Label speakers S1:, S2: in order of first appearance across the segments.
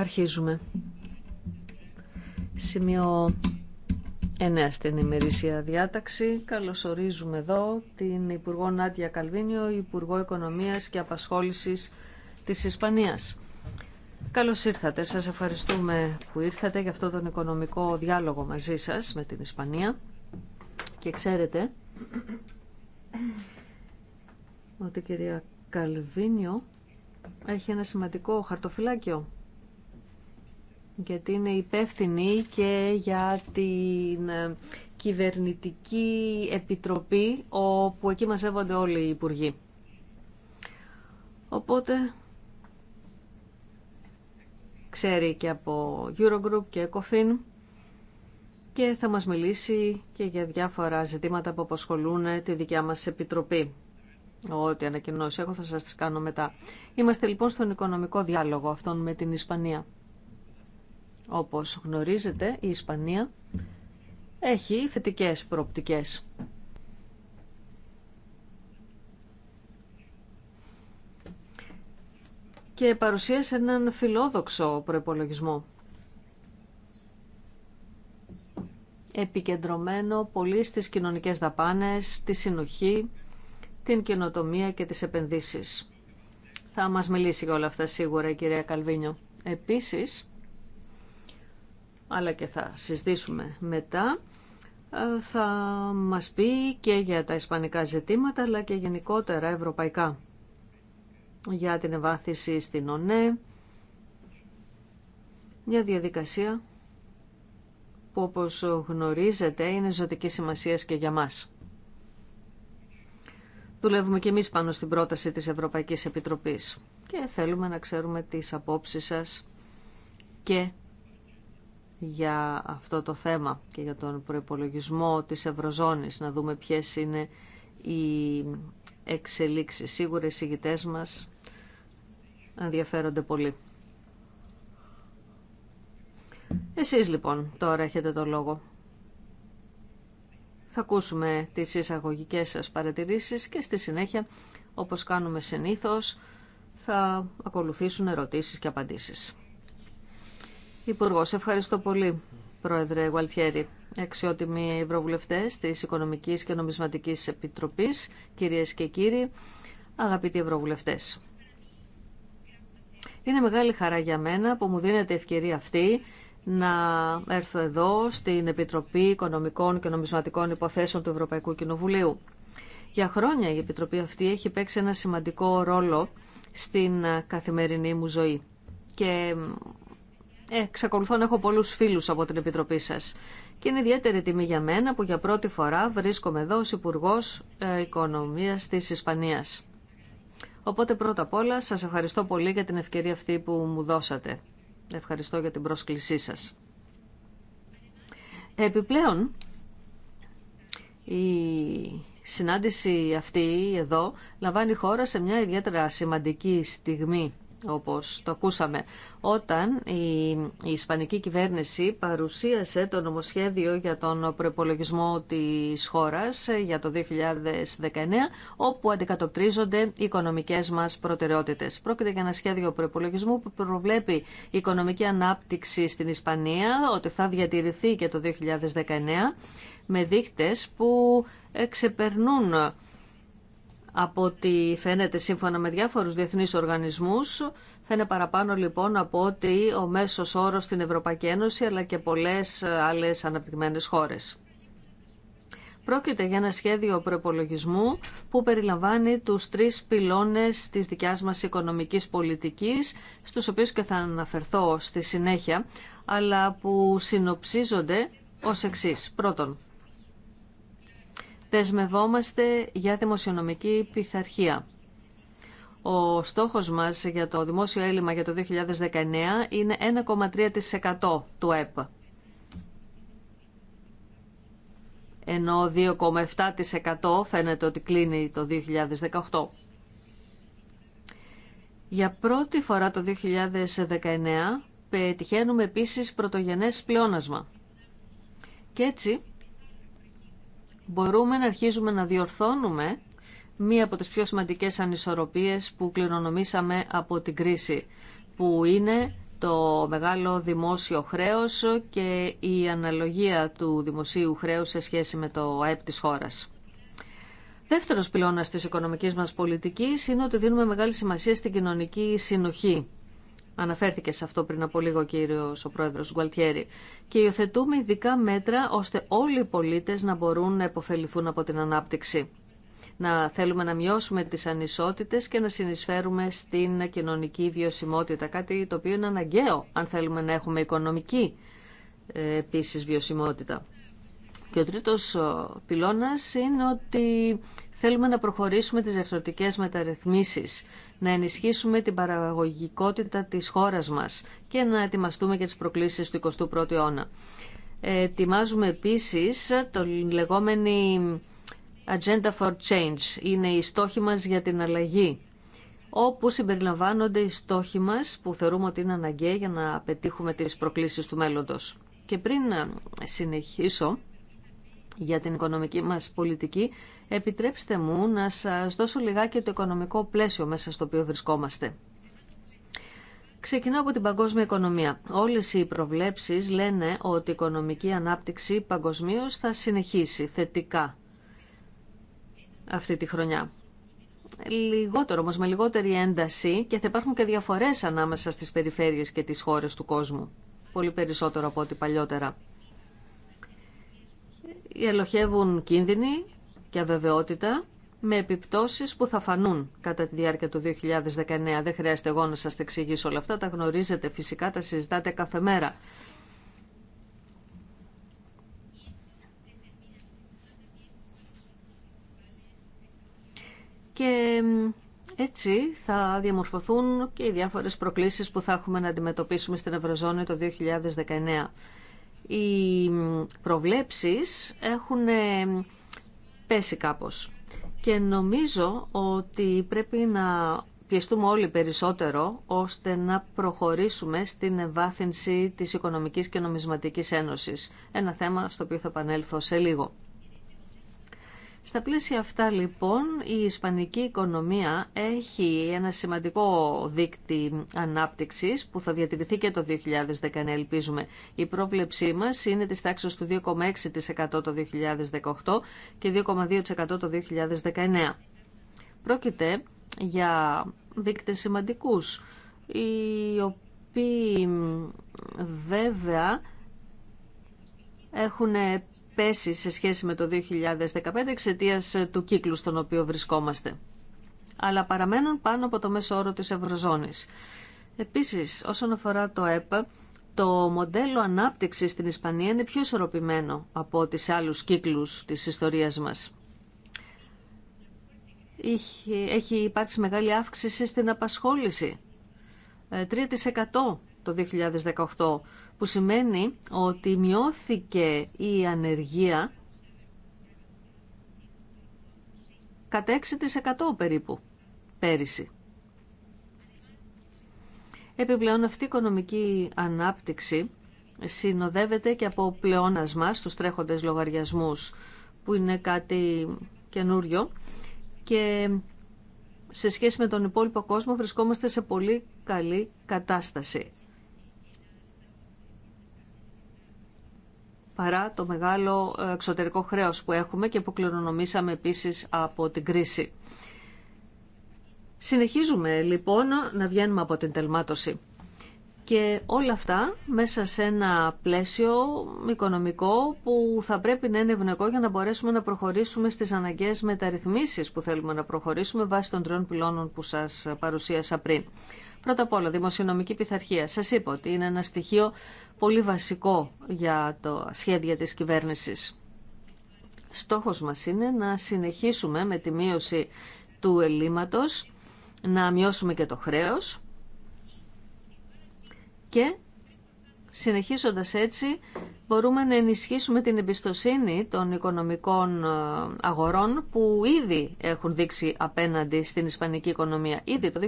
S1: Αρχίζουμε. Σημείο 9 στην ημερήσια διάταξη. Καλωσορίζουμε εδώ την Υπουργό Νάτια Καλβίνιο, Υπουργό Οικονομίας και Απασχόλησης της Ισπανίας. Καλώς ήρθατε. Σας ευχαριστούμε που ήρθατε για αυτό τον οικονομικό διάλογο μαζί σας με την Ισπανία. Και ξέρετε ότι κυρία Καλβίνιο έχει ένα σημαντικό χαρτοφυλάκιο γιατί είναι υπεύθυνη και για την ε, κυβερνητική επιτροπή όπου εκεί μαζεύονται όλοι οι υπουργοί. Οπότε ξέρει και από Eurogroup και Ecofin και θα μας μιλήσει και για διάφορα ζητήματα που απασχολούν τη δικιά μας επιτροπή. Ό,τι ανακοινώσει έχω θα σας τις κάνω μετά. Είμαστε λοιπόν στον οικονομικό διάλογο αυτόν με την Ισπανία. Όπως γνωρίζετε, η Ισπανία έχει θετικές προοπτικές. Και παρουσίασε έναν φιλόδοξο προϋπολογισμό Επικεντρωμένο πολύ στις κοινωνικές δαπάνες, τη συνοχή, την καινοτομία και τις επενδύσεις. Θα μας μιλήσει για όλα αυτά σίγουρα η κυρία Καλβίνιο. Επίσης, αλλά και θα συζητήσουμε μετά, ε, θα μας πει και για τα ισπανικά ζητήματα, αλλά και γενικότερα ευρωπαϊκά. Για την ευάθυση στην ΟΝΕ, μια διαδικασία που όπως γνωρίζετε είναι ζωτική σημασία και για μας. Δουλεύουμε και εμείς πάνω στην πρόταση της Ευρωπαϊκής Επιτροπής και θέλουμε να ξέρουμε τις απόψεις σας και για αυτό το θέμα και για τον προϋπολογισμό της Ευρωζώνης, να δούμε ποιες είναι οι εξελίξεις. Σίγουρα οι συγητές μας ενδιαφέρονται πολύ. Εσείς λοιπόν τώρα έχετε το λόγο. Θα ακούσουμε τις εισαγωγικές σας παρατηρήσεις και στη συνέχεια, όπως κάνουμε συνήθως, θα ακολουθήσουν ερωτήσεις και απαντήσεις. Υπουργό, ευχαριστώ πολύ, Πρόεδρε Γουαλτιέρη. Αξιότιμοι Ευρωβουλευτέ τη Οικονομική και Νομισματική Επιτροπή, κυρίε και κύριοι, αγαπητοί Ευρωβουλευτέ. Είναι μεγάλη χαρά για μένα που μου δίνεται ευκαιρία αυτή να έρθω εδώ στην Επιτροπή Οικονομικών και Νομισματικών Υποθέσεων του Ευρωπαϊκού Κοινοβουλίου. Για χρόνια η Επιτροπή αυτή έχει παίξει ένα σημαντικό ρόλο στην καθημερινή μου ζωή εξακολουθώ να έχω πολλούς φίλους από την Επιτροπή σας. Και είναι ιδιαίτερη τιμή για μένα που για πρώτη φορά βρίσκομαι εδώ ω υπουργό ε, Οικονομίας τη Ισπανία. Οπότε πρώτα απ' όλα σας ευχαριστώ πολύ για την ευκαιρία αυτή που μου δώσατε. Ευχαριστώ για την πρόσκλησή σας. Επιπλέον, η συνάντηση αυτή εδώ λαμβάνει χώρα σε μια ιδιαίτερα σημαντική στιγμή όπως το ακούσαμε. Όταν η, Ισπανική κυβέρνηση παρουσίασε το νομοσχέδιο για τον προπολογισμό της χώρας για το 2019, όπου αντικατοπτρίζονται οι οικονομικές μας προτεραιότητες. Πρόκειται για ένα σχέδιο προπολογισμού που προβλέπει η οικονομική ανάπτυξη στην Ισπανία, ότι θα διατηρηθεί και το 2019, με δείκτες που ε, ξεπερνούν από ό,τι φαίνεται σύμφωνα με διάφορους διεθνείς οργανισμούς. Θα είναι παραπάνω λοιπόν από ότι ο μέσος όρος στην Ευρωπαϊκή Ένωση αλλά και πολλές άλλες αναπτυγμένες χώρες. Πρόκειται για ένα σχέδιο προπολογισμού που περιλαμβάνει τους τρεις πυλώνες της δικιάς μας οικονομικής πολιτικής, στους οποίους και θα αναφερθώ στη συνέχεια, αλλά που συνοψίζονται ως εξής. Πρώτον, δεσμευόμαστε για δημοσιονομική πειθαρχία. Ο στόχος μας για το δημόσιο έλλειμμα για το 2019 είναι 1,3% του ΕΠ. Ενώ 2,7% φαίνεται ότι κλείνει το 2018. Για πρώτη φορά το 2019 πετυχαίνουμε επίσης πρωτογενές πλεόνασμα. Και έτσι μπορούμε να αρχίζουμε να διορθώνουμε μία από τις πιο σημαντικές ανισορροπίες που κληρονομήσαμε από την κρίση, που είναι το μεγάλο δημόσιο χρέος και η αναλογία του δημοσίου χρέους σε σχέση με το ΑΕΠ της χώρας. Δεύτερος πυλώνας της οικονομικής μας πολιτικής είναι ότι δίνουμε μεγάλη σημασία στην κοινωνική συνοχή Αναφέρθηκε σε αυτό πριν από λίγο κύριος ο πρόεδρος Γκουαλτιέρη. Και υιοθετούμε ειδικά μέτρα ώστε όλοι οι πολίτες να μπορούν να υποφεληθούν από την ανάπτυξη. Να θέλουμε να μειώσουμε τις ανισότητες και να συνεισφέρουμε στην κοινωνική βιωσιμότητα. Κάτι το οποίο είναι αναγκαίο αν θέλουμε να έχουμε οικονομική ε, επίση βιωσιμότητα. Και ο τρίτος πυλώνας είναι ότι Θέλουμε να προχωρήσουμε τις διαφορετικές μεταρρυθμίσεις, να ενισχύσουμε την παραγωγικότητα της χώρας μας και να ετοιμαστούμε για τις προκλήσεις του 21ου αιώνα. Ετοιμάζουμε επίσης το λεγόμενη Agenda for Change. Είναι η στόχη μας για την αλλαγή όπου συμπεριλαμβάνονται οι στόχοι μας που θεωρούμε ότι είναι αναγκαίοι για να πετύχουμε τις προκλήσεις του μέλλοντος. Και πριν συνεχίσω, για την οικονομική μας πολιτική, επιτρέψτε μου να σας δώσω λιγάκι το οικονομικό πλαίσιο μέσα στο οποίο βρισκόμαστε. Ξεκινάω από την παγκόσμια οικονομία. Όλες οι προβλέψεις λένε ότι η οικονομική ανάπτυξη παγκοσμίω θα συνεχίσει θετικά αυτή τη χρονιά. Λιγότερο όμως με λιγότερη ένταση και θα υπάρχουν και διαφορές ανάμεσα στις περιφέρειες και τις χώρες του κόσμου. Πολύ περισσότερο από ό,τι παλιότερα ελοχεύουν κίνδυνοι και αβεβαιότητα με επιπτώσεις που θα φανούν κατά τη διάρκεια του 2019. Δεν χρειάζεται εγώ να σας εξηγήσω όλα αυτά, τα γνωρίζετε φυσικά, τα συζητάτε κάθε μέρα. Και έτσι θα διαμορφωθούν και οι διάφορες προκλήσεις που θα έχουμε να αντιμετωπίσουμε στην Ευρωζώνη το 2019 οι προβλέψεις έχουν ε, πέσει κάπως. Και νομίζω ότι πρέπει να πιεστούμε όλοι περισσότερο ώστε να προχωρήσουμε στην ευάθυνση της Οικονομικής και Νομισματικής Ένωσης. Ένα θέμα στο οποίο θα επανέλθω σε λίγο. Στα πλαίσια αυτά λοιπόν η ισπανική οικονομία έχει ένα σημαντικό δίκτυ ανάπτυξης που θα διατηρηθεί και το 2019 ελπίζουμε. Η πρόβλεψή μας είναι της τάξης του 2,6% το 2018 και 2,2% το 2019. Πρόκειται για δείκτες σημαντικούς οι οποίοι βέβαια έχουν πέσει σε σχέση με το 2015 εξαιτία ε, του κύκλου στον οποίο βρισκόμαστε. Αλλά παραμένουν πάνω από το μέσο όρο της Ευρωζώνης. Επίσης, όσον αφορά το ΕΠΑ, το μοντέλο ανάπτυξη στην Ισπανία είναι πιο ισορροπημένο από τις άλλους κύκλους της ιστορίας μας. Έχει υπάρξει μεγάλη αύξηση στην απασχόληση. 3% ε, το 2018, που σημαίνει ότι μειώθηκε η ανεργία κατά 6% περίπου πέρυσι. Επιπλέον αυτή η οικονομική ανάπτυξη συνοδεύεται και από πλεόνασμα στους τρέχοντες λογαριασμούς που είναι κάτι καινούριο και σε σχέση με τον υπόλοιπο κόσμο βρισκόμαστε σε πολύ καλή κατάσταση. παρά το μεγάλο ε, εξωτερικό χρέος που έχουμε και που κληρονομήσαμε επίσης από την κρίση. Συνεχίζουμε λοιπόν να βγαίνουμε από την τελμάτωση. Και όλα αυτά μέσα σε ένα πλαίσιο οικονομικό που θα πρέπει να είναι ευνοϊκό για να μπορέσουμε να προχωρήσουμε στις αναγκαίες μεταρρυθμίσεις που θέλουμε να προχωρήσουμε βάσει των τριών πυλώνων που σας παρουσίασα πριν. Πρώτα απ' όλα, δημοσιονομική πειθαρχία. Σας είπα ότι είναι ένα στοιχείο πολύ βασικό για το σχέδια της κυβέρνησης. Στόχος μας είναι να συνεχίσουμε με τη μείωση του ελλείμματος, να μειώσουμε και το χρέος και Συνεχίζοντας έτσι, μπορούμε να ενισχύσουμε την εμπιστοσύνη των οικονομικών ε, αγορών που ήδη έχουν δείξει απέναντι στην ισπανική οικονομία. Ήδη το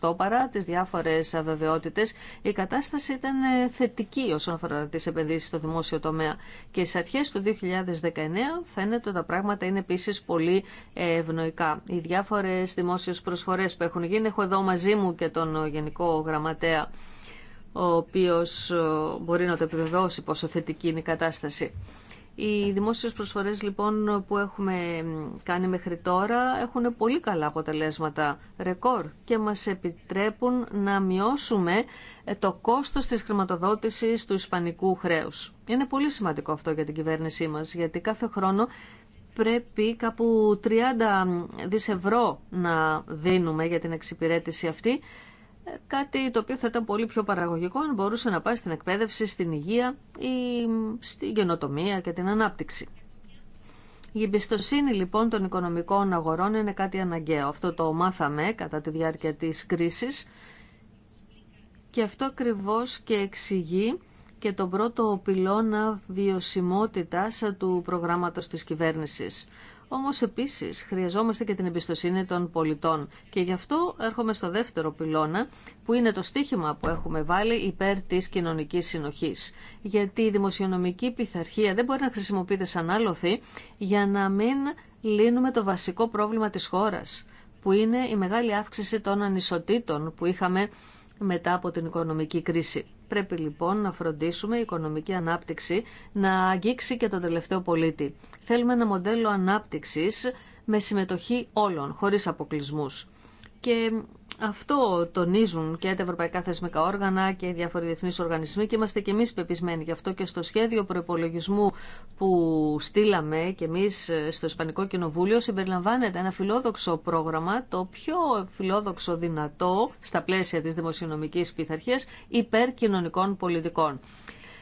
S1: 2018, παρά τις διάφορες αβεβαιότητες, η κατάσταση ήταν ε, θετική όσον αφορά τις επενδύσεις στο δημόσιο τομέα. Και στις αρχές του 2019 φαίνεται ότι τα πράγματα είναι επίσης πολύ ε, ευνοϊκά. Οι διάφορες δημόσιες προσφορές που έχουν γίνει, έχω εδώ μαζί μου και τον Γενικό Γραμματέα ο οποίος ε, μπορεί να το επιβεβαιώσει πόσο θετική είναι η κατάσταση. Οι δημόσιες προσφορές λοιπόν που έχουμε κάνει μέχρι τώρα έχουν πολύ καλά αποτελέσματα ρεκόρ και μας επιτρέπουν να μειώσουμε ε, το κόστος της χρηματοδότησης του ισπανικού χρέους. Είναι πολύ σημαντικό αυτό για την κυβέρνησή μας γιατί κάθε χρόνο πρέπει κάπου 30 δισευρώ να δίνουμε για την εξυπηρέτηση αυτή κάτι το οποίο θα ήταν πολύ πιο παραγωγικό αν μπορούσε να πάει στην εκπαίδευση, στην υγεία ή στην καινοτομία και την ανάπτυξη. Η εμπιστοσύνη λοιπόν των οικονομικών αγορών είναι κάτι αναγκαίο. Αυτό το μάθαμε κατά τη διάρκεια της κρίσης και αυτό ακριβώ και εξηγεί και τον πρώτο πυλώνα βιωσιμότητας του προγράμματος της κυβέρνησης. Όμω επίση χρειαζόμαστε και την εμπιστοσύνη των πολιτών και γι' αυτό έρχομαι στο δεύτερο πυλώνα που είναι το στίχημα που έχουμε βάλει υπέρ τη κοινωνικής συνοχής. Γιατί η δημοσιονομική πειθαρχία δεν μπορεί να χρησιμοποιείται σαν άλοθη για να μην λύνουμε το βασικό πρόβλημα της χώρας που είναι η μεγάλη αύξηση των ανισοτήτων που είχαμε μετά από την οικονομική κρίση. Πρέπει λοιπόν να φροντίσουμε η οικονομική ανάπτυξη να αγγίξει και τον τελευταίο πολίτη. Θέλουμε ένα μοντέλο ανάπτυξης με συμμετοχή όλων, χωρίς αποκλεισμούς. Και αυτό τονίζουν και τα ευρωπαϊκά θεσμικά όργανα και οι διάφοροι διεθνεί οργανισμοί και είμαστε και εμεί πεπισμένοι γι' αυτό και στο σχέδιο προπολογισμού που στείλαμε και εμεί ε, στο Ισπανικό Κοινοβούλιο συμπεριλαμβάνεται ένα φιλόδοξο πρόγραμμα, το πιο φιλόδοξο δυνατό στα πλαίσια τη δημοσιονομική πειθαρχία υπέρ κοινωνικών πολιτικών.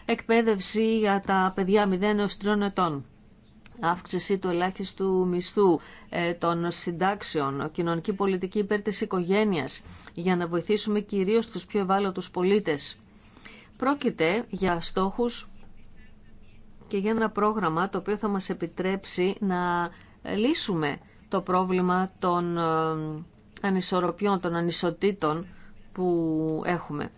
S1: Εκπαίδευση για τα παιδιά 0 έω 3 ετών αύξηση του ελάχιστου μισθού, ε, των συντάξεων, κοινωνική πολιτική υπέρ της οικογένειας, για να βοηθήσουμε κυρίως τους πιο ευάλωτους πολίτες. Πρόκειται για στόχους και για ένα πρόγραμμα το οποίο θα μας επιτρέψει να λύσουμε το πρόβλημα των ε, ανισορροπιών, των ανισοτήτων που έχουμε.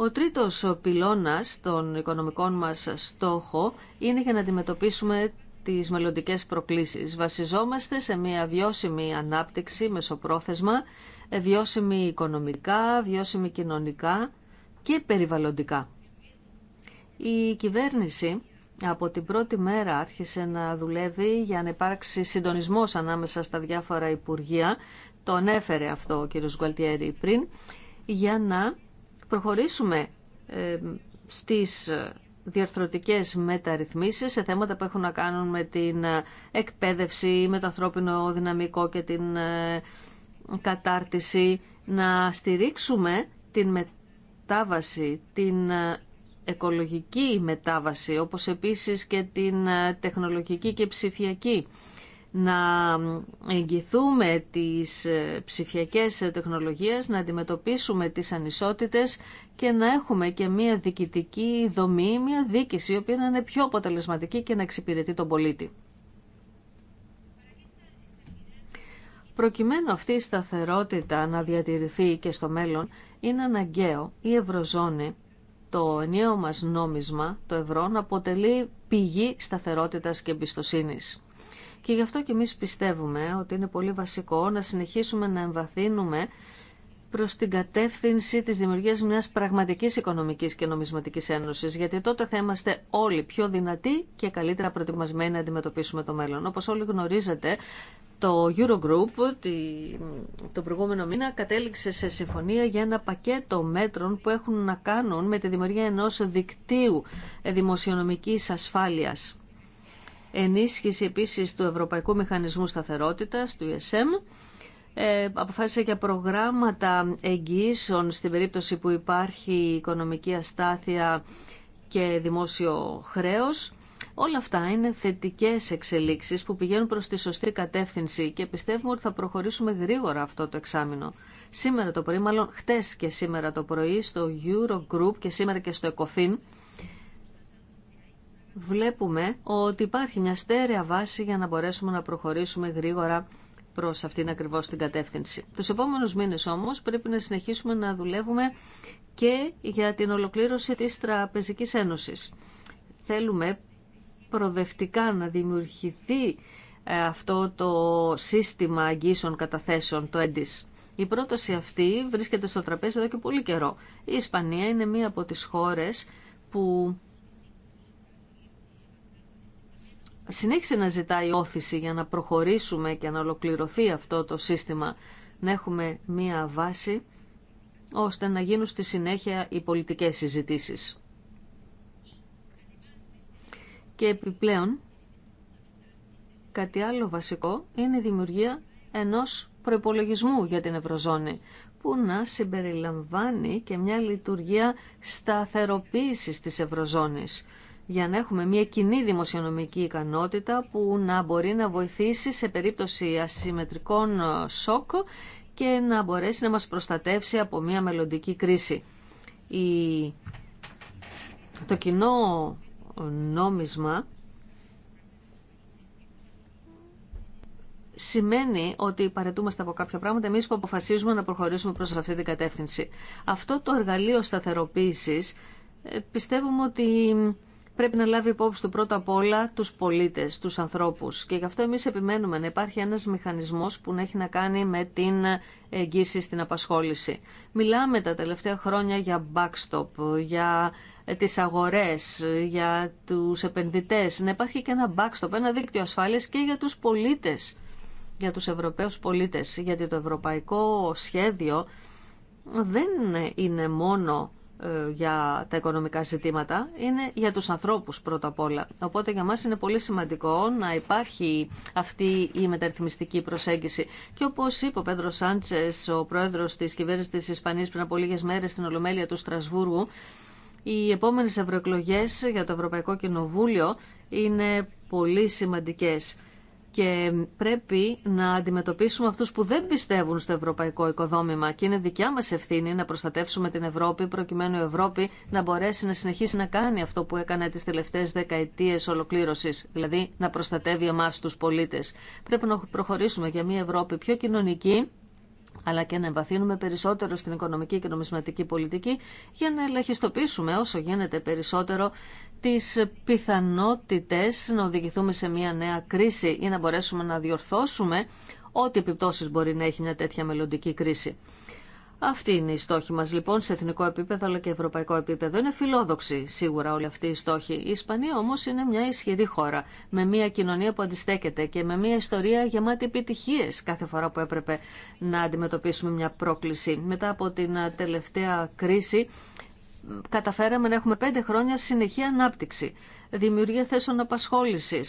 S1: Ο τρίτος πυλώνας των οικονομικών μας στόχο είναι για να αντιμετωπίσουμε τις μελλοντικέ προκλήσεις. Βασιζόμαστε σε μια βιώσιμη ανάπτυξη μεσοπρόθεσμα, βιώσιμη οικονομικά, βιώσιμη κοινωνικά και περιβαλλοντικά. Η κυβέρνηση από την πρώτη μέρα άρχισε να δουλεύει για να υπάρξει συντονισμός ανάμεσα στα διάφορα υπουργεία. Το ανέφερε αυτό ο κ. Γκουαλτιέρη πριν για να προχωρήσουμε ε, στις διαρθρωτικές μεταρρυθμίσεις σε θέματα που έχουν να κάνουν με την ε, εκπαίδευση, με το ανθρώπινο δυναμικό και την ε, κατάρτιση, να στηρίξουμε την μετάβαση, την οικολογική μετάβαση, όπως επίσης και την τεχνολογική και ψηφιακή να εγγυθούμε τις ε, ψηφιακές ε, τεχνολογίες, να αντιμετωπίσουμε τις ανισότητες και να έχουμε και μια δικητική δομή, μια δίκηση η οποία να είναι πιο αποτελεσματική και να εξυπηρετεί τον πολίτη. Προκειμένου αυτή η σταθερότητα να διατηρηθεί και στο μέλλον, είναι αναγκαίο η Ευρωζώνη, το ενιαίο μας νόμισμα, το ευρώ, να αποτελεί πηγή σταθερότητας και εμπιστοσύνης. Και γι' αυτό και εμείς πιστεύουμε ότι είναι πολύ βασικό να συνεχίσουμε να εμβαθύνουμε προς την κατεύθυνση της δημιουργίας μιας πραγματικής οικονομικής και νομισματικής ένωσης, γιατί τότε θα είμαστε όλοι πιο δυνατοί και καλύτερα προετοιμασμένοι να αντιμετωπίσουμε το μέλλον. Όπως όλοι γνωρίζετε, το Eurogroup το προηγούμενο μήνα κατέληξε σε συμφωνία για ένα πακέτο μέτρων που έχουν να κάνουν με τη δημιουργία ενός δικτύου δημοσιονομικής ασφάλειας ενίσχυση επίσης του Ευρωπαϊκού Μηχανισμού Σταθερότητας, του ESM, ε, αποφάσισε για προγράμματα εγγυήσεων στην περίπτωση που υπάρχει οικονομική αστάθεια και δημόσιο χρέος. Όλα αυτά είναι θετικές εξελίξεις που πηγαίνουν προς τη σωστή κατεύθυνση και πιστεύουμε ότι θα προχωρήσουμε γρήγορα αυτό το εξάμεινο. Σήμερα το πρωί, μάλλον χτες και σήμερα το πρωί στο Eurogroup και σήμερα και στο ECOFIN, βλέπουμε ότι υπάρχει μια στέρεα βάση για να μπορέσουμε να προχωρήσουμε γρήγορα προς αυτήν ακριβώς την κατεύθυνση. Του επόμενου μήνε όμως πρέπει να συνεχίσουμε να δουλεύουμε και για την ολοκλήρωση της Τραπεζικής Ένωσης. Θέλουμε προδευτικά να δημιουργηθεί ε, αυτό το σύστημα αγγίσεων καταθέσεων, το ΕΝΤΙΣ. Η πρόταση αυτή βρίσκεται στο τραπέζι εδώ και πολύ καιρό. Η Ισπανία είναι μία από τις χώρες που συνέχισε να ζητάει όθηση για να προχωρήσουμε και να ολοκληρωθεί αυτό το σύστημα, να έχουμε μία βάση ώστε να γίνουν στη συνέχεια οι πολιτικές συζητήσεις. Και επιπλέον, κάτι άλλο βασικό είναι η δημιουργία ενός προπολογισμού για την Ευρωζώνη, που να συμπεριλαμβάνει και μια λειτουργία σταθεροποίησης της Ευρωζώνης, για να έχουμε μια κοινή δημοσιονομική ικανότητα που να μπορεί να βοηθήσει σε περίπτωση ασυμμετρικών ε, σοκ και να μπορέσει να μας προστατεύσει από μια μελλοντική κρίση. Η... Το κοινό νόμισμα σημαίνει ότι παρετούμαστε από κάποια πράγματα εμείς που αποφασίζουμε να προχωρήσουμε προς αυτή την κατεύθυνση. Αυτό το εργαλείο σταθεροποίησης ε, πιστεύουμε ότι πρέπει να λάβει υπόψη του πρώτα απ' όλα τους πολίτες, τους ανθρώπους. Και γι' αυτό εμείς επιμένουμε να υπάρχει ένας μηχανισμός που να έχει να κάνει με την εγγύηση στην απασχόληση. Μιλάμε τα τελευταία χρόνια για backstop, για τις αγορές, για τους επενδυτές. Να υπάρχει και ένα backstop, ένα δίκτυο ασφάλειας και για τους πολίτες, για τους Ευρωπαίους πολίτες. Γιατί το ευρωπαϊκό σχέδιο δεν είναι μόνο ε, για τα οικονομικά ζητήματα, είναι για τους ανθρώπους πρώτα απ' όλα. Οπότε για μας είναι πολύ σημαντικό να υπάρχει αυτή η μεταρρυθμιστική προσέγγιση. Και όπως είπε ο Πέντρο Σάντσες, ο πρόεδρος της κυβέρνησης της Ισπανίας πριν από λίγες μέρες στην Ολομέλεια του Στρασβούργου, οι επόμενες ευρωεκλογέ για το Ευρωπαϊκό Κοινοβούλιο είναι πολύ σημαντικές και πρέπει να αντιμετωπίσουμε αυτούς που δεν πιστεύουν στο ευρωπαϊκό οικοδόμημα και είναι δικιά μας ευθύνη να προστατεύσουμε την Ευρώπη προκειμένου η Ευρώπη να μπορέσει να συνεχίσει να κάνει αυτό που έκανε τις τελευταίες δεκαετίες ολοκλήρωσης, δηλαδή να προστατεύει εμάς τους πολίτες. Πρέπει να προχωρήσουμε για μια Ευρώπη πιο κοινωνική αλλά και να εμβαθύνουμε περισσότερο στην οικονομική και νομισματική πολιτική για να ελαχιστοποιήσουμε όσο γίνεται περισσότερο τις πιθανότητες να οδηγηθούμε σε μια νέα κρίση ή να μπορέσουμε να διορθώσουμε ό,τι επιπτώσεις μπορεί να έχει μια τέτοια μελλοντική κρίση. Αυτή είναι η στόχη μα λοιπόν σε εθνικό επίπεδο αλλά και ευρωπαϊκό επίπεδο. Είναι φιλόδοξη σίγουρα όλη αυτή η στόχη. Η Ισπανία όμω είναι μια ισχυρή χώρα με μια κοινωνία που αντιστέκεται και με μια ιστορία γεμάτη επιτυχίε κάθε φορά που έπρεπε να αντιμετωπίσουμε μια πρόκληση. Μετά από την τελευταία κρίση καταφέραμε να έχουμε πέντε χρόνια συνεχή ανάπτυξη, δημιουργία θέσεων απασχόληση,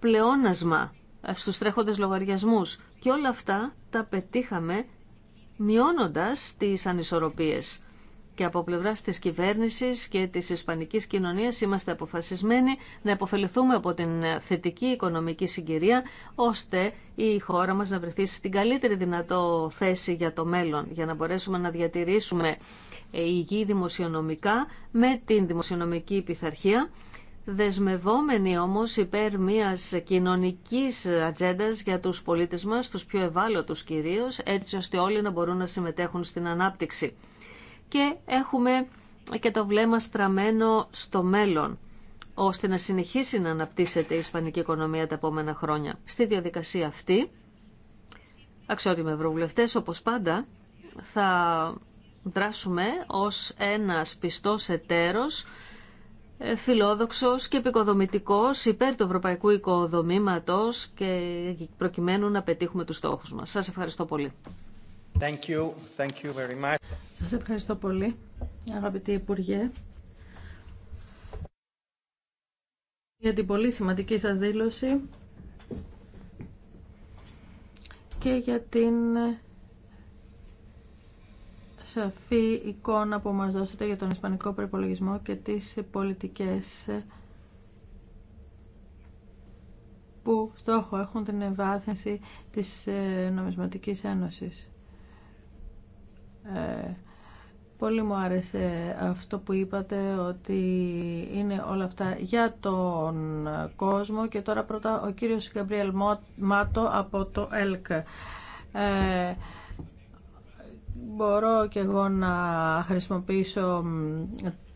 S1: πλεόνασμα στου τρέχοντε λογαριασμού και όλα αυτά τα πετύχαμε μειώνοντας τις ανισορροπίες. Και από πλευρά τη κυβέρνηση και τη ισπανική κοινωνία είμαστε αποφασισμένοι να υποφεληθούμε από την θετική οικονομική συγκυρία, ώστε η χώρα μα να βρεθεί στην καλύτερη δυνατό θέση για το μέλλον, για να μπορέσουμε να διατηρήσουμε υγιή δημοσιονομικά με την δημοσιονομική πειθαρχία δεσμευόμενοι όμως υπέρ μιας κοινωνικής ατζέντα για τους πολίτες μας, τους πιο ευάλωτους κυρίως, έτσι ώστε όλοι να μπορούν να συμμετέχουν στην ανάπτυξη. Και έχουμε και το βλέμμα στραμμένο στο μέλλον, ώστε να συνεχίσει να αναπτύσσεται η ισπανική οικονομία τα επόμενα χρόνια. Στη διαδικασία αυτή, αξιότιμοι ευρωβουλευτές, όπως πάντα, θα δράσουμε ως ένα πιστός εταίρος ε, φιλόδοξος και επικοδομητικός υπέρ του ευρωπαϊκού οικοδομήματος και προκειμένου να πετύχουμε τους στόχους μας. Σας ευχαριστώ πολύ.
S2: Thank you. Thank you very much.
S1: Σας ευχαριστώ πολύ,
S3: Αγαπητοί Υπουργέ, για την πολύ σημαντική σας δήλωση και για την σαφή εικόνα που μας δώσετε για τον ισπανικό προπολογισμό και τις πολιτικές που στόχο έχουν την ευάθυνση της ε, νομισματικής ένωσης. Ε, πολύ μου άρεσε αυτό που είπατε ότι είναι όλα αυτά για τον κόσμο και τώρα πρώτα ο κύριος Γκαμπριέλ Μάτο από το ΕΛΚ. Ε, μπορώ και εγώ να χρησιμοποιήσω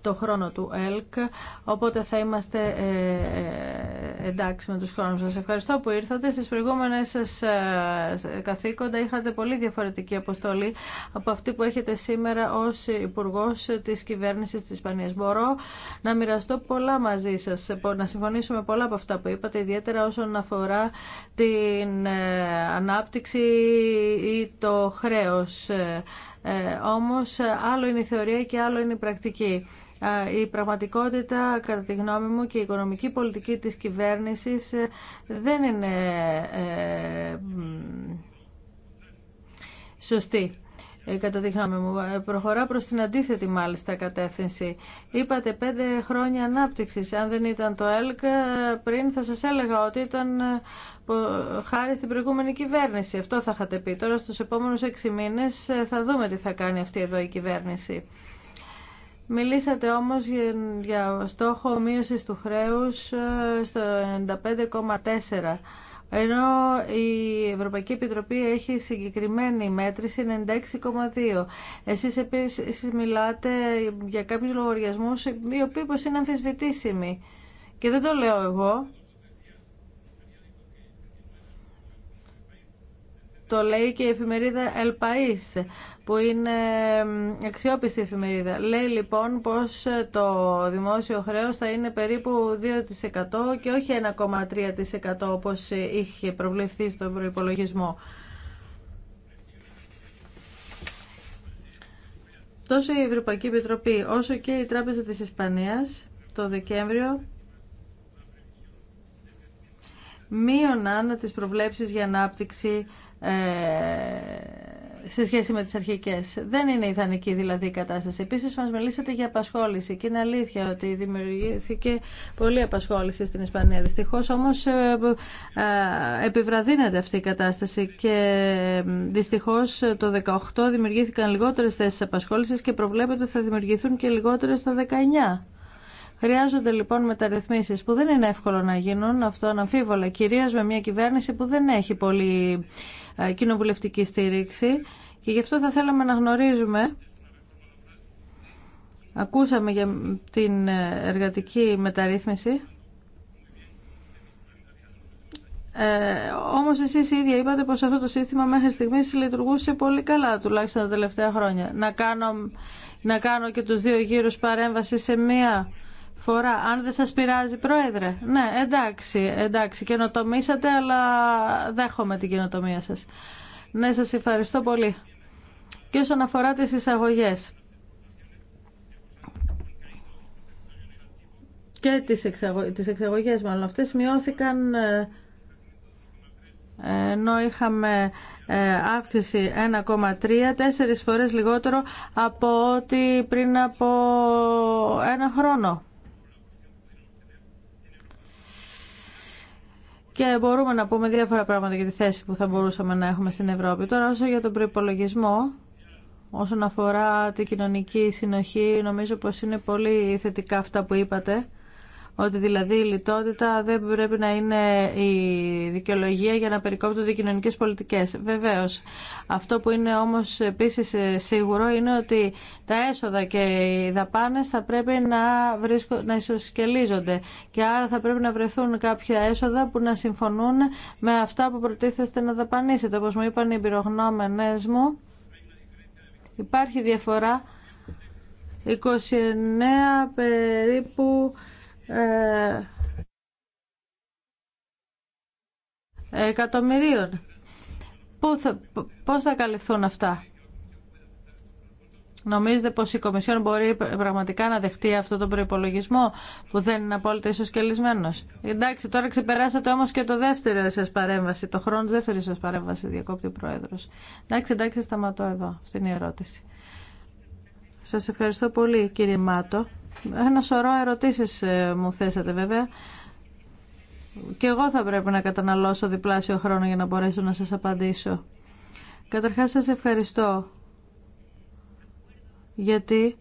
S3: το χρόνο του ΕΛΚ, οπότε θα είμαστε ε, ε, εντάξει με τους χρόνους σας. Ευχαριστώ που ήρθατε. Στις προηγούμενες σας ε, καθήκοντα είχατε πολύ διαφορετική αποστολή από αυτή που έχετε σήμερα ως υπουργό της κυβέρνησης της Ισπανίας. Μπορώ να μοιραστώ πολλά μαζί σας, ε, να συμφωνήσω με πολλά από αυτά που είπατε, ιδιαίτερα όσον αφορά την ε, ανάπτυξη ή το χρέος. Ε, όμως άλλο είναι η θεωρία και άλλο είναι η πρακτική. Η πραγματικότητα, κατά τη γνώμη μου, και η οικονομική πολιτική της κυβέρνησης ε, δεν είναι ε, σωστή ε, κατά τη γνώμη μου. Προχωρά προς την αντίθετη μάλιστα κατεύθυνση. Είπατε πέντε χρόνια ανάπτυξης. Αν δεν ήταν το ΕΛΚ πριν θα σας έλεγα ότι ήταν χάρη στην προηγούμενη κυβέρνηση. Αυτό θα είχατε πει. Τώρα στους επόμενους έξι μήνες θα δούμε τι θα κάνει αυτή εδώ η κυβέρνηση. Μιλήσατε όμως για στόχο μείωσης του χρέους ε, στο 95,4%. Ενώ η Ευρωπαϊκή Επιτροπή έχει συγκεκριμένη μέτρηση 96,2. Εσείς επίσης μιλάτε για κάποιους λογαριασμούς οι οποίοι πως είναι αμφισβητήσιμοι. Και δεν το λέω εγώ. Το λέει και η εφημερίδα El País που είναι αξιόπιστη εφημερίδα. Λέει λοιπόν πως ε, το δημόσιο χρέος θα είναι περίπου 2% και όχι 1,3% όπως ε, είχε προβλεφθεί στον προϋπολογισμό. Τόσο η Ευρωπαϊκή Επιτροπή όσο και η Τράπεζα της Ισπανίας το Δεκέμβριο μείωναν τις προβλέψεις για ανάπτυξη ε, σε σχέση με τις αρχικές. Δεν είναι ιδανική δηλαδή η κατάσταση. Επίσης μας μιλήσατε για απασχόληση και είναι αλήθεια ότι δημιουργήθηκε πολλή απασχόληση στην Ισπανία. Δυστυχώς όμως ε, ε, επιβραδύνεται αυτή η κατάσταση και ε, δυστυχώς το 2018 δημιουργήθηκαν λιγότερες θέσεις απασχόλησης και προβλέπεται ότι θα δημιουργηθούν και λιγότερες το 19. Χρειάζονται λοιπόν μεταρρυθμίσει που δεν είναι εύκολο να γίνουν, αυτό αναμφίβολα, κυρίω με μια κυβέρνηση που δεν έχει πολύ ε, κοινοβουλευτική στήριξη και γι' αυτό θα θέλαμε να γνωρίζουμε Ακούσαμε για την εργατική μεταρρύθμιση. Ε, όμως εσείς ίδια είπατε πως αυτό το σύστημα μέχρι στιγμής λειτουργούσε πολύ καλά, τουλάχιστον τα τελευταία χρόνια. Να κάνω, να κάνω και τους δύο γύρους παρέμβαση σε μία φορά. Αν δεν σας πειράζει, Πρόεδρε. Ναι, εντάξει, εντάξει. Καινοτομήσατε, αλλά δέχομαι την καινοτομία σας. Ναι, σας ευχαριστώ πολύ. Και όσον αφορά τις εισαγωγέ. και τις, εξαγω... εξαγωγές μάλλον αυτές μειώθηκαν ε, ενώ είχαμε ε, αύξηση 1,3, τέσσερις φορές λιγότερο από ό,τι πριν από ένα χρόνο. και μπορούμε να πούμε διάφορα πράγματα για τη θέση που θα μπορούσαμε να έχουμε στην Ευρώπη. Τώρα όσο για τον προπολογισμό, όσον αφορά την κοινωνική συνοχή, νομίζω πως είναι πολύ θετικά αυτά που είπατε ότι δηλαδή η λιτότητα δεν πρέπει να είναι η δικαιολογία για να περικόπτονται οι κοινωνικές πολιτικές. Βεβαίως, αυτό που είναι όμως επίσης ε, σίγουρο είναι ότι τα έσοδα και οι δαπάνες θα πρέπει να, να ισοσκελίζονται και άρα θα πρέπει να βρεθούν κάποια έσοδα που να συμφωνούν με αυτά που προτίθεστε να δαπανίσετε. Όπως μου είπαν οι μου, υπάρχει διαφορά 29 περίπου ε, εκατομμυρίων. Πού θα, πώς θα καλυφθούν αυτά. Νομίζετε πως η Κομισιόν μπορεί πραγματικά να δεχτεί αυτό τον προϋπολογισμό που δεν είναι απόλυτα ισοσκελισμένος. Εντάξει, τώρα ξεπεράσατε όμως και το δεύτερο σας παρέμβαση, το χρόνο της δεύτερης σας παρέμβαση, διακόπτει ο Πρόεδρος. Εντάξει, εντάξει, σταματώ εδώ, στην ερώτηση. Σας ευχαριστώ πολύ κύριε Μάτο. Ένα σωρό ερωτήσεις ε, μου θέσατε βέβαια. Και εγώ θα πρέπει να καταναλώσω διπλάσιο χρόνο για να μπορέσω να σας απαντήσω. Καταρχάς σας ευχαριστώ γιατί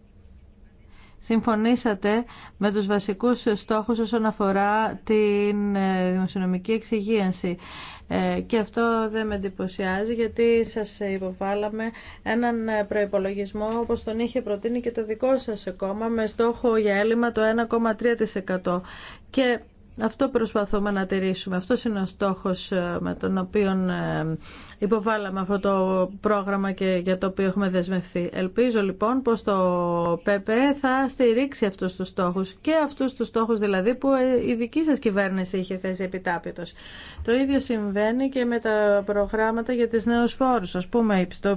S3: συμφωνήσατε με τους βασικούς στόχους όσον αφορά την ε, δημοσιονομική εξυγίανση. Ε, και αυτό δεν με εντυπωσιάζει γιατί σας υποβάλαμε έναν ε, προϋπολογισμό όπως τον είχε προτείνει και το δικό σας κόμμα με στόχο για έλλειμμα το 1,3% και αυτό προσπαθούμε να τηρήσουμε. Αυτό είναι ο στόχος ε, με τον οποίο υποβάλαμε αυτό το πρόγραμμα και για το οποίο έχουμε δεσμευθεί. Ελπίζω λοιπόν πως το ΠΠΕ θα στηρίξει αυτούς τους στόχους και αυτούς τους στόχους δηλαδή που η δική σας κυβέρνηση είχε θέσει επιτάπητος. Το ίδιο συμβαίνει και με τα προγράμματα για τις νέους φόρους. Ας πούμε, το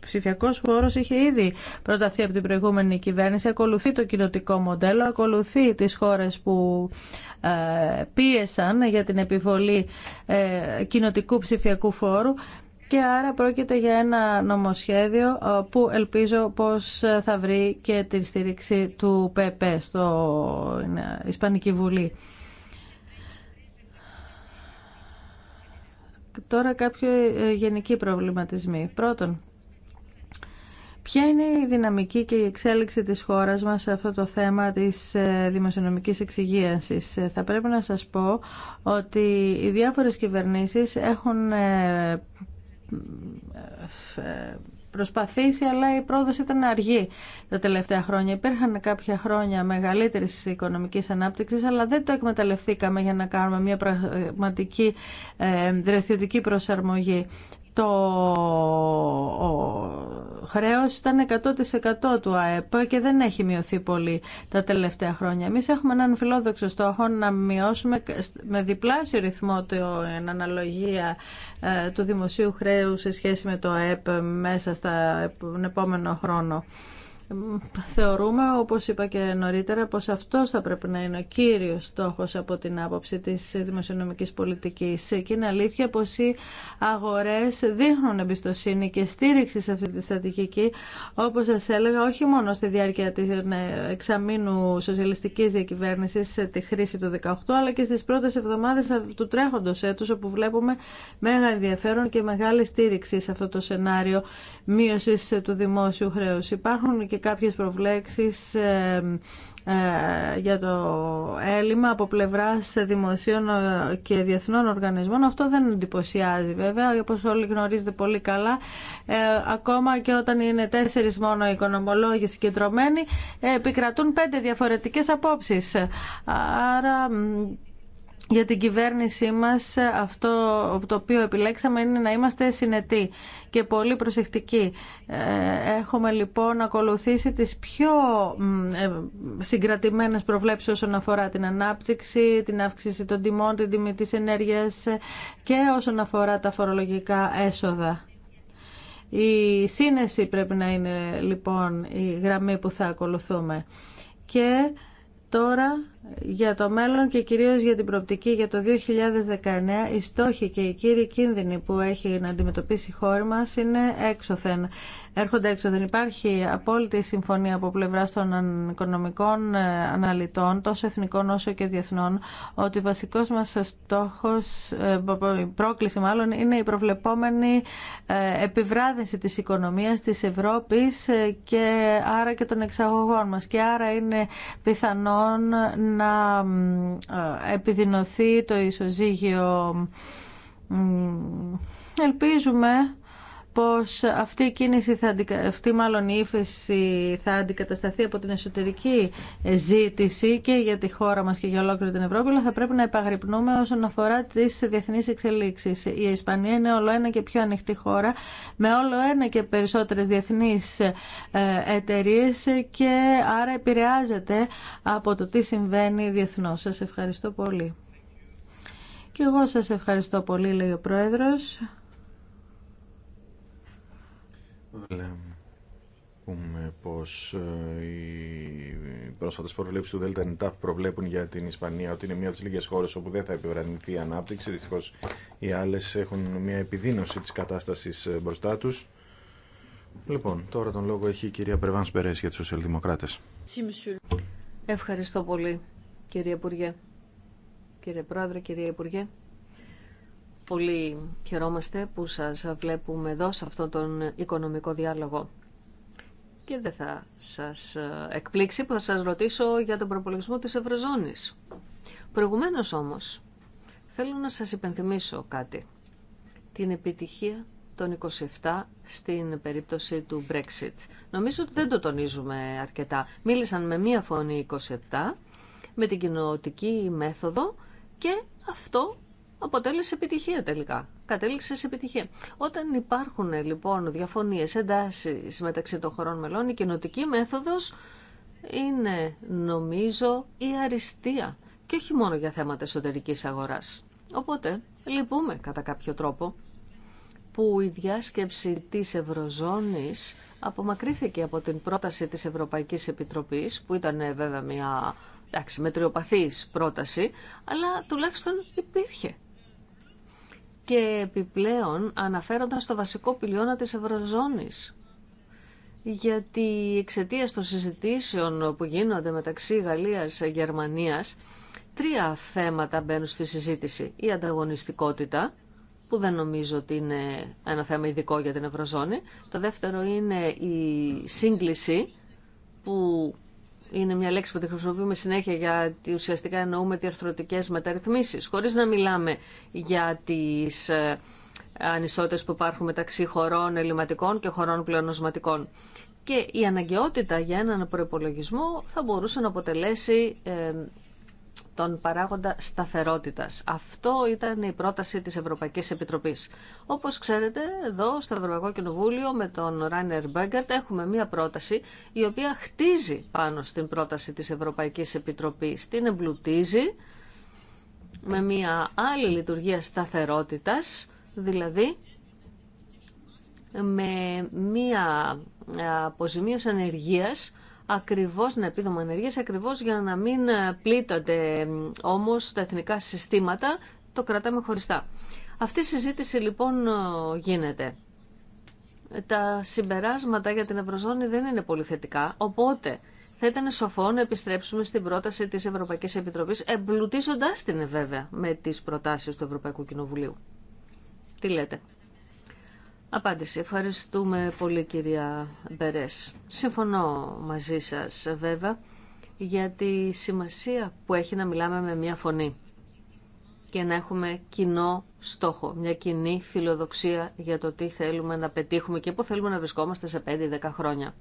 S3: ψηφιακό φόρος είχε ήδη προταθεί από την προηγούμενη κυβέρνηση, ακολουθεί το κοινοτικό μοντέλο, ακολουθεί τις χώρες που ε, πίεσαν για την επιβολή ε, κοινοτικού ψηφιακού φόρου και άρα πρόκειται για ένα νομοσχέδιο ε, που ελπίζω πως ε, θα βρει και τη στήριξη του ΠΕΠΕ στο ε, Ισπανική Βουλή. Τώρα κάποιοι γενικοί προβληματισμοί. Πρώτον, Ποια είναι η δυναμική και η εξέλιξη της χώρας μας σε αυτό το θέμα της ε, δημοσιονομικής εξυγίανσης. Ε, θα πρέπει να σας πω ότι οι διάφορες κυβερνήσεις έχουν ε, προσπαθήσει, αλλά η πρόοδος ήταν αργή τα τελευταία χρόνια. Υπήρχαν κάποια χρόνια μεγαλύτερης οικονομικής ανάπτυξης, αλλά δεν το εκμεταλλευτήκαμε για να κάνουμε μια πραγματική ε, προσαρμογή το χρέος ήταν 100% του ΑΕΠ και δεν έχει μειωθεί πολύ τα τελευταία χρόνια. Εμείς έχουμε έναν φιλόδοξο στόχο να μειώσουμε με διπλάσιο ρυθμό την αναλογία ε, του δημοσίου χρέου σε σχέση με το ΑΕΠ μέσα στον ε, επόμενο χρόνο θεωρούμε, όπως είπα και νωρίτερα, πως αυτός θα πρέπει να είναι ο κύριος στόχος από την άποψη της δημοσιονομικής πολιτικής. Και είναι αλήθεια πως οι αγορές δείχνουν εμπιστοσύνη και στήριξη σε αυτή τη στρατηγική, όπως σας έλεγα, όχι μόνο στη διάρκεια της ναι, εξαμήνου σοσιαλιστικής διακυβέρνησης τη χρήση του 18, αλλά και στις πρώτες εβδομάδες του τρέχοντος έτους, όπου βλέπουμε μέγα ενδιαφέρον και μεγάλη στήριξη σε αυτό το σενάριο μείωσης του δημόσιου χρέους. Υπάρχουν και κάποιες προβλέξεις ε, ε, για το έλλειμμα από πλευράς δημοσίων ε, και διεθνών οργανισμών. Αυτό δεν εντυπωσιάζει βέβαια, όπως όλοι γνωρίζετε πολύ καλά. Ε, ακόμα και όταν είναι τέσσερις μόνο οικονομολόγοι συγκεντρωμένοι, επικρατούν πέντε διαφορετικές απόψεις. Άρα για την κυβέρνησή μας αυτό το οποίο επιλέξαμε είναι να είμαστε συνετοί και πολύ προσεκτικοί. Ε, έχουμε λοιπόν ακολουθήσει τις πιο ε, συγκρατημένες προβλέψεις όσον αφορά την ανάπτυξη, την αύξηση των τιμών, την τιμή της ενέργειας και όσον αφορά τα φορολογικά έσοδα. Η σύνεση πρέπει να είναι λοιπόν η γραμμή που θα ακολουθούμε. Και τώρα για το μέλλον και κυρίως για την προοπτική για το 2019 οι στόχοι και οι κύριοι κίνδυνοι που έχει να αντιμετωπίσει η χώρα μας είναι έξωθεν έρχονται έξω. Δεν υπάρχει απόλυτη συμφωνία από πλευρά των οικονομικών ε, αναλυτών, τόσο εθνικών όσο και διεθνών, ότι ο βασικός μας στόχος, ε, η πρόκληση μάλλον, είναι η προβλεπόμενη ε, επιβράδυνση της οικονομίας της Ευρώπης και άρα και των εξαγωγών μας. Και άρα είναι πιθανόν να επιδεινωθεί το ισοζύγιο Ελπίζουμε πως αυτή η κίνηση, θα αυτή μάλλον η ύφεση θα αντικατασταθεί από την εσωτερική ζήτηση και για τη χώρα μας και για ολόκληρη την Ευρώπη, αλλά θα πρέπει να επαγρυπνούμε όσον αφορά τις διεθνείς εξελίξεις. Η Ισπανία είναι όλο ένα και πιο ανοιχτή χώρα, με όλο ένα και περισσότερες διεθνείς ε, εταιρείε και άρα επηρεάζεται από το τι συμβαίνει διεθνώς. Σας ευχαριστώ πολύ. Και εγώ σας ευχαριστώ πολύ, λέει ο Πρόεδρος.
S2: Βλέπουμε πως ε, οι πρόσφατες προβλέψεις του Δέλτα Νιτάφ προβλέπουν για την Ισπανία ότι είναι μία από τις λίγες χώρες όπου δεν θα επιβραδυνθεί η ανάπτυξη. Δυστυχώς οι άλλες έχουν μία επιδείνωση της κατάστασης ε, μπροστά τους. Λοιπόν, τώρα τον λόγο έχει η κυρία Πρεβάν Σπερές για τους σοσιαλδημοκράτες.
S1: Ευχαριστώ πολύ, κύριε Υπουργέ. Κύριε Πρόεδρε, κύριε Υπουργέ πολύ χαιρόμαστε που σας βλέπουμε εδώ σε αυτόν τον οικονομικό διάλογο. Και δεν θα σας ε, εκπλήξει που θα σας ρωτήσω για τον προπολογισμό της Ευρωζώνης. Προηγουμένως όμως, θέλω να σας υπενθυμίσω κάτι. Την επιτυχία των 27 στην περίπτωση του Brexit. Νομίζω ότι δεν το τονίζουμε αρκετά. Μίλησαν με μία φωνή 27, με την κοινοτική μέθοδο και αυτό αποτέλεσε επιτυχία τελικά. Κατέληξε σε επιτυχία. Όταν υπάρχουν λοιπόν διαφωνίες, εντάσει μεταξύ των χωρών μελών, η κοινοτική μέθοδος είναι νομίζω η αριστεία και όχι μόνο για θέματα εσωτερικής αγοράς. Οπότε λυπούμε κατά κάποιο τρόπο που η διάσκεψη της Ευρωζώνης απομακρύθηκε από την πρόταση της Ευρωπαϊκής Επιτροπής, που ήταν ε, βέβαια μια εντάξει, μετριοπαθής πρόταση, αλλά τουλάχιστον υπήρχε και επιπλέον αναφέρονταν στο βασικό πυλώνα της Ευρωζώνης. Γιατί εξαιτία των συζητήσεων που γίνονται μεταξύ Γαλλίας και Γερμανίας, τρία θέματα μπαίνουν στη συζήτηση. Η ανταγωνιστικότητα, που δεν νομίζω ότι είναι ένα θέμα ειδικό για την Ευρωζώνη. Το δεύτερο είναι η σύγκληση, που είναι μια λέξη που τη χρησιμοποιούμε συνέχεια γιατί ουσιαστικά εννοούμε αρθρωτικέ μεταρρυθμίσεις, χωρίς να μιλάμε για τις ε, ανισότητες που υπάρχουν μεταξύ χωρών ελληματικών και χωρών πλεονοσματικών. Και η αναγκαιότητα για έναν προπολογισμό θα μπορούσε να αποτελέσει ε, τον παράγοντα σταθερότητας. Αυτό ήταν η πρόταση της Ευρωπαϊκής Επιτροπής. Όπως ξέρετε, εδώ στο Ευρωπαϊκό Κοινοβούλιο με τον Ράινερ Μπέγκαρτ έχουμε μία πρόταση η οποία χτίζει πάνω στην πρόταση της Ευρωπαϊκής Επιτροπής. Την εμπλουτίζει με μία άλλη λειτουργία σταθερότητας, δηλαδή με μία αποζημίωση ανεργίας ακριβώς να επίδομα ενέργεια ακριβώς για να μην ε, πλήττονται όμως τα εθνικά συστήματα, το κρατάμε χωριστά. Αυτή η συζήτηση λοιπόν ε, γίνεται. Τα συμπεράσματα για την Ευρωζώνη δεν είναι πολύ θετικά, οπότε θα ήταν σοφό να επιστρέψουμε στην πρόταση της Ευρωπαϊκής Επιτροπής, εμπλουτίζοντας την βέβαια με τις προτάσεις του Ευρωπαϊκού Κοινοβουλίου. Τι λέτε. Απάντηση. Ευχαριστούμε πολύ κυρία Μπερές. Συμφωνώ μαζί σας βέβαια για τη σημασία που έχει να μιλάμε με μια φωνή και να έχουμε κοινό στόχο, μια κοινή φιλοδοξία για το τι θέλουμε να πετύχουμε και πού θέλουμε να βρισκόμαστε σε 5-10 χρόνια.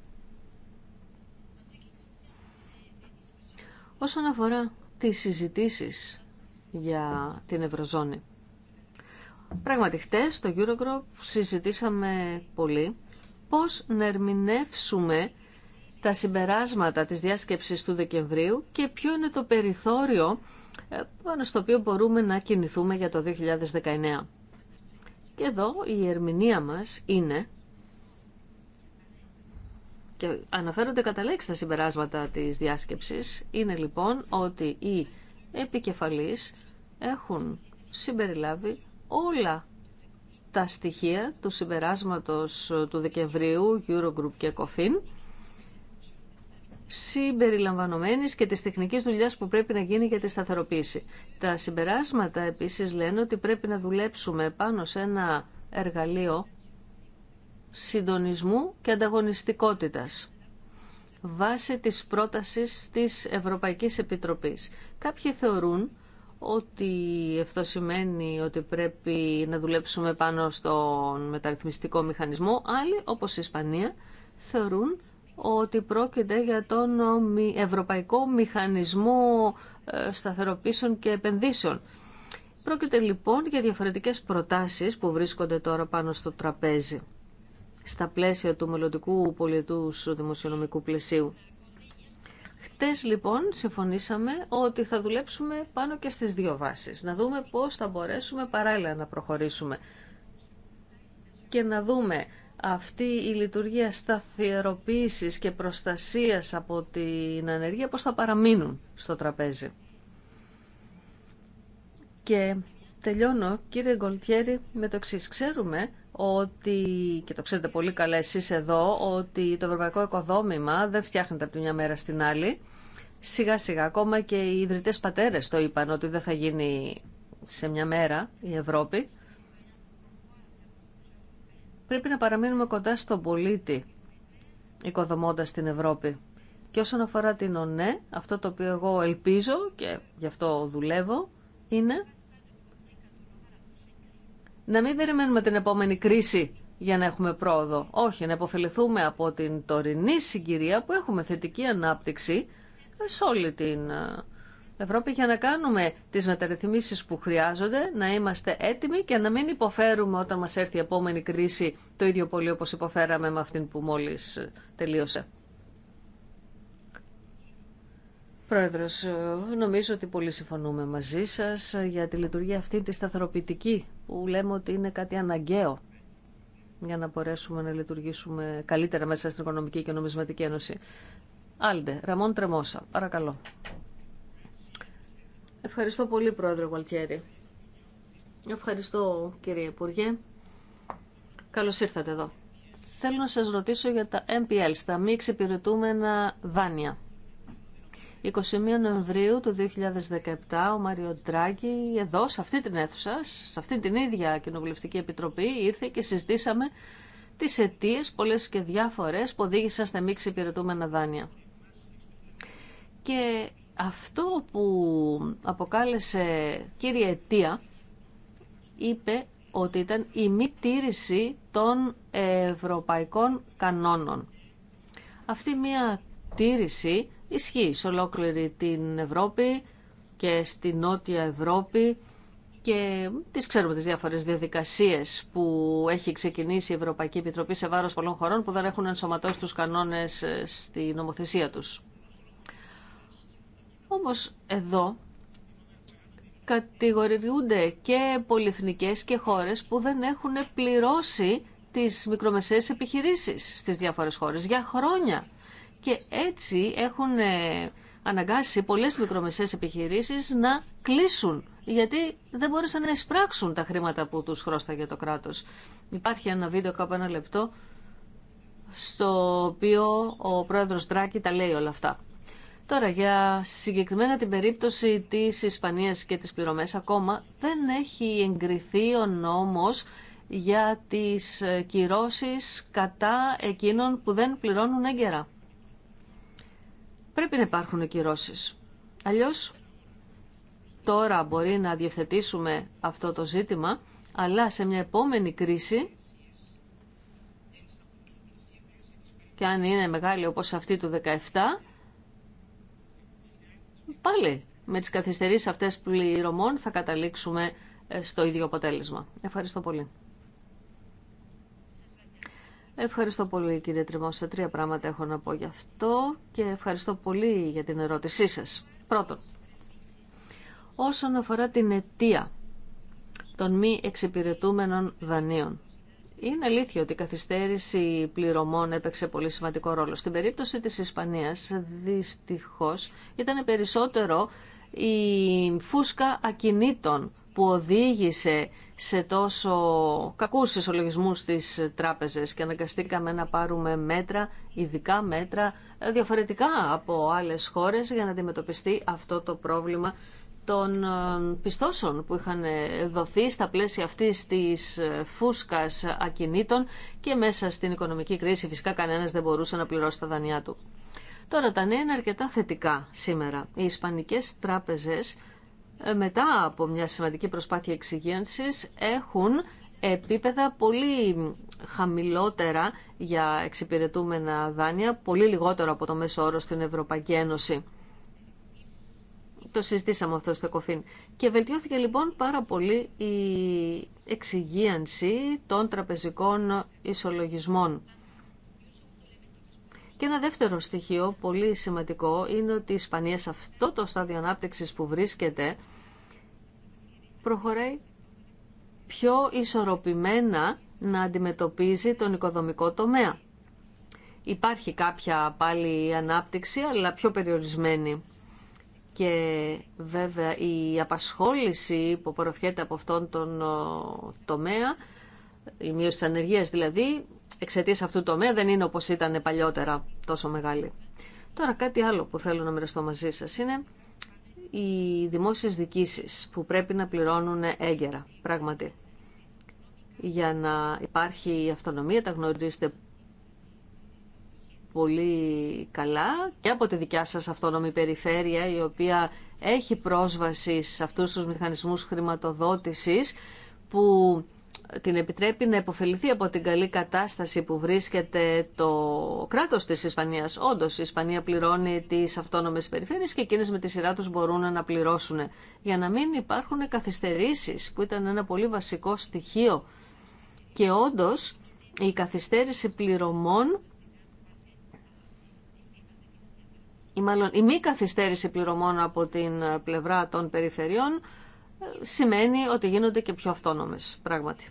S1: Όσον αφορά τις συζητήσεις για την Ευρωζώνη. Πράγματι, χτες στο Eurogroup συζητήσαμε πολύ πώς να ερμηνεύσουμε τα συμπεράσματα της διάσκεψης του Δεκεμβρίου και ποιο είναι το περιθώριο ε, πάνω στο οποίο μπορούμε να κινηθούμε για το 2019. Και εδώ η ερμηνεία μας είναι και αναφέρονται κατά λέξη τα συμπεράσματα της διάσκεψης, είναι λοιπόν ότι οι επικεφαλής έχουν συμπεριλάβει όλα τα στοιχεία του συμπεράσματος του Δεκεμβρίου Eurogroup και COFIN συμπεριλαμβανομένης και της τεχνικής δουλειάς που πρέπει να γίνει για τη σταθεροποίηση. Τα συμπεράσματα επίσης λένε ότι πρέπει να δουλέψουμε πάνω σε ένα εργαλείο συντονισμού και ανταγωνιστικότητας βάσει της πρότασης της Ευρωπαϊκής Επιτροπής. Κάποιοι θεωρούν ότι αυτό σημαίνει ότι πρέπει να δουλέψουμε πάνω στον μεταρρυθμιστικό μηχανισμό. Άλλοι, όπως η Ισπανία, θεωρούν ότι πρόκειται για τον Ευρωπαϊκό Μηχανισμό ε, Σταθεροποίησεων και Επενδύσεων. Πρόκειται λοιπόν για διαφορετικές προτάσεις που βρίσκονται τώρα πάνω στο τραπέζι στα πλαίσια του μελλοντικού πολιτού δημοσιονομικού πλαισίου. Χτες λοιπόν συμφωνήσαμε ότι θα δουλέψουμε πάνω και στις δύο βάσεις. Να δούμε πώς θα μπορέσουμε παράλληλα να προχωρήσουμε και να δούμε αυτή η λειτουργία σταθεροποίησης και προστασίας από την ανεργία πώς θα παραμείνουν στο τραπέζι. Και τελειώνω κύριε Γκολτιέρη με το εξή. Ξέρουμε ότι, και το ξέρετε πολύ καλά εσείς εδώ, ότι το ευρωπαϊκό οικοδόμημα δεν φτιάχνεται από τη μια μέρα στην άλλη. Σιγά σιγά, ακόμα και οι ιδρυτές πατέρες το είπαν ότι δεν θα γίνει σε μια μέρα η Ευρώπη. Πρέπει να παραμείνουμε κοντά στον πολίτη, οικοδομώντας την Ευρώπη. Και όσον αφορά την ΟΝΕ, αυτό το οποίο εγώ ελπίζω και γι' αυτό δουλεύω, είναι να μην περιμένουμε την επόμενη κρίση για να έχουμε πρόοδο. Όχι, να υποφεληθούμε από την τωρινή συγκυρία που έχουμε θετική ανάπτυξη σε όλη την ε, Ευρώπη για να κάνουμε τις μεταρρυθμίσεις που χρειάζονται, να είμαστε έτοιμοι και να μην υποφέρουμε όταν μας έρθει η επόμενη κρίση το ίδιο πολύ όπως υποφέραμε με αυτήν που μόλις τελείωσε. Πρόεδρος, ε, νομίζω ότι πολύ συμφωνούμε μαζί σας για τη λειτουργία αυτή τη σταθεροποιητική που λέμε ότι είναι κάτι αναγκαίο για να μπορέσουμε να λειτουργήσουμε καλύτερα μέσα στην Οικονομική και Νομισματική Ένωση. Άλντε, Ραμόν Τρεμόσα, παρακαλώ. Ευχαριστώ πολύ, Πρόεδρε Γουαλτιέρη. Ευχαριστώ, κύριε Υπουργέ. Καλώς ήρθατε εδώ. Θέλω να σας ρωτήσω για τα MPL, τα μη εξυπηρετούμενα δάνεια. 21 Νοεμβρίου του 2017 ο Μάριο Ντράγκη εδώ σε αυτή την αίθουσα, σε αυτή την ίδια κοινοβουλευτική επιτροπή ήρθε και συζητήσαμε τις αιτίε πολλές και διάφορες που οδήγησαν στα μη ξεπηρετούμενα δάνεια. Και αυτό που αποκάλεσε κύρια αιτία είπε ότι ήταν η μη τήρηση των ευρωπαϊκών κανόνων. Αυτή μια τήρηση ισχύει σε ολόκληρη την Ευρώπη και στη Νότια Ευρώπη και τις ξέρουμε τις διάφορες διαδικασίες που έχει ξεκινήσει η Ευρωπαϊκή Επιτροπή σε βάρος πολλών χωρών που δεν έχουν ενσωματώσει τους κανόνες ε, στη νομοθεσία τους. Όμως εδώ κατηγοριούνται και πολυεθνικές και χώρες που δεν έχουν πληρώσει τις μικρομεσαίες επιχειρήσεις στις διάφορες χώρες για χρόνια και έτσι έχουν ε, αναγκάσει πολλές μικρομεσαίες επιχειρήσεις να κλείσουν γιατί δεν μπόρεσαν να εισπράξουν τα χρήματα που τους χρώσταγε το κράτος. Υπάρχει ένα βίντεο κάπου ένα λεπτό στο οποίο ο πρόεδρος Δράκη τα λέει όλα αυτά. Τώρα για συγκεκριμένα την περίπτωση της Ισπανίας και της πληρωμές ακόμα δεν έχει εγκριθεί ο νόμος για τις ε, κυρώσεις κατά εκείνων που δεν πληρώνουν έγκαιρα πρέπει να υπάρχουν κυρώσει. Αλλιώ, τώρα μπορεί να διευθετήσουμε αυτό το ζήτημα, αλλά σε μια επόμενη κρίση, και αν είναι μεγάλη όπως αυτή του 17, πάλι με τις καθυστερήσεις αυτές πληρωμών θα καταλήξουμε ε, στο ίδιο αποτέλεσμα. Ευχαριστώ πολύ. Ευχαριστώ πολύ κύριε σε Τρία πράγματα έχω να πω γι' αυτό και ευχαριστώ πολύ για την ερώτησή σας. Πρώτον, όσον αφορά την αιτία των μη εξυπηρετούμενων δανείων. Είναι αλήθεια ότι η καθυστέρηση πληρωμών έπαιξε πολύ σημαντικό ρόλο. Στην περίπτωση της Ισπανίας, δυστυχώς, ήταν περισσότερο η φούσκα ακινήτων που οδήγησε σε τόσο κακούς ισολογισμούς στις τράπεζες και αναγκαστήκαμε να πάρουμε μέτρα, ειδικά μέτρα, ε, διαφορετικά από άλλες χώρες για να αντιμετωπιστεί αυτό το πρόβλημα των ε, πιστώσεων που είχαν ε, δοθεί στα πλαίσια αυτής της φούσκας ακινήτων και μέσα στην οικονομική κρίση φυσικά κανένας δεν μπορούσε να πληρώσει τα δανειά του. Τώρα τα νέα είναι αρκετά θετικά σήμερα. Οι ισπανικές τράπεζες ε, μετά από μια σημαντική προσπάθεια εξυγίανσης έχουν επίπεδα πολύ χαμηλότερα για εξυπηρετούμενα δάνεια, πολύ λιγότερο από το μέσο όρο στην Ευρωπαϊκή Ένωση. Το συζητήσαμε αυτό στο ΕΚΟΦΗΝ. Και βελτιώθηκε λοιπόν πάρα πολύ η εξυγίανση των τραπεζικών ισολογισμών. Και ένα δεύτερο στοιχείο πολύ σημαντικό είναι ότι η Ισπανία σε αυτό το στάδιο ανάπτυξη που βρίσκεται προχωράει πιο ισορροπημένα να αντιμετωπίζει τον οικοδομικό τομέα. Υπάρχει κάποια πάλι ανάπτυξη, αλλά πιο περιορισμένη. Και βέβαια η απασχόληση που απορροφιέται από αυτόν τον τομέα, η μείωση της ανεργίας δηλαδή, εξαιτία αυτού του τομέα δεν είναι όπω ήταν παλιότερα τόσο μεγάλη. Τώρα κάτι άλλο που θέλω να μοιραστώ μαζί σας είναι οι δημόσιε δικήσεις που πρέπει να πληρώνουν έγκαιρα, πράγματι. Για να υπάρχει η αυτονομία, τα γνωρίζετε πολύ καλά και από τη δικιά σας αυτόνομη περιφέρεια η οποία έχει πρόσβαση σε αυτούς τους μηχανισμούς χρηματοδότησης που την επιτρέπει να υποφεληθεί από την καλή κατάσταση που βρίσκεται το κράτος της Ισπανίας. Όντως, η Ισπανία πληρώνει τις αυτόνομες περιφέρειες και εκείνες με τη σειρά του μπορούν να πληρώσουν για να μην υπάρχουν καθυστερήσεις που ήταν ένα πολύ βασικό στοιχείο. Και όντως, η καθυστέρηση πληρωμών ή μάλλον η μη καθυστέρηση πληρωμών από την πλευρά των περιφερειών σημαίνει ότι γίνονται και πιο αυτόνομες πράγματι.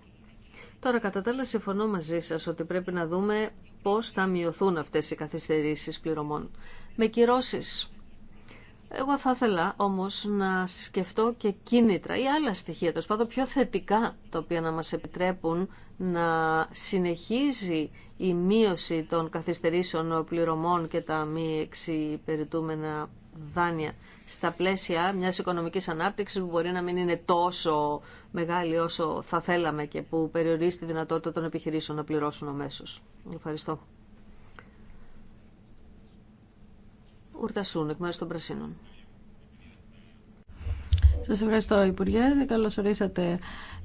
S1: Τώρα κατά τα συμφωνώ μαζί σας ότι πρέπει να δούμε πώς θα μειωθούν αυτές οι καθυστερήσεις πληρωμών. Με κυρώσεις. Εγώ θα ήθελα όμως να σκεφτώ και κίνητρα ή άλλα στοιχεία, τόσο πάντων πιο θετικά, τα οποία να μας επιτρέπουν να συνεχίζει η μείωση των καθυστερήσεων πληρωμών και τα μη εξυπηρετούμενα δάνεια στα πλαίσια μιας οικονομικής ανάπτυξης που μπορεί να μην είναι τόσο μεγάλη όσο θα θέλαμε και που περιορίζει τη δυνατότητα των επιχειρήσεων να πληρώσουν αμέσω. Ευχαριστώ. Ουρτασούν εκ μέρους των Πρασίνων.
S3: Σας ευχαριστώ Υπουργέ. Καλώς ορίσατε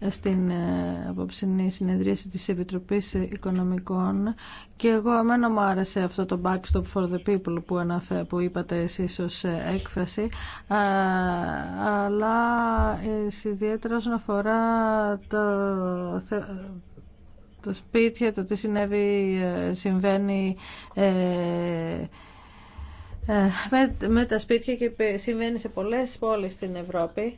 S3: στην ε, απόψινή συνεδρίαση της Επιτροπής Οικονομικών και εγώ εμένα μου άρεσε αυτό το backstop for the people που, αναφέ, που είπατε εσείς ως ε, έκφραση αλλά ε, ιδιαίτερα όσον αφορά το, το το τι συνέβη, συμβαίνει ε, με, τα σπίτια και συμβαίνει σε πολλές πόλεις στην Ευρώπη.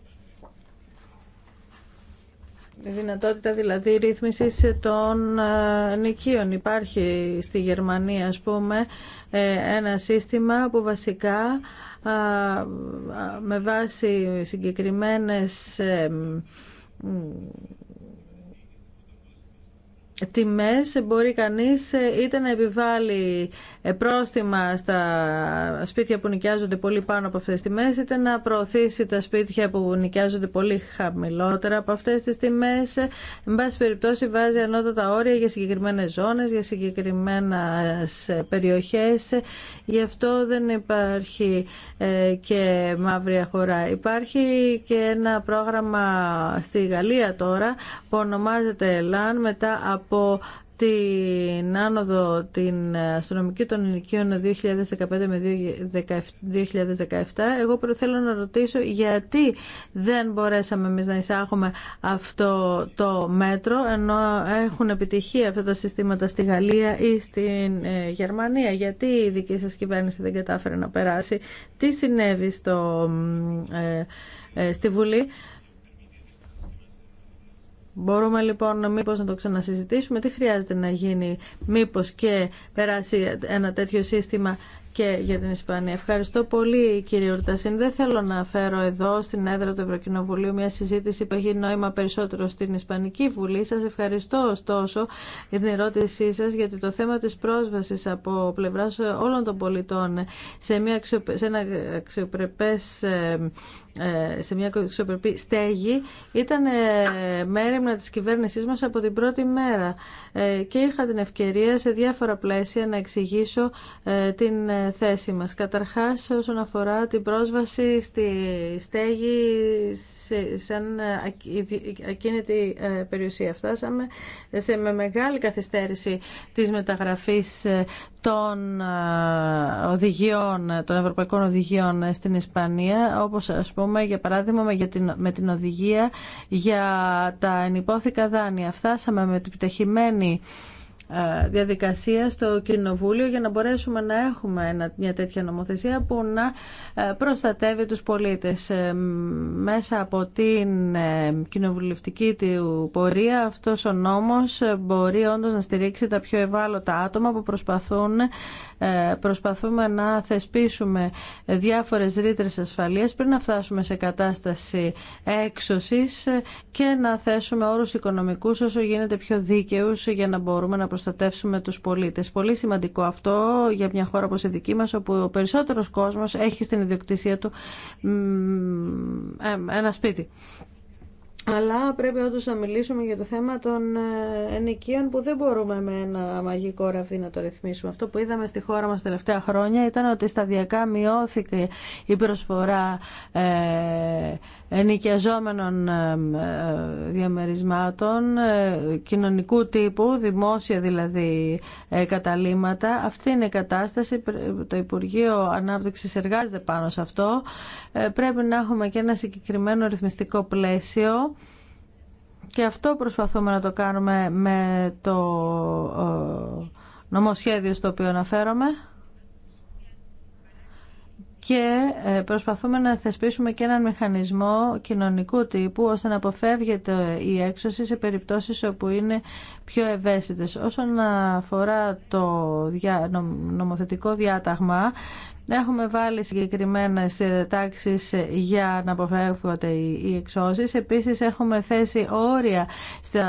S3: Η δυνατότητα δηλαδή ρύθμισης των ε, νοικίων. Υπάρχει στη Γερμανία ας πούμε ε, ένα σύστημα που βασικά με βάση συγκεκριμένες τιμές μπορεί κανείς ε, είτε να επιβάλλει ε, πρόστιμα στα σπίτια που νοικιάζονται πολύ πάνω από αυτές τις τιμές είτε να προωθήσει τα σπίτια που νοικιάζονται πολύ χαμηλότερα από αυτές τις τιμές ε, εν πάση περιπτώσει βάζει ανώτατα όρια για συγκεκριμένες ζώνες, για συγκεκριμένες περιοχές γι' αυτό δεν υπάρχει και μαύρη αγορά υπάρχει και ένα πρόγραμμα στη Γαλλία τώρα που ονομάζεται ΕΛΑΝ μετά από από την άνοδο την αστυνομική των ηλικίων 2015 με 2017 εγώ θέλω να ρωτήσω γιατί δεν μπορέσαμε εμείς να εισάγουμε αυτό το μέτρο ενώ έχουν επιτυχεί αυτά τα συστήματα στη Γαλλία ή στην ε, Γερμανία γιατί η στη γερμανια γιατι η δικη σας κυβέρνηση δεν κατάφερε να περάσει τι συνέβη στο, ε, ε, στη Βουλή Μπορούμε λοιπόν μήπως να το ξανασυζητήσουμε. Τι χρειάζεται να γίνει μήπως και περάσει ένα τέτοιο σύστημα και για την Ισπανία. Ευχαριστώ πολύ κύριε Ορτασίν. Δεν θέλω να φέρω εδώ στην έδρα του Ευρωκοινοβουλίου μια συζήτηση που έχει νόημα περισσότερο στην Ισπανική Βουλή. Σας ευχαριστώ ωστόσο για την ερώτησή σας γιατί το θέμα της πρόσβασης από πλευράς όλων των πολιτών σε, μια, σε ένα αξιοπρεπές ε, ε, σε μια αξιοπρεπή στέγη ήταν ε, μέρημνα της κυβέρνησής μας από την πρώτη μέρα ε, και είχα την ευκαιρία σε διάφορα πλαίσια να εξηγήσω την θέση μας. Καταρχάς όσον αφορά την πρόσβαση στη στέγη σαν ακίνητη περιουσία. Φτάσαμε σε, με μεγάλη καθυστέρηση της μεταγραφής των οδηγιών, των ευρωπαϊκών οδηγιών στην Ισπανία, όπως ας πούμε πούμε, για παράδειγμα με, την, με την οδηγία για τα ενυπόθηκα δάνεια. Φτάσαμε με την επιτεχημένη ε, διαδικασία στο Κοινοβούλιο για να μπορέσουμε να έχουμε μια τέτοια νομοθεσία που να ε, προστατεύει τους πολίτες. Ε, μέσα από την κοινοβουλευτική του πορεία αυτός ο νόμος μπορεί όντως να στηρίξει τα πιο ευάλωτα άτομα που προσπαθούν προσπαθούμε να θεσπίσουμε διάφορες ρήτρες ασφαλείας πριν να φτάσουμε σε κατάσταση έξωσης και να θέσουμε όρους οικονομικούς όσο γίνεται πιο δίκαιους για να μπορούμε να προστατεύσουμε τους πολίτες. Πολύ σημαντικό αυτό για μια χώρα όπως η δική μας, όπου ο περισσότερος κόσμος έχει στην ιδιοκτησία του ε, ένα σπίτι. Αλλά πρέπει όντω να μιλήσουμε για το θέμα των ε, ενοικίων που δεν μπορούμε με ένα μαγικό ραβδί να το ρυθμίσουμε. Αυτό που είδαμε στη χώρα μας τελευταία χρόνια ήταν ότι σταδιακά μειώθηκε η προσφορά ε, ενοικιαζόμενων ε, διαμερισμάτων ε, κοινωνικού τύπου, δημόσια δηλαδή ε, καταλήματα. Αυτή είναι η κατάσταση. Το Υπουργείο Ανάπτυξης εργάζεται πάνω σε αυτό. Πρέπει να έχουμε και ένα συγκεκριμένο ρυθμιστικό πλαίσιο και αυτό προσπαθούμε να το κάνουμε με το νομοσχέδιο στο οποίο αναφέρομαι και ε, προσπαθούμε να θεσπίσουμε και έναν μηχανισμό κοινωνικού τύπου ώστε να αποφεύγεται η έξωση σε περιπτώσεις όπου είναι πιο ευαίσθητες. Όσον αφορά το νομοθετικό διάταγμα, Έχουμε βάλει συγκεκριμένε ε, τάξεις για να αποφεύγονται οι εξώσει. Επίσης έχουμε θέσει όρια στα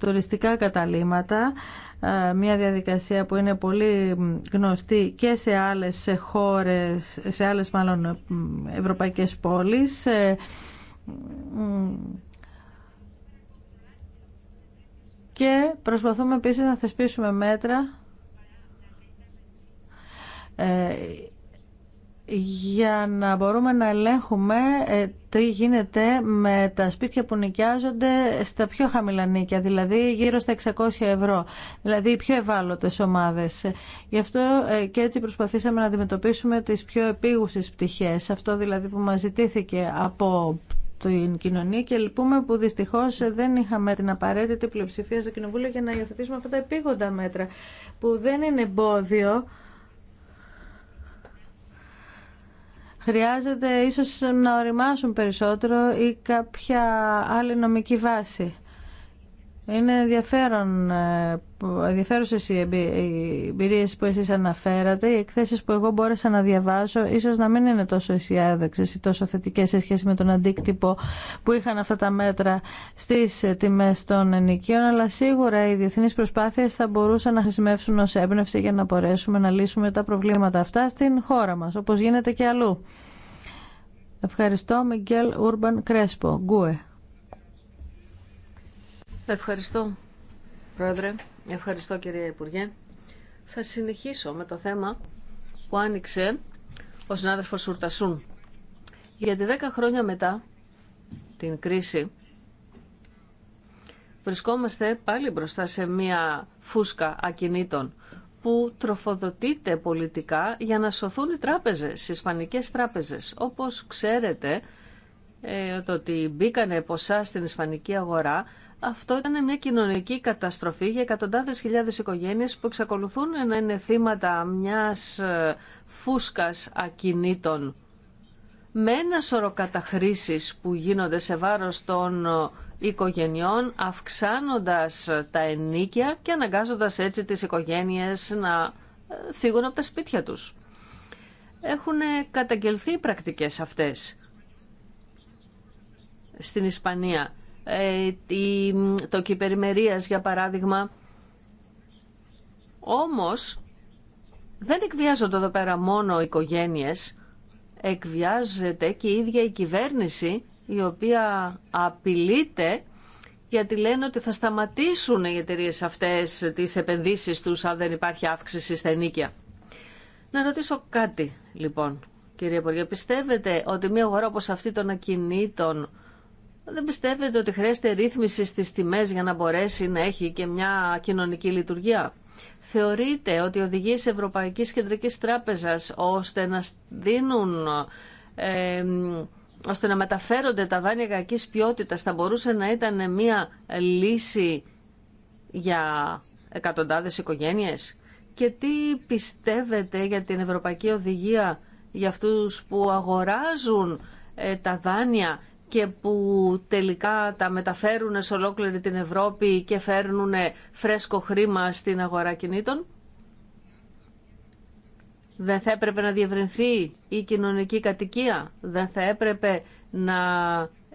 S3: τουριστικά καταλήματα. Ε, μια διαδικασία που είναι πολύ γνωστή και σε άλλες χώρες, σε άλλες μάλλον ευρωπαϊκές πόλεις. Ε, και προσπαθούμε επίσης να θεσπίσουμε μέτρα ε, για να μπορούμε να ελέγχουμε ε, τι γίνεται με τα σπίτια που νοικιάζονται στα πιο χαμηλά νίκια, δηλαδή γύρω στα 600 ευρώ, δηλαδή οι πιο ευάλωτες ομάδες. Γι' αυτό ε, και έτσι προσπαθήσαμε να αντιμετωπίσουμε τις πιο επίγουσες πτυχές, αυτό δηλαδή που μας ζητήθηκε από την κοινωνία και λυπούμε που δυστυχώ δεν είχαμε την απαραίτητη πλειοψηφία στο Κοινοβούλιο για να υιοθετήσουμε αυτά τα επίγοντα μέτρα που δεν είναι εμπόδιο Χρειάζεται ίσως να οριμάσουν περισσότερο ή κάποια άλλη νομική βάση. Είναι ενδιαφέρον, ε, ενδιαφέρουσες οι εμπειρίε που εσείς αναφέρατε. Οι εκθέσεις που εγώ μπόρεσα να διαβάσω ίσως να μην είναι τόσο αισιάδεξες ή τόσο θετικές σε σχέση με τον αντίκτυπο που είχαν αυτά τα μέτρα στις ε, τιμές των ενοικίων, αλλά σίγουρα οι διεθνείς προσπάθειες θα μπορούσαν να χρησιμεύσουν ως έμπνευση για να μπορέσουμε να λύσουμε τα προβλήματα αυτά στην χώρα μας, όπως γίνεται και αλλού. Ευχαριστώ, Μιγγέλ Ούρμπαν Κρέσπο, Γκουε.
S1: Ευχαριστώ, Πρόεδρε. Ευχαριστώ, κυρία Υπουργέ. Θα συνεχίσω με το θέμα που άνοιξε ο συνάδελφος Σουρτασούν. Γιατί δέκα χρόνια μετά την κρίση βρισκόμαστε πάλι μπροστά σε μία φούσκα ακινήτων που τροφοδοτείται πολιτικά για να σωθούν οι τράπεζες, οι ισπανικές τράπεζες. Όπως ξέρετε, ε, το ότι μπήκανε ποσά στην ισπανική αγορά αυτό ήταν μια κοινωνική καταστροφή για εκατοντάδες χιλιάδες οικογένειες που εξακολουθούν να είναι θύματα μιας ε, φούσκας ακινήτων με ένα σωρό καταχρήσεις που γίνονται σε βάρος των ε, οικογενειών αυξάνοντας ε, τα ενίκια και αναγκάζοντας έτσι τις οικογένειες να φύγουν από τα σπίτια τους. Έχουν καταγγελθεί οι πρακτικές αυτές στην Ισπανία ε, το κυπερημερίας για παράδειγμα. Όμως δεν εκβιάζονται εδώ πέρα μόνο οι οικογένειες, εκβιάζεται και η ίδια η κυβέρνηση η οποία απειλείται γιατί λένε ότι θα σταματήσουν οι εταιρείε αυτές τις επενδύσεις τους αν δεν υπάρχει αύξηση στα ενίκια. Να ρωτήσω κάτι λοιπόν, κύριε Υπουργέ. Πιστεύετε ότι μια αγορά όπως αυτή των ακινήτων δεν πιστεύετε ότι χρειάζεται ρύθμιση στις τιμές για να μπορέσει να έχει και μια κοινωνική λειτουργία. Θεωρείτε ότι οι οδηγίες Ευρωπαϊκής Κεντρικής Τράπεζας ώστε να δίνουν... ώστε να μεταφέρονται τα δάνεια κακής ποιότητας θα μπορούσε να ήταν μια λύση για εκατοντάδες οικογένειες. Και τι πιστεύετε για την Ευρωπαϊκή Οδηγία για αυτούς που αγοράζουν ε, τα δάνεια και που τελικά τα μεταφέρουν σε ολόκληρη την Ευρώπη και φέρνουν φρέσκο χρήμα στην αγορά κινήτων. Δεν θα έπρεπε να διευρυνθεί η κοινωνική κατοικία. Δεν θα έπρεπε να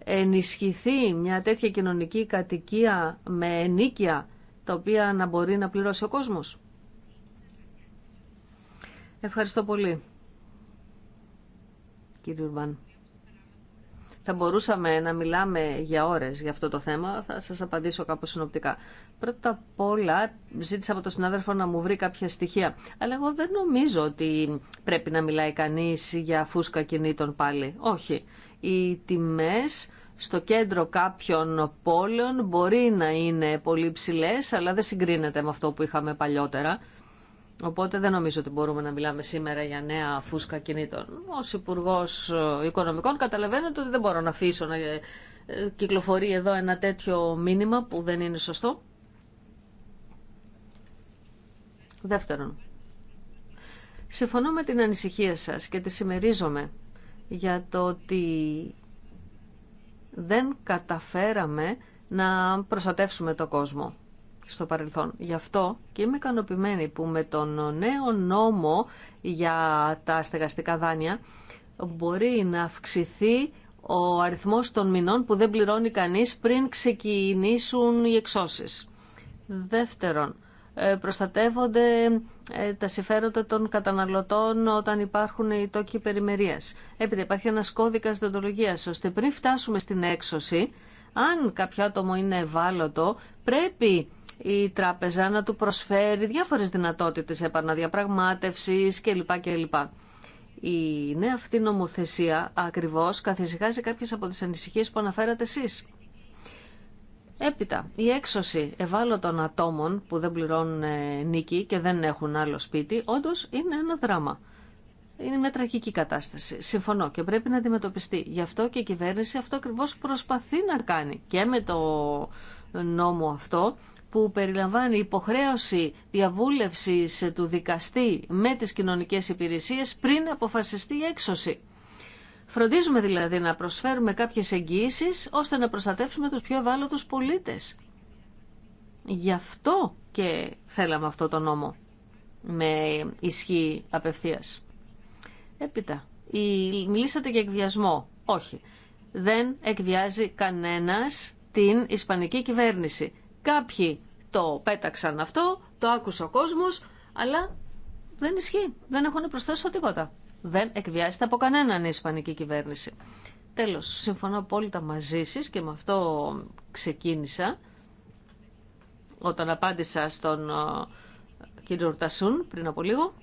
S1: ενισχυθεί μια τέτοια κοινωνική κατοικία με ενίκια τα οποία να μπορεί να πληρώσει ο κόσμος. Ευχαριστώ πολύ, κύριε Ουρμπάν. Θα μπορούσαμε να μιλάμε για ώρες για αυτό το θέμα, θα σας απαντήσω κάπως συνοπτικά. Πρώτα απ' όλα ζήτησα από τον συνάδελφο να μου βρει κάποια στοιχεία, αλλά εγώ δεν νομίζω ότι πρέπει να μιλάει κανείς για φούσκα κινήτων πάλι. Όχι. Οι τιμές στο κέντρο κάποιων πόλεων μπορεί να είναι πολύ ψηλές, αλλά δεν συγκρίνεται με αυτό που είχαμε παλιότερα. Οπότε δεν νομίζω ότι μπορούμε να μιλάμε σήμερα για νέα φούσκα κινήτων. Ω Υπουργό ε, Οικονομικών καταλαβαίνετε ότι δεν μπορώ να αφήσω να ε, κυκλοφορεί εδώ ένα τέτοιο μήνυμα που δεν είναι σωστό. Δεύτερον, συμφωνώ με την ανησυχία σας και τη συμμερίζομαι για το ότι δεν καταφέραμε να προστατεύσουμε το κόσμο στο παρελθόν. Γι' αυτό και είμαι ικανοποιημένη που με τον νέο νόμο για τα στεγαστικά δάνεια μπορεί να αυξηθεί ο αριθμός των μηνών που δεν πληρώνει κανείς πριν ξεκινήσουν οι εξώσεις. Δεύτερον, ε, προστατεύονται ε, τα συμφέροντα των καταναλωτών όταν υπάρχουν οι τόκοι περιμερίας. Έπειτα υπάρχει ένας κώδικας διοντολογίας ώστε πριν φτάσουμε στην έξωση, αν κάποιο άτομο είναι ευάλωτο, πρέπει η τράπεζα να του προσφέρει διάφορες δυνατότητες επαναδιαπραγμάτευσης κλπ. κλπ. Η νέα αυτή νομοθεσία ακριβώς καθησυχάζει κάποιες από τις ανησυχίες που αναφέρατε εσείς. Έπειτα, η έξωση ευάλωτων ατόμων που δεν πληρώνουν ε, νίκη και δεν έχουν άλλο σπίτι, όντω είναι ένα δράμα. Είναι μια τραγική κατάσταση. Συμφωνώ και πρέπει να αντιμετωπιστεί. Γι' αυτό και η κυβέρνηση αυτό ακριβώ προσπαθεί να κάνει και με το νόμο αυτό που περιλαμβάνει υποχρέωση διαβούλευσης του δικαστή με τις κοινωνικές υπηρεσίες πριν αποφασιστεί η έξωση. Φροντίζουμε δηλαδή να προσφέρουμε κάποιες εγγύησεις ώστε να προστατεύσουμε τους πιο ευάλωτους πολίτες. Γι' αυτό και θέλαμε αυτό το νόμο με ισχύ απευθείας. Έπειτα, μιλήσατε για εκβιασμό. Όχι, δεν εκβιάζει κανένας την Ισπανική κυβέρνηση. Κάποιοι το πέταξαν αυτό, το άκουσε ο κόσμος, αλλά δεν ισχύει. Δεν έχουν προσθέσει τίποτα. Δεν εκβιάζεται από κανέναν η Ισπανική κυβέρνηση. Τέλος, συμφωνώ απόλυτα μαζί σας και με αυτό ξεκίνησα όταν απάντησα στον ε, κύριο Ρτασούν πριν από λίγο.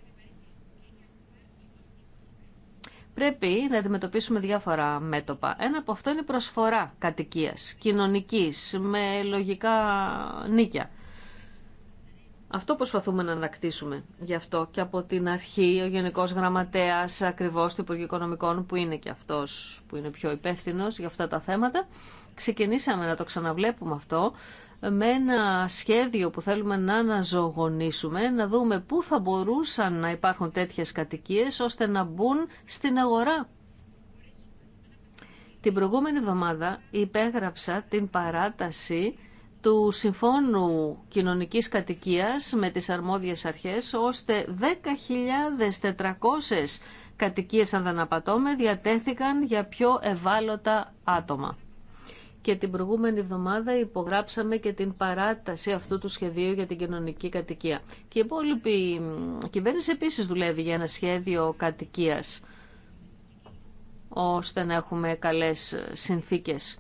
S1: πρέπει να αντιμετωπίσουμε διάφορα μέτωπα. Ένα από αυτό είναι η προσφορά κατοικία, κοινωνική με λογικά νίκια. Αυτό προσπαθούμε να ανακτήσουμε. Γι' αυτό και από την αρχή ο Γενικό Γραμματέα ακριβώ του Υπουργείου Οικονομικών, που είναι και αυτό που είναι πιο υπεύθυνο για αυτά τα θέματα, ξεκινήσαμε να το ξαναβλέπουμε αυτό με ένα σχέδιο που θέλουμε να αναζωογονήσουμε, να δούμε πού θα μπορούσαν να υπάρχουν τέτοιες κατοικίες ώστε να μπουν στην αγορά. Την προηγούμενη εβδομάδα υπέγραψα την παράταση του Συμφώνου Κοινωνικής Κατοικίας με τις αρμόδιες αρχές, ώστε 10.400 κατοικίες, αν δεν διατέθηκαν για πιο ευάλωτα άτομα και την προηγούμενη εβδομάδα υπογράψαμε και την παράταση αυτού του σχεδίου για την κοινωνική κατοικία. Και η υπόλοιπη κυβέρνηση επίσης δουλεύει για ένα σχέδιο κατοικίας ώστε να έχουμε καλές ε, συνθήκες.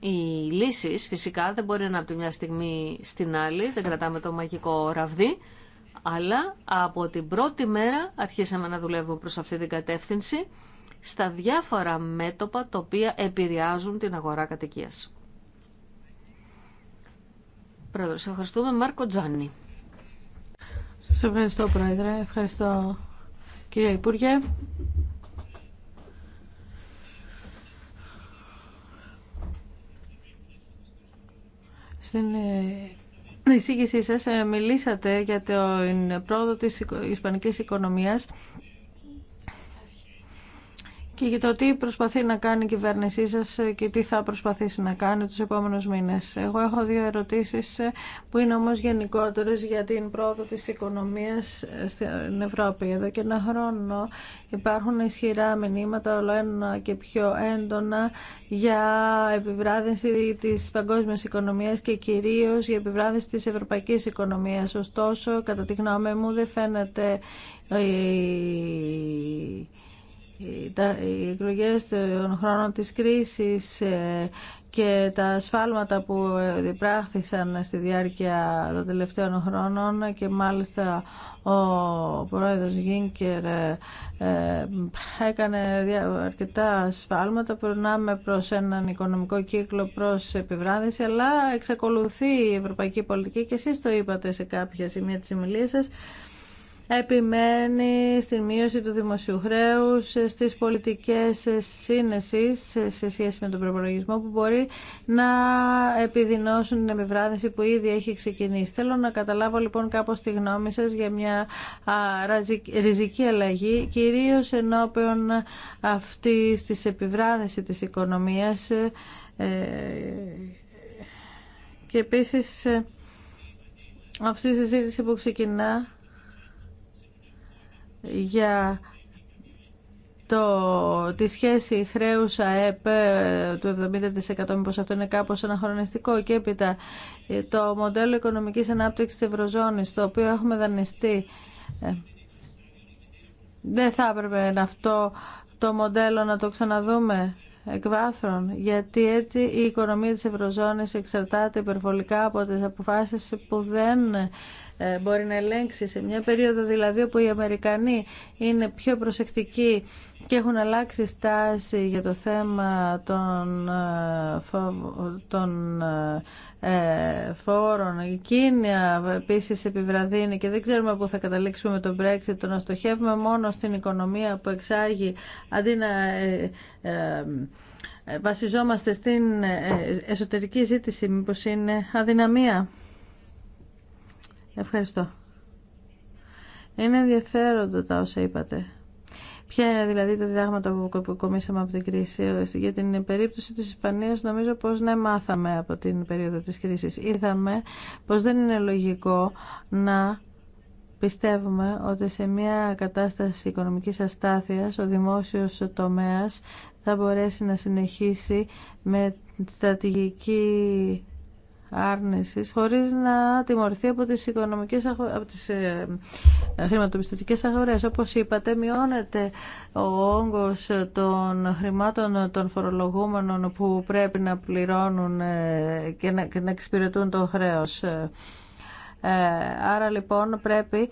S1: Οι λύσει φυσικά δεν μπορεί να είναι από τη μια στιγμή στην άλλη, δεν κρατάμε το μαγικό ραβδί, αλλά από την πρώτη μέρα αρχίσαμε να δουλεύουμε προς αυτή την κατεύθυνση στα διάφορα μέτωπα τα οποία επηρεάζουν την αγορά κατοικία. Πρόεδρος, ευχαριστούμε Μάρκο Τζάνι.
S3: Σας ευχαριστώ Πρόεδρε, ευχαριστώ κύριε Υπουργέ. Στην ε, εισήγησή σας ε, μιλήσατε για την πρόοδο της ισπανικής οικονομίας και για το τι προσπαθεί να κάνει η κυβέρνησή σα και τι θα προσπαθήσει να κάνει τους επόμενους μήνες. Εγώ έχω δύο ερωτήσεις ε, που είναι όμως γενικότερες για την πρόοδο τη οικονομία ε, στην Ευρώπη. Εδώ και ένα χρόνο υπάρχουν ισχυρά μηνύματα όλο ένα και πιο έντονα για επιβράδυνση τη παγκόσμια οικονομία και κυρίω για επιβράδυνση τη ευρωπαϊκή οικονομία. Ωστόσο, κατά τη γνώμη μου, δεν φαίνεται οι εκλογές των χρόνων της κρίσης ε, και τα σφάλματα που διπράχθησαν στη διάρκεια των τελευταίων χρόνων και μάλιστα ο πρόεδρος Γίνκερ ε, ε, έκανε αρκετά ασφάλματα περνάμε προς έναν οικονομικό κύκλο προς επιβράδυνση αλλά εξακολουθεί η ευρωπαϊκή πολιτική και εσείς το είπατε σε κάποια σημεία της ομιλίας σας επιμένει στη μείωση του δημοσίου χρέου, στις πολιτικές σύνεσει σε σχέση με τον προπολογισμό που μπορεί να επιδεινώσουν την επιβράδυνση που ήδη έχει ξεκινήσει. Θέλω να καταλάβω λοιπόν κάπω τη γνώμη σα για μια ριζική αλλαγή, κυρίως ενώπιον αυτή της επιβράδυνση της οικονομίας ε, και επίσης ε, αυτή η συζήτηση που ξεκινά για το, τη σχέση χρέους ΑΕΠ ε, του 70% μήπως αυτό είναι κάπως αναχρονιστικό και έπειτα ε, το μοντέλο οικονομικής ανάπτυξης της Ευρωζώνης το οποίο έχουμε δανειστεί ε, δεν θα έπρεπε αυτό το μοντέλο να το ξαναδούμε εκ βάθρων, γιατί έτσι η οικονομία της Ευρωζώνης εξαρτάται υπερβολικά από τις αποφάσεις που δεν ε, μπορεί να ελέγξει σε μια περίοδο δηλαδή όπου οι Αμερικανοί είναι πιο προσεκτικοί και έχουν αλλάξει στάση για το θέμα των, ε, ε φόρων. Η Κίνα επίσης επιβραδύνει και δεν ξέρουμε πού θα καταλήξουμε με τον Brexit, το να στοχεύουμε μόνο στην οικονομία που εξάγει αντί να... Ε, βασιζόμαστε στην εσωτερική ζήτηση, μήπως είναι αδυναμία. Ευχαριστώ. Είναι ενδιαφέροντα τα όσα είπατε. Ποια είναι δηλαδή τα διδάγματα που κομίσαμε από την κρίση. Για την περίπτωση της Ισπανίας νομίζω πως ναι μάθαμε από την περίοδο της κρίσης. Είδαμε πως δεν είναι λογικό να πιστεύουμε ότι σε μια κατάσταση οικονομικής αστάθειας ο δημόσιος τομέας θα μπορέσει να συνεχίσει με στρατηγική Χωρί χωρίς να τιμωρηθεί από τις, οικονομικές, από τις ε, ε, χρηματοπιστωτικές αγορές. Όπως είπατε, μειώνεται ο όγκο των χρημάτων των φορολογούμενων που πρέπει να πληρώνουν ε, και να, να εξυπηρετούν το χρέος. Ε, άρα λοιπόν πρέπει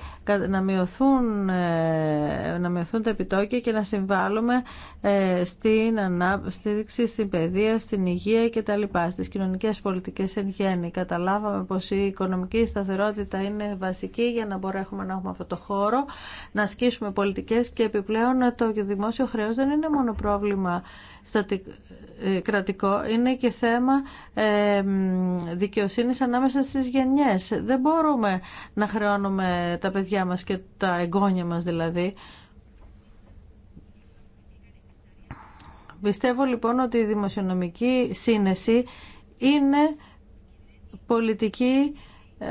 S3: να μειωθούν, ε, να μειωθούν τα επιτόκια και να συμβάλλουμε ε, στην ανάπτυξη, στην παιδεία, στην υγεία και τα λοιπά, στις κοινωνικές πολιτικές εν γέννη. Καταλάβαμε πως η οικονομική σταθερότητα είναι βασική για να μπορέσουμε να έχουμε αυτό το χώρο, να ασκήσουμε πολιτικές και επιπλέον το δημόσιο χρέος δεν είναι μόνο πρόβλημα ε, κρατικό είναι και θέμα δικαιοσύνης ανάμεσα στις γενιές. Δεν μπορούμε να χρεώνουμε τα παιδιά μας και τα εγγόνια μας δηλαδή. Πιστεύω λοιπόν ότι η δημοσιονομική σύνεση είναι πολιτική ε,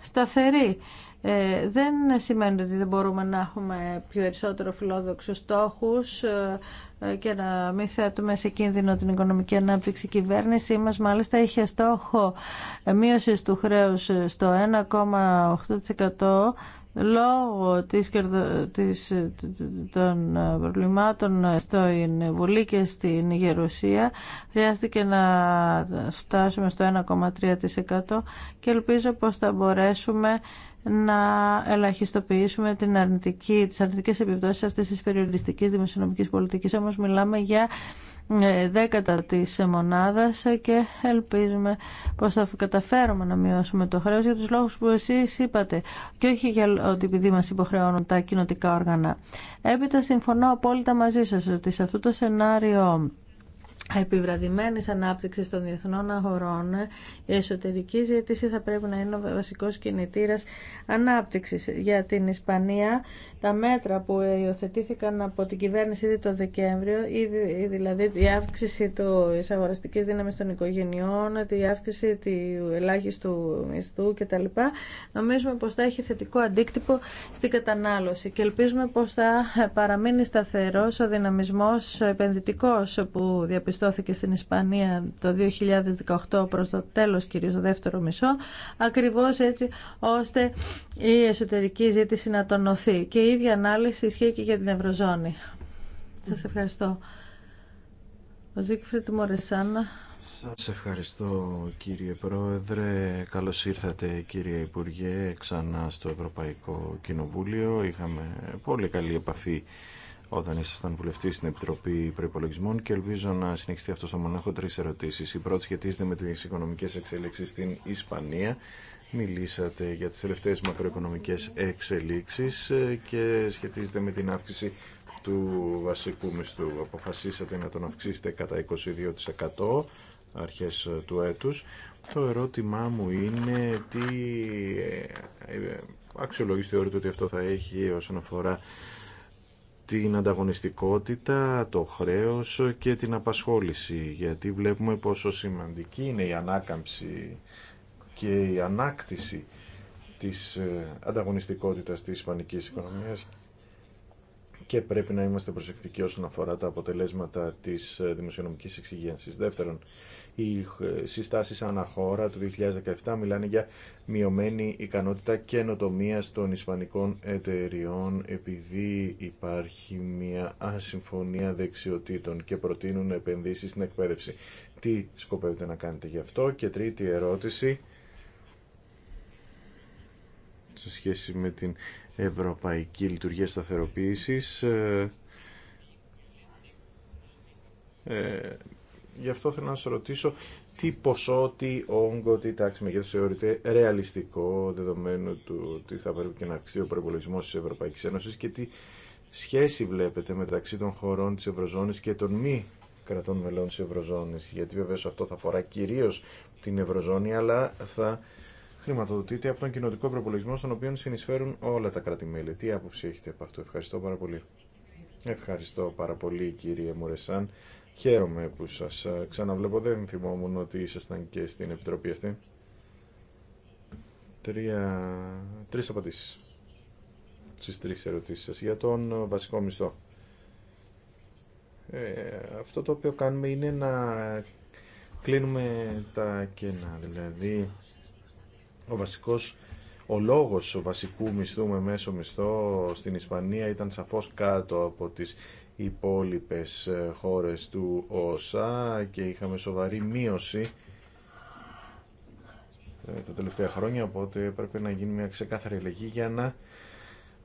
S3: σταθερή ε, δεν σημαίνει ότι δεν μπορούμε να έχουμε πιο περισσότερο φιλόδοξους στόχους ε, ε, και να μην θέτουμε σε κίνδυνο την οικονομική ανάπτυξη. Η κυβέρνησή μας μάλιστα είχε στόχο μείωση του χρέους στο 1,8% λόγω της, της, των προβλημάτων στο Βουλή και στην Γερουσία χρειάστηκε να φτάσουμε στο 1,3% και ελπίζω πως θα μπορέσουμε να ελαχιστοποιήσουμε την αρνητική, τις αρνητικές επιπτώσεις αυτής της περιοριστικής δημοσιονομικής πολιτικής. Όμως μιλάμε για ε, δέκατα της μονάδας και ελπίζουμε πως θα καταφέρουμε να μειώσουμε το χρέος για τους λόγους που εσείς είπατε και όχι για ότι επειδή μας υποχρεώνουν τα κοινοτικά όργανα. Έπειτα συμφωνώ απόλυτα μαζί σας ότι σε αυτό το σενάριο επιβραδυμένης ανάπτυξης των διεθνών αγορών, η εσωτερική ζήτηση θα πρέπει να είναι ο βασικός κινητήρας ανάπτυξης. Για την Ισπανία, τα μέτρα που υιοθετήθηκαν από την κυβέρνηση ήδη το Δεκέμβριο, ήδη, δηλαδή η αύξηση της αγοραστικής δύναμης των οικογενειών, η αύξηση του ελάχιστου μισθού κτλ. Νομίζουμε πως θα έχει θετικό αντίκτυπο στην κατανάλωση και ελπίζουμε πως θα παραμείνει σταθερός ο δυναμισμός επενδυτικός που διαπιστώνει διαπιστώθηκε στην Ισπανία το 2018 προς το τέλος κυρίως το δεύτερο μισό ακριβώς έτσι ώστε η εσωτερική ζήτηση να τονωθεί και η ίδια ανάλυση ισχύει και για την Ευρωζώνη. Σας ευχαριστώ. Ο Ζίκφριτ Μορεσάνα.
S2: Σας ευχαριστώ κύριε Πρόεδρε. Καλώς ήρθατε κύριε Υπουργέ ξανά στο Ευρωπαϊκό Κοινοβούλιο. Είχαμε πολύ καλή επαφή όταν ήσασταν βουλευτή στην Επιτροπή Προπολογισμών και ελπίζω να συνεχιστεί αυτό στο μονάχο. Τρει ερωτήσει. Η πρώτη σχετίζεται με τι οικονομικέ εξελίξει στην Ισπανία. Μιλήσατε για τι τελευταίε μακροοικονομικέ εξελίξει και σχετίζεται με την αύξηση του βασικού μισθού. Αποφασίσατε να τον αυξήσετε κατά 22% αρχέ του έτου. Το ερώτημά μου είναι τι ε, ε, αξιολογείς θεωρείτε ότι αυτό θα έχει όσον αφορά την ανταγωνιστικότητα, το χρέος και την απασχόληση, γιατί βλέπουμε πόσο σημαντική είναι η ανάκαμψη και η ανάκτηση της ε, ανταγωνιστικότητας της ισπανικής οικονομίας και πρέπει να είμαστε προσεκτικοί όσον αφορά τα αποτελέσματα της ε, δημοσιονομικής εξυγένσης. Δεύτερον, οι συστάσεις αναχώρα του 2017 μιλάνε για μειωμένη ικανότητα καινοτομία των ισπανικών εταιριών επειδή υπάρχει μια ασυμφωνία δεξιοτήτων και προτείνουν επενδύσεις στην εκπαίδευση. Τι σκοπεύετε να κάνετε γι' αυτό και τρίτη ερώτηση σε σχέση με την Ευρωπαϊκή Λειτουργία Σταθεροποίησης. Ε, ε Γι' αυτό θέλω να σα ρωτήσω τι ποσό, τι όγκο, τι τάξη μεγέθου θεωρείται ρεαλιστικό δεδομένου του ότι θα πρέπει και να αυξηθεί ο προπολογισμό τη Ευρωπαϊκή Ένωση και τι σχέση βλέπετε μεταξύ των χωρών τη Ευρωζώνη και των μη κρατών μελών τη Ευρωζώνη. γιατί βεβαίω αυτό θα αφορά κυρίω την Ευρωζώνη αλλά θα χρηματοδοτείται από τον κοινοτικό προπολογισμό στον οποίο συνεισφέρουν όλα τα κράτη-μέλη. Τι άποψη έχετε από αυτό. Ευχαριστώ πάρα πολύ. Ευχαριστώ πάρα πολύ κύριε Μουρεσάν. Χαίρομαι που σας ε, ξαναβλέπω. Δεν θυμόμουν ότι ήσασταν και στην Επιτροπή αυτή. Τρία... Τρεις απαντήσεις στις τρεις ερωτήσεις σας για τον ε, βασικό μισθό. Ε, αυτό το οποίο κάνουμε είναι να κλείνουμε τα κενά. Δηλαδή, ο βασικός ο λόγος βασικού μισθού με μέσο μισθό στην Ισπανία ήταν σαφώς κάτω από τις υπόλοιπες ε, χώρες του ΟΣΑ και είχαμε σοβαρή μείωση ε, τα τελευταία χρόνια, οπότε έπρεπε να γίνει μια ξεκάθαρη ελεγγύη για να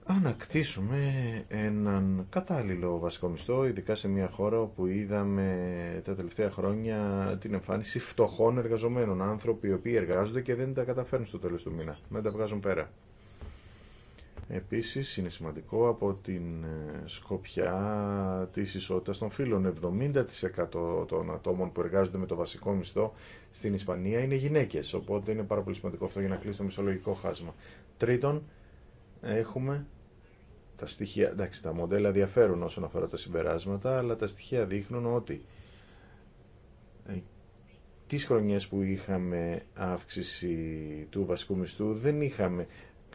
S2: ανακτήσουμε έναν κατάλληλο βασικό μισθό, ειδικά σε μια χώρα όπου είδαμε τα τελευταία χρόνια την εμφάνιση φτωχών εργαζομένων, άνθρωποι οι οποίοι εργάζονται και δεν τα καταφέρνουν στο τέλος του μήνα. Δεν τα βγάζουν πέρα. Επίσης είναι σημαντικό από την ε, σκοπιά της ισότητας των φύλων. 70% των ατόμων που εργάζονται με το βασικό μισθό στην Ισπανία είναι γυναίκες, οπότε είναι πάρα πολύ σημαντικό αυτό για να κλείσει το μισθολογικό χάσμα. Τρίτον, έχουμε τα στοιχεία, εντάξει τα μοντέλα διαφέρουν όσον αφορά τα συμπεράσματα, αλλά τα στοιχεία δείχνουν ότι ε, τις χρονιές που είχαμε αύξηση του βασικού μισθού δεν είχαμε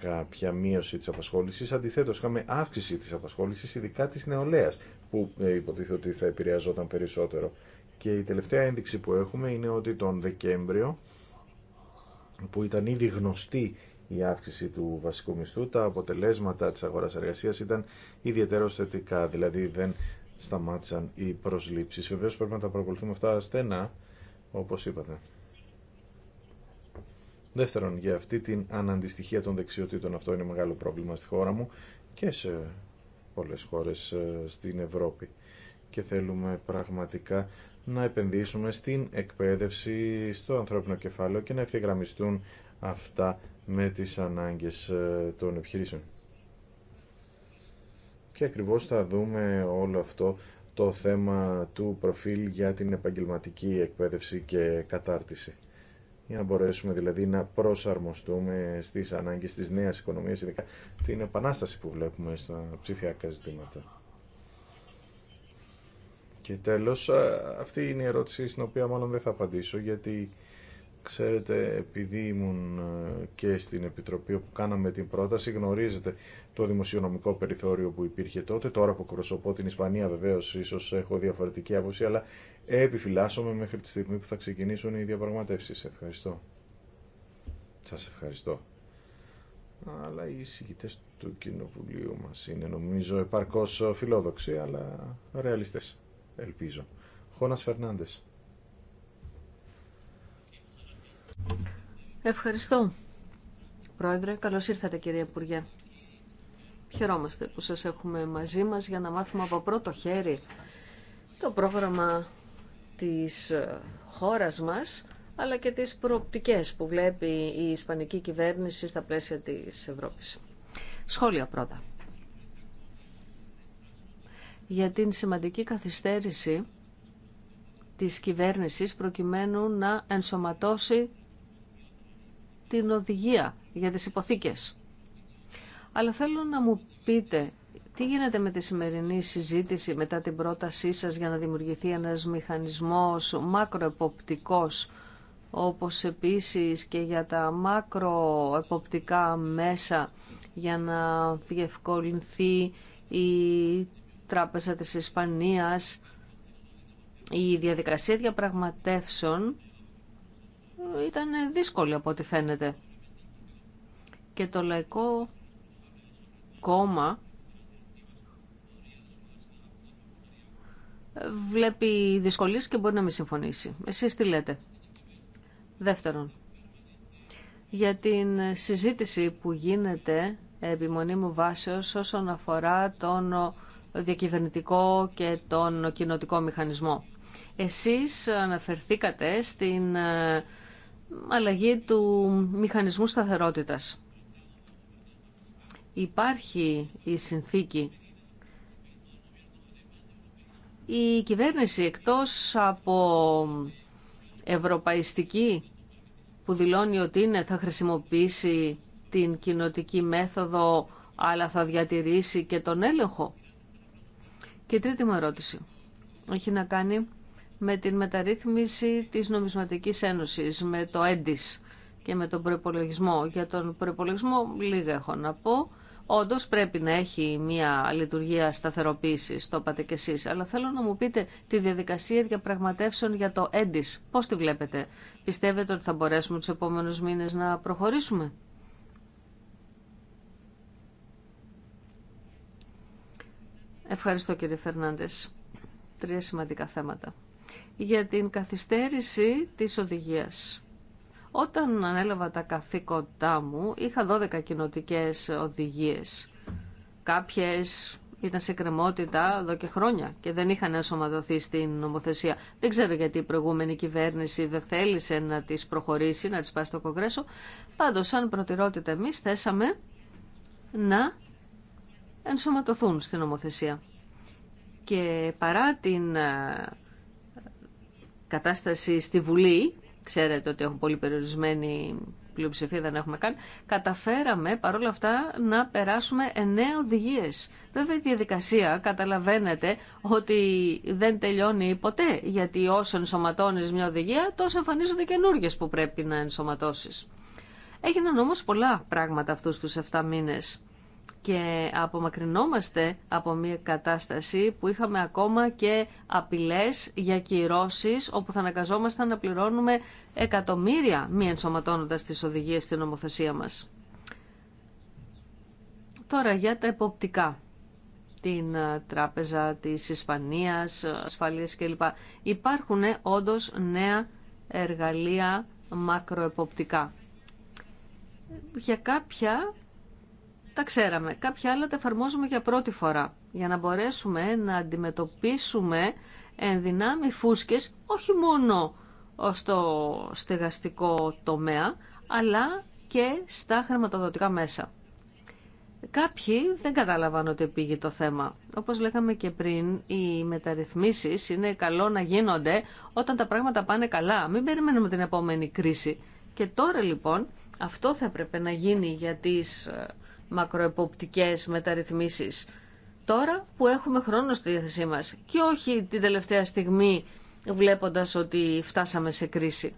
S2: κάποια μείωση της απασχόλησης. Αντιθέτως, είχαμε αύξηση της απασχόλησης, ειδικά της νεολαίας, που ε, υποτίθεται ότι θα επηρεαζόταν περισσότερο. Και η τελευταία ένδειξη που έχουμε είναι ότι τον Δεκέμβριο, που ήταν ήδη γνωστή η αύξηση του βασικού μισθού, τα αποτελέσματα της αγοράς εργασίας ήταν ιδιαίτερο θετικά, δηλαδή δεν σταμάτησαν οι προσλήψεις. Βεβαίως πρέπει να τα παρακολουθούμε αυτά στενά, όπως είπατε. Δεύτερον, για αυτή την αναντιστοιχία των δεξιοτήτων αυτό είναι μεγάλο πρόβλημα στη χώρα μου και σε πολλές χώρες ε, στην Ευρώπη. Και θέλουμε πραγματικά να επενδύσουμε στην εκπαίδευση, στο ανθρώπινο κεφάλαιο και να ευθυγραμμιστούν αυτά με τις ανάγκες ε, των επιχειρήσεων. Και ακριβώς θα δούμε όλο αυτό το θέμα του προφίλ για την επαγγελματική εκπαίδευση και κατάρτιση για να μπορέσουμε δηλαδή να προσαρμοστούμε στις ανάγκες της νέας οικονομίας, ειδικά την επανάσταση που βλέπουμε στα ψηφιακά ζητήματα. Και τέλος, αυτή είναι η ερώτηση στην οποία μάλλον δεν θα απαντήσω, γιατί ξέρετε, επειδή ήμουν και στην Επιτροπή που κάναμε την πρόταση, γνωρίζετε το δημοσιονομικό περιθώριο που υπήρχε τότε. Τώρα που προσωπώ την Ισπανία βεβαίως ίσως έχω διαφορετική άποψη, αλλά επιφυλάσσομαι μέχρι τη στιγμή που θα ξεκινήσουν οι διαπραγματεύσεις. Ευχαριστώ. Σας ευχαριστώ. Αλλά οι συγκητές του Κοινοβουλίου μας είναι νομίζω επαρκώς φιλόδοξοι, αλλά ρεαλιστές, ελπίζω. Χώνας Φερνάντες.
S1: Ευχαριστώ. Πρόεδρε, καλώς ήρθατε κύριε Υπουργέ. Χαιρόμαστε που σας έχουμε μαζί μας για να μάθουμε από πρώτο χέρι το πρόγραμμα της ε, χώρας μας, αλλά και τις προοπτικές που βλέπει η Ισπανική κυβέρνηση στα πλαίσια της Ευρώπης. Σχόλια πρώτα. Για την σημαντική καθυστέρηση της κυβέρνησης προκειμένου να ενσωματώσει την οδηγία για τις υποθήκες. Αλλά θέλω να μου πείτε τι γίνεται με τη σημερινή συζήτηση μετά την πρότασή σας για να δημιουργηθεί ένας μηχανισμός μακροεποπτικός, όπως επίσης και για τα μακροεποπτικά μέσα για να διευκολυνθεί η Τράπεζα της Ισπανίας, η διαδικασία διαπραγματεύσεων ήταν δύσκολη από ό,τι φαίνεται. Και το Λαϊκό Κόμμα βλέπει δυσκολίες και μπορεί να μην συμφωνήσει. Εσείς τι λέτε. Δεύτερον, για την συζήτηση που γίνεται επιμονή μου βάσεως όσον αφορά τον διακυβερνητικό και τον κοινοτικό μηχανισμό. Εσείς αναφερθήκατε στην ε, αλλαγή του μηχανισμού σταθερότητας. Υπάρχει η συνθήκη η κυβέρνηση εκτός από ευρωπαϊστική που δηλώνει ότι είναι θα χρησιμοποιήσει την κοινοτική μέθοδο αλλά θα διατηρήσει και τον έλεγχο. Και τρίτη μου ερώτηση έχει να κάνει με την μεταρρύθμιση της Νομισματικής Ένωσης, με το ΕΝΤΙΣ και με τον προπολογισμό. Για τον προϋπολογισμό λίγα έχω να πω όντω πρέπει να έχει μια λειτουργία σταθεροποίηση, το είπατε κι εσεί. Αλλά θέλω να μου πείτε τη διαδικασία διαπραγματεύσεων για το ΕΝΤΙΣ. Πώ τη βλέπετε, Πιστεύετε ότι θα μπορέσουμε του επόμενου μήνε να προχωρήσουμε. Ευχαριστώ κύριε Φερνάντες. Τρία σημαντικά θέματα. Για την καθυστέρηση της οδηγίας. Όταν ανέλαβα τα καθήκοντά μου, είχα 12 κοινοτικέ οδηγίες. Κάποιες ήταν σε κρεμότητα εδώ και χρόνια και δεν είχαν ενσωματωθεί στην νομοθεσία. Δεν ξέρω γιατί η προηγούμενη κυβέρνηση δεν θέλησε να τις προχωρήσει, να τις πάει στο Κογκρέσο. Πάντως, σαν προτεραιότητα εμείς θέσαμε να ενσωματωθούν στην νομοθεσία. Και παρά την ε, κατάσταση στη Βουλή ξέρετε ότι έχουν πολύ περιορισμένη πλειοψηφία, δεν έχουμε καν, καταφέραμε παρόλα αυτά να περάσουμε εννέα οδηγίε. Βέβαια η διαδικασία καταλαβαίνετε ότι δεν τελειώνει ποτέ, γιατί όσο ενσωματώνεις μια οδηγία, τόσο εμφανίζονται καινούργιε που πρέπει να ενσωματώσεις. Έγιναν όμως πολλά πράγματα αυτούς τους 7 μήνες και απομακρυνόμαστε από μια κατάσταση που είχαμε ακόμα και απειλές για κυρώσεις όπου θα αναγκαζόμασταν να πληρώνουμε εκατομμύρια μη ενσωματώνοντας τις οδηγίες στην Ομοθέσια μας. Τώρα για τα εποπτικά την ε, Τράπεζα της Ισπανίας, ε, ασφαλής κλπ. Υπάρχουν ε, όντως νέα εργαλεία μακροεποπτικά. Για κάποια τα ξέραμε. Κάποια άλλα τα εφαρμόζουμε για πρώτη φορά, για να μπορέσουμε να αντιμετωπίσουμε εν δυνάμει φούσκες, όχι μόνο στο στεγαστικό τομέα, αλλά και στα χρηματοδοτικά μέσα. Κάποιοι δεν κατάλαβαν ότι πήγε το θέμα. Όπως λέγαμε και πριν, οι μεταρρυθμίσεις είναι καλό να γίνονται όταν τα πράγματα πάνε καλά. Μην περιμένουμε την επόμενη κρίση. Και τώρα λοιπόν αυτό θα έπρεπε να γίνει για τις ε, μακροεποπτικές μεταρρυθμίσεις. Τώρα που έχουμε χρόνο στη διάθεσή μας και όχι την τελευταία στιγμή βλέποντας ότι φτάσαμε σε κρίση.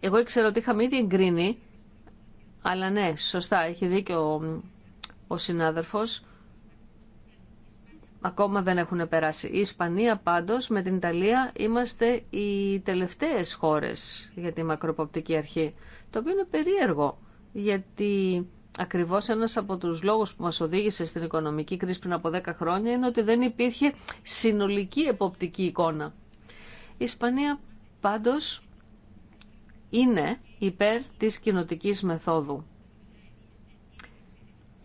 S1: Εγώ ήξερα ότι είχαμε ήδη εγκρίνει, αλλά ναι, σωστά, έχει δίκιο ο, ο συνάδελφος, ακόμα δεν έχουν περάσει. Η Ισπανία πάντως με την Ιταλία είμαστε οι τελευταίες χώρες για τη μακροποπτική αρχή, το οποίο είναι περίεργο, γιατί ακριβώς ένας από τους λόγους που μας οδήγησε στην οικονομική κρίση πριν από 10 χρόνια είναι ότι δεν υπήρχε συνολική εποπτική εικόνα. Η Ισπανία πάντως είναι υπέρ της κοινοτικής μεθόδου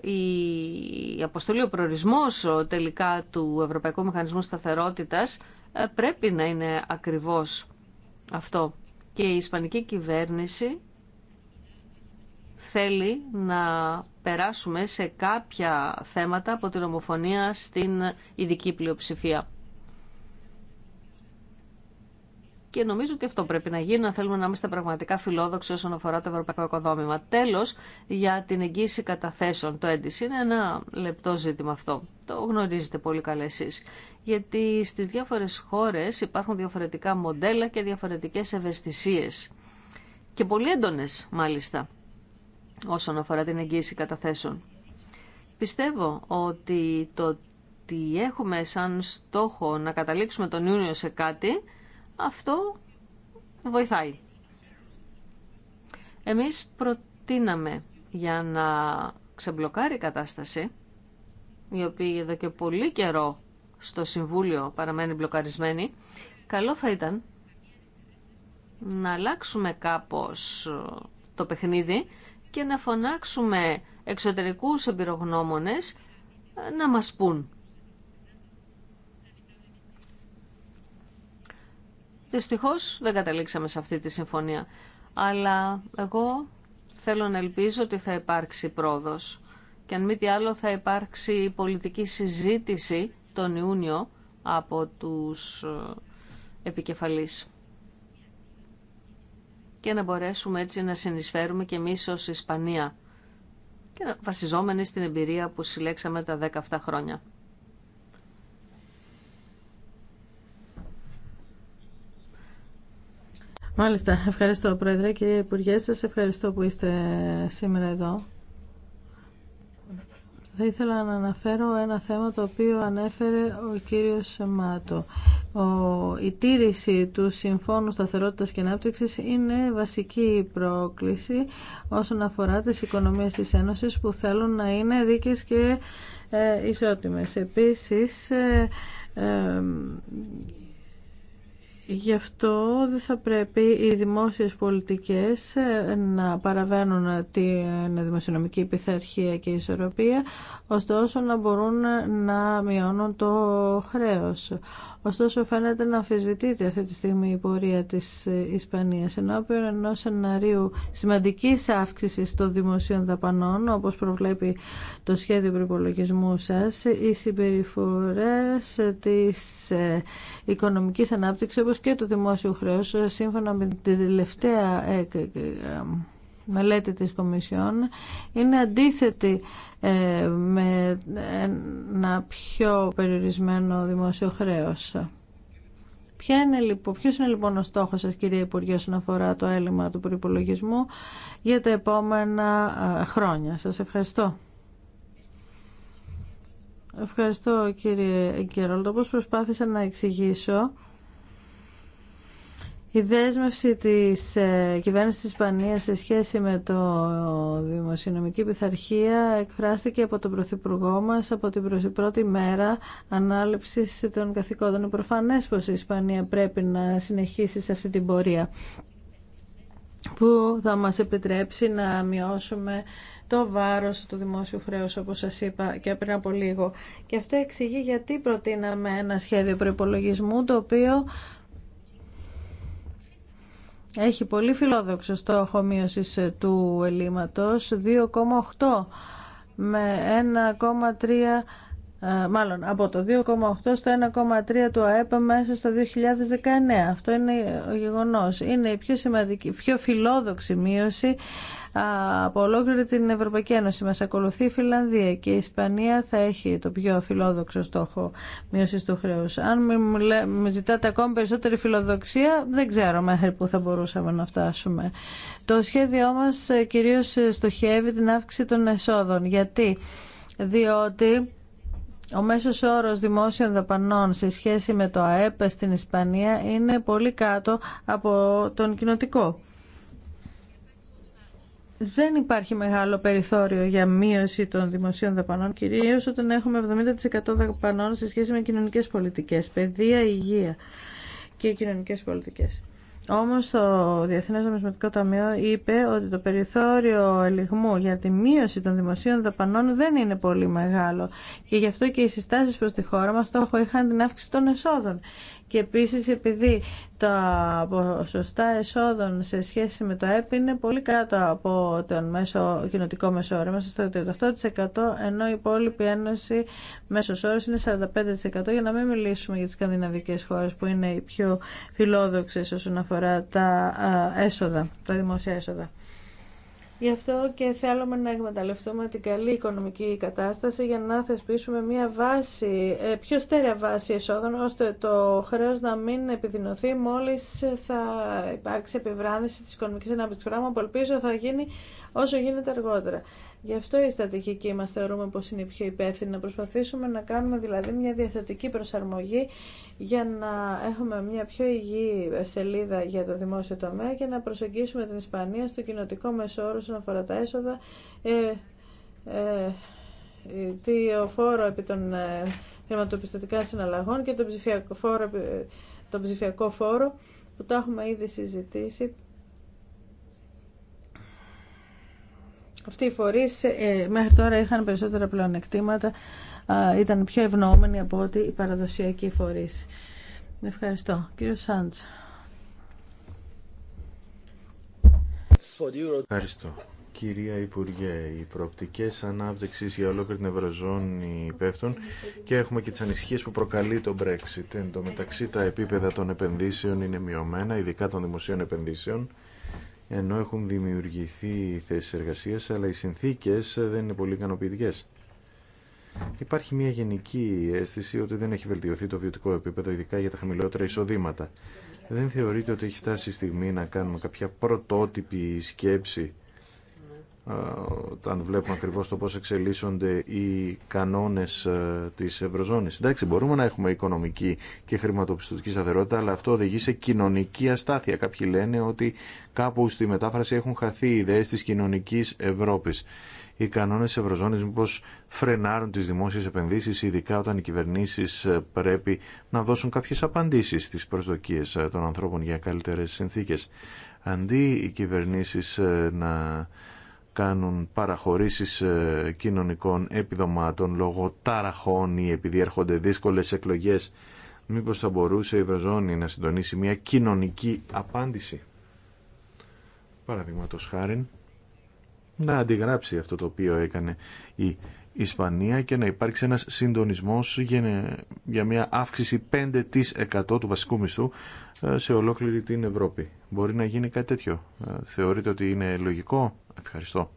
S1: η αποστολή, ο προορισμός τελικά του Ευρωπαϊκού Μηχανισμού Σταθερότητας ε, πρέπει να είναι ακριβώς αυτό. Και η Ισπανική κυβέρνηση θέλει να περάσουμε σε κάποια θέματα από την ομοφωνία στην ειδική πλειοψηφία. Και νομίζω ότι αυτό πρέπει να γίνει, να θέλουμε να είμαστε πραγματικά φιλόδοξοι όσον αφορά το ευρωπαϊκό οικοδόμημα. Τέλο, για την εγγύηση καταθέσεων. Το έντυση είναι ένα λεπτό ζήτημα αυτό. Το γνωρίζετε πολύ καλά εσεί. Γιατί στι διάφορε χώρε υπάρχουν διαφορετικά μοντέλα και διαφορετικέ ευαισθησίε. Και πολύ έντονε, μάλιστα, όσον αφορά την εγγύηση καταθέσεων. Πιστεύω ότι το ότι έχουμε σαν στόχο να καταλήξουμε τον Ιούνιο σε κάτι αυτό βοηθάει. Εμείς προτείναμε για να ξεμπλοκάρει η κατάσταση, η οποία εδώ και πολύ καιρό στο Συμβούλιο παραμένει μπλοκαρισμένη, καλό θα ήταν να αλλάξουμε κάπως ε, το παιχνίδι και να φωνάξουμε εξωτερικούς εμπειρογνώμονες ε, να μας πούν Δυστυχώ δεν καταλήξαμε σε αυτή τη συμφωνία. Αλλά εγώ θέλω να ελπίζω ότι θα υπάρξει πρόοδος. Και αν μη τι άλλο θα υπάρξει πολιτική συζήτηση τον Ιούνιο από τους ε, επικεφαλείς. Και να μπορέσουμε έτσι να συνεισφέρουμε και εμείς ως Ισπανία και βασιζόμενοι στην εμπειρία που συλλέξαμε τα 17 χρόνια.
S3: Μάλιστα. Ευχαριστώ, Πρόεδρε. Κύριε Υπουργέ, Σα ευχαριστώ που είστε σήμερα εδώ. Θα ήθελα να αναφέρω ένα θέμα το οποίο ανέφερε ο κύριος Μάτο. Ο, η τήρηση του Συμφώνου Σταθερότητας και ανάπτυξη είναι βασική πρόκληση όσον αφορά τις οικονομίες της Ένωσης που θέλουν να είναι δίκες και ε, ισότιμες. Επίσης, ε, ε, Γι' αυτό δεν θα πρέπει οι δημόσιες πολιτικές ε, να παραβαίνουν τη δημοσιονομική πειθαρχία και ισορροπία, ωστόσο να μπορούν να μειώνουν το χρέος. Ωστόσο φαίνεται να αμφισβητείται αυτή τη στιγμή η πορεία της Ισπανίας ενώπιον ενό σενάριου σημαντικής αύξησης των δημοσίων δαπανών όπως προβλέπει το σχέδιο προπολογισμού σας οι συμπεριφορές της ε, οικονομικής ανάπτυξης όπως και του δημόσιου χρέους σύμφωνα με την τελευταία ε, ε, μελέτη της Κομισιόν είναι αντίθετη ε, με ένα πιο περιορισμένο δημόσιο χρέος. Ποιο είναι, λοιπόν, ποιος είναι λοιπόν ο στόχος σας κύριε Υπουργέ όσον αφορά το έλλειμμα του προϋπολογισμού για τα επόμενα ε, χρόνια. Σας ευχαριστώ. Ευχαριστώ κύριε Κερόλτο. Όπως προσπάθησα να εξηγήσω, η δέσμευση της ε, κυβέρνησης της Ισπανίας σε σχέση με το δημοσιονομική πειθαρχία εκφράστηκε από τον Πρωθυπουργό μας από την πρώτη μέρα ανάληψης των καθηκόντων. Είναι προφανές πως η Ισπανία πρέπει να συνεχίσει σε αυτή την πορεία που θα μας επιτρέψει να μειώσουμε το βάρος του δημόσιου χρέους όπως σας είπα και πριν από λίγο. Και αυτό εξηγεί γιατί προτείναμε ένα σχέδιο προπολογισμού το οποίο έχει πολύ φιλόδοξο στόχο μείωση ε, του ελλείμματος 2,8 με 1,3 ε, μάλλον από το 2,8 στο 1,3 του ΑΕΠ μέσα στο 2019. Αυτό είναι ο γεγονός. Είναι η πιο σημαντική, πιο φιλόδοξη μείωση από ολόκληρη την Ευρωπαϊκή Ένωση. Μας ακολουθεί η Φιλανδία και η Ισπανία θα έχει το πιο φιλόδοξο στόχο μείωσης του χρέους. Αν με ζητάτε ακόμη περισσότερη φιλοδοξία, δεν ξέρω μέχρι που θα μπορούσαμε να φτάσουμε. Το σχέδιό μας ε, κυρίως στοχεύει την αύξηση των εσόδων. Γιατί? Διότι ο μέσος όρος δημόσιων δαπανών σε σχέση με το ΑΕΠ στην Ισπανία είναι πολύ κάτω από τον κοινοτικό. Δεν υπάρχει μεγάλο περιθώριο για μείωση των δημοσίων δαπανών, κυρίως όταν έχουμε 70% δαπανών σε σχέση με κοινωνικές πολιτικές, παιδεία, υγεία και κοινωνικές πολιτικές. Όμω το Διεθνέ Νομισματικό Ταμείο είπε ότι το περιθώριο ελιγμού για τη μείωση των δημοσίων δαπανών δεν είναι πολύ μεγάλο και γι' αυτό και οι συστάσει προς τη χώρα μας στόχο είχαν την αύξηση των εσόδων. Και επίσης επειδή τα ποσοστά εσόδων σε σχέση με το ΕΠ είναι πολύ κάτω από τον μέσο, κοινοτικό μέσο όρο, είμαστε στο 38% ενώ η υπόλοιπη ένωση μέσω όρος είναι 45% για να μην μιλήσουμε για τις σκανδιναβικές χώρες που είναι οι πιο φιλόδοξες όσον αφορά τα έσοδα, τα δημόσια έσοδα. Γι' αυτό και θέλουμε να εκμεταλλευτούμε την καλή οικονομική κατάσταση για να θεσπίσουμε μια βάση, ε, πιο στέρεα βάση εσόδων, ώστε το χρέος να μην επιδεινωθεί μόλις θα υπάρξει επιβράδυνση της οικονομικής ανάπτυξης, πράγμα που ελπίζω θα γίνει όσο γίνεται αργότερα. Γι' αυτό η στρατηγική μας θεωρούμε πως είναι η πιο υπεύθυνη, να προσπαθήσουμε να κάνουμε δηλαδή μια διαθετική προσαρμογή για να έχουμε μια πιο υγιή σελίδα για το δημόσιο τομέα και να προσεγγίσουμε την Ισπανία στο κοινοτικό μεσόωρο όσον αφορά τα έσοδα, ε, ε, το φόρο επί των ε, χρηματοπιστωτικών συναλλαγών και τον ψηφιακό φόρο, ψηφιακό φόρο που τα έχουμε ήδη συζητήσει Αυτοί οι φορείς ε, μέχρι τώρα είχαν περισσότερα πλεονεκτήματα, ήταν πιο ευνόμενοι από ότι οι παραδοσιακοί φορεί. Ευχαριστώ. Κύριο Σάντζ.
S2: Ευχαριστώ. Κυρία Υπουργέ, οι προοπτικέ ανάπτυξη για ολόκληρη την Ευρωζώνη πέφτουν και έχουμε και τι ανησυχίε που προκαλεί το Brexit. Εν τω μεταξύ, τα επίπεδα των επενδύσεων είναι μειωμένα, ειδικά των δημοσίων επενδύσεων ενώ έχουν δημιουργηθεί θέσεις εργασίας, αλλά οι συνθήκες δεν είναι πολύ ικανοποιητικέ. Υπάρχει μια γενική αίσθηση ότι δεν έχει βελτιωθεί το βιωτικό επίπεδο, ειδικά για τα χαμηλότερα εισοδήματα. Δεν θεωρείται ότι έχει φτάσει η στιγμή να κάνουμε κάποια πρωτότυπη σκέψη ε, όταν βλέπουμε ακριβώς το πώς εξελίσσονται οι κανόνες ε, της Ευρωζώνης. Εντάξει, μπορούμε να έχουμε οικονομική και χρηματοπιστωτική σταθερότητα, αλλά αυτό οδηγεί σε κοινωνική αστάθεια. Κάποιοι λένε ότι κάπου στη μετάφραση έχουν χαθεί οι ιδέες της κοινωνικής Ευρώπης. Οι κανόνες της Ευρωζώνης μήπως φρενάρουν τις δημόσιες επενδύσεις, ειδικά όταν οι κυβερνήσεις ε, πρέπει να δώσουν κάποιες απαντήσεις στις προσδοκίε των ανθρώπων για καλύτερες συνθήκες. Αντί οι κυβερνήσεις να κάνουν παραχωρήσεις ε, κοινωνικών επιδομάτων λόγω ταραχών ή επειδή έρχονται δύσκολες εκλογές. Μήπως θα μπορούσε η Ευρωζώνη να συντονίσει μια κοινωνική απάντηση. Παραδείγματο χάρη να αντιγράψει αυτό το οποίο έκανε η βρεζονη να συντονισει μια κοινωνικη απαντηση παραδειγματο χαρη να αντιγραψει αυτο το οποιο εκανε η ισπανια και να υπάρξει ένας συντονισμός για μια αύξηση 5% του βασικού μισθού ε, σε ολόκληρη την Ευρώπη. Μπορεί να γίνει κάτι τέτοιο. Ε, θεωρείτε ότι είναι λογικό. Ευχαριστώ.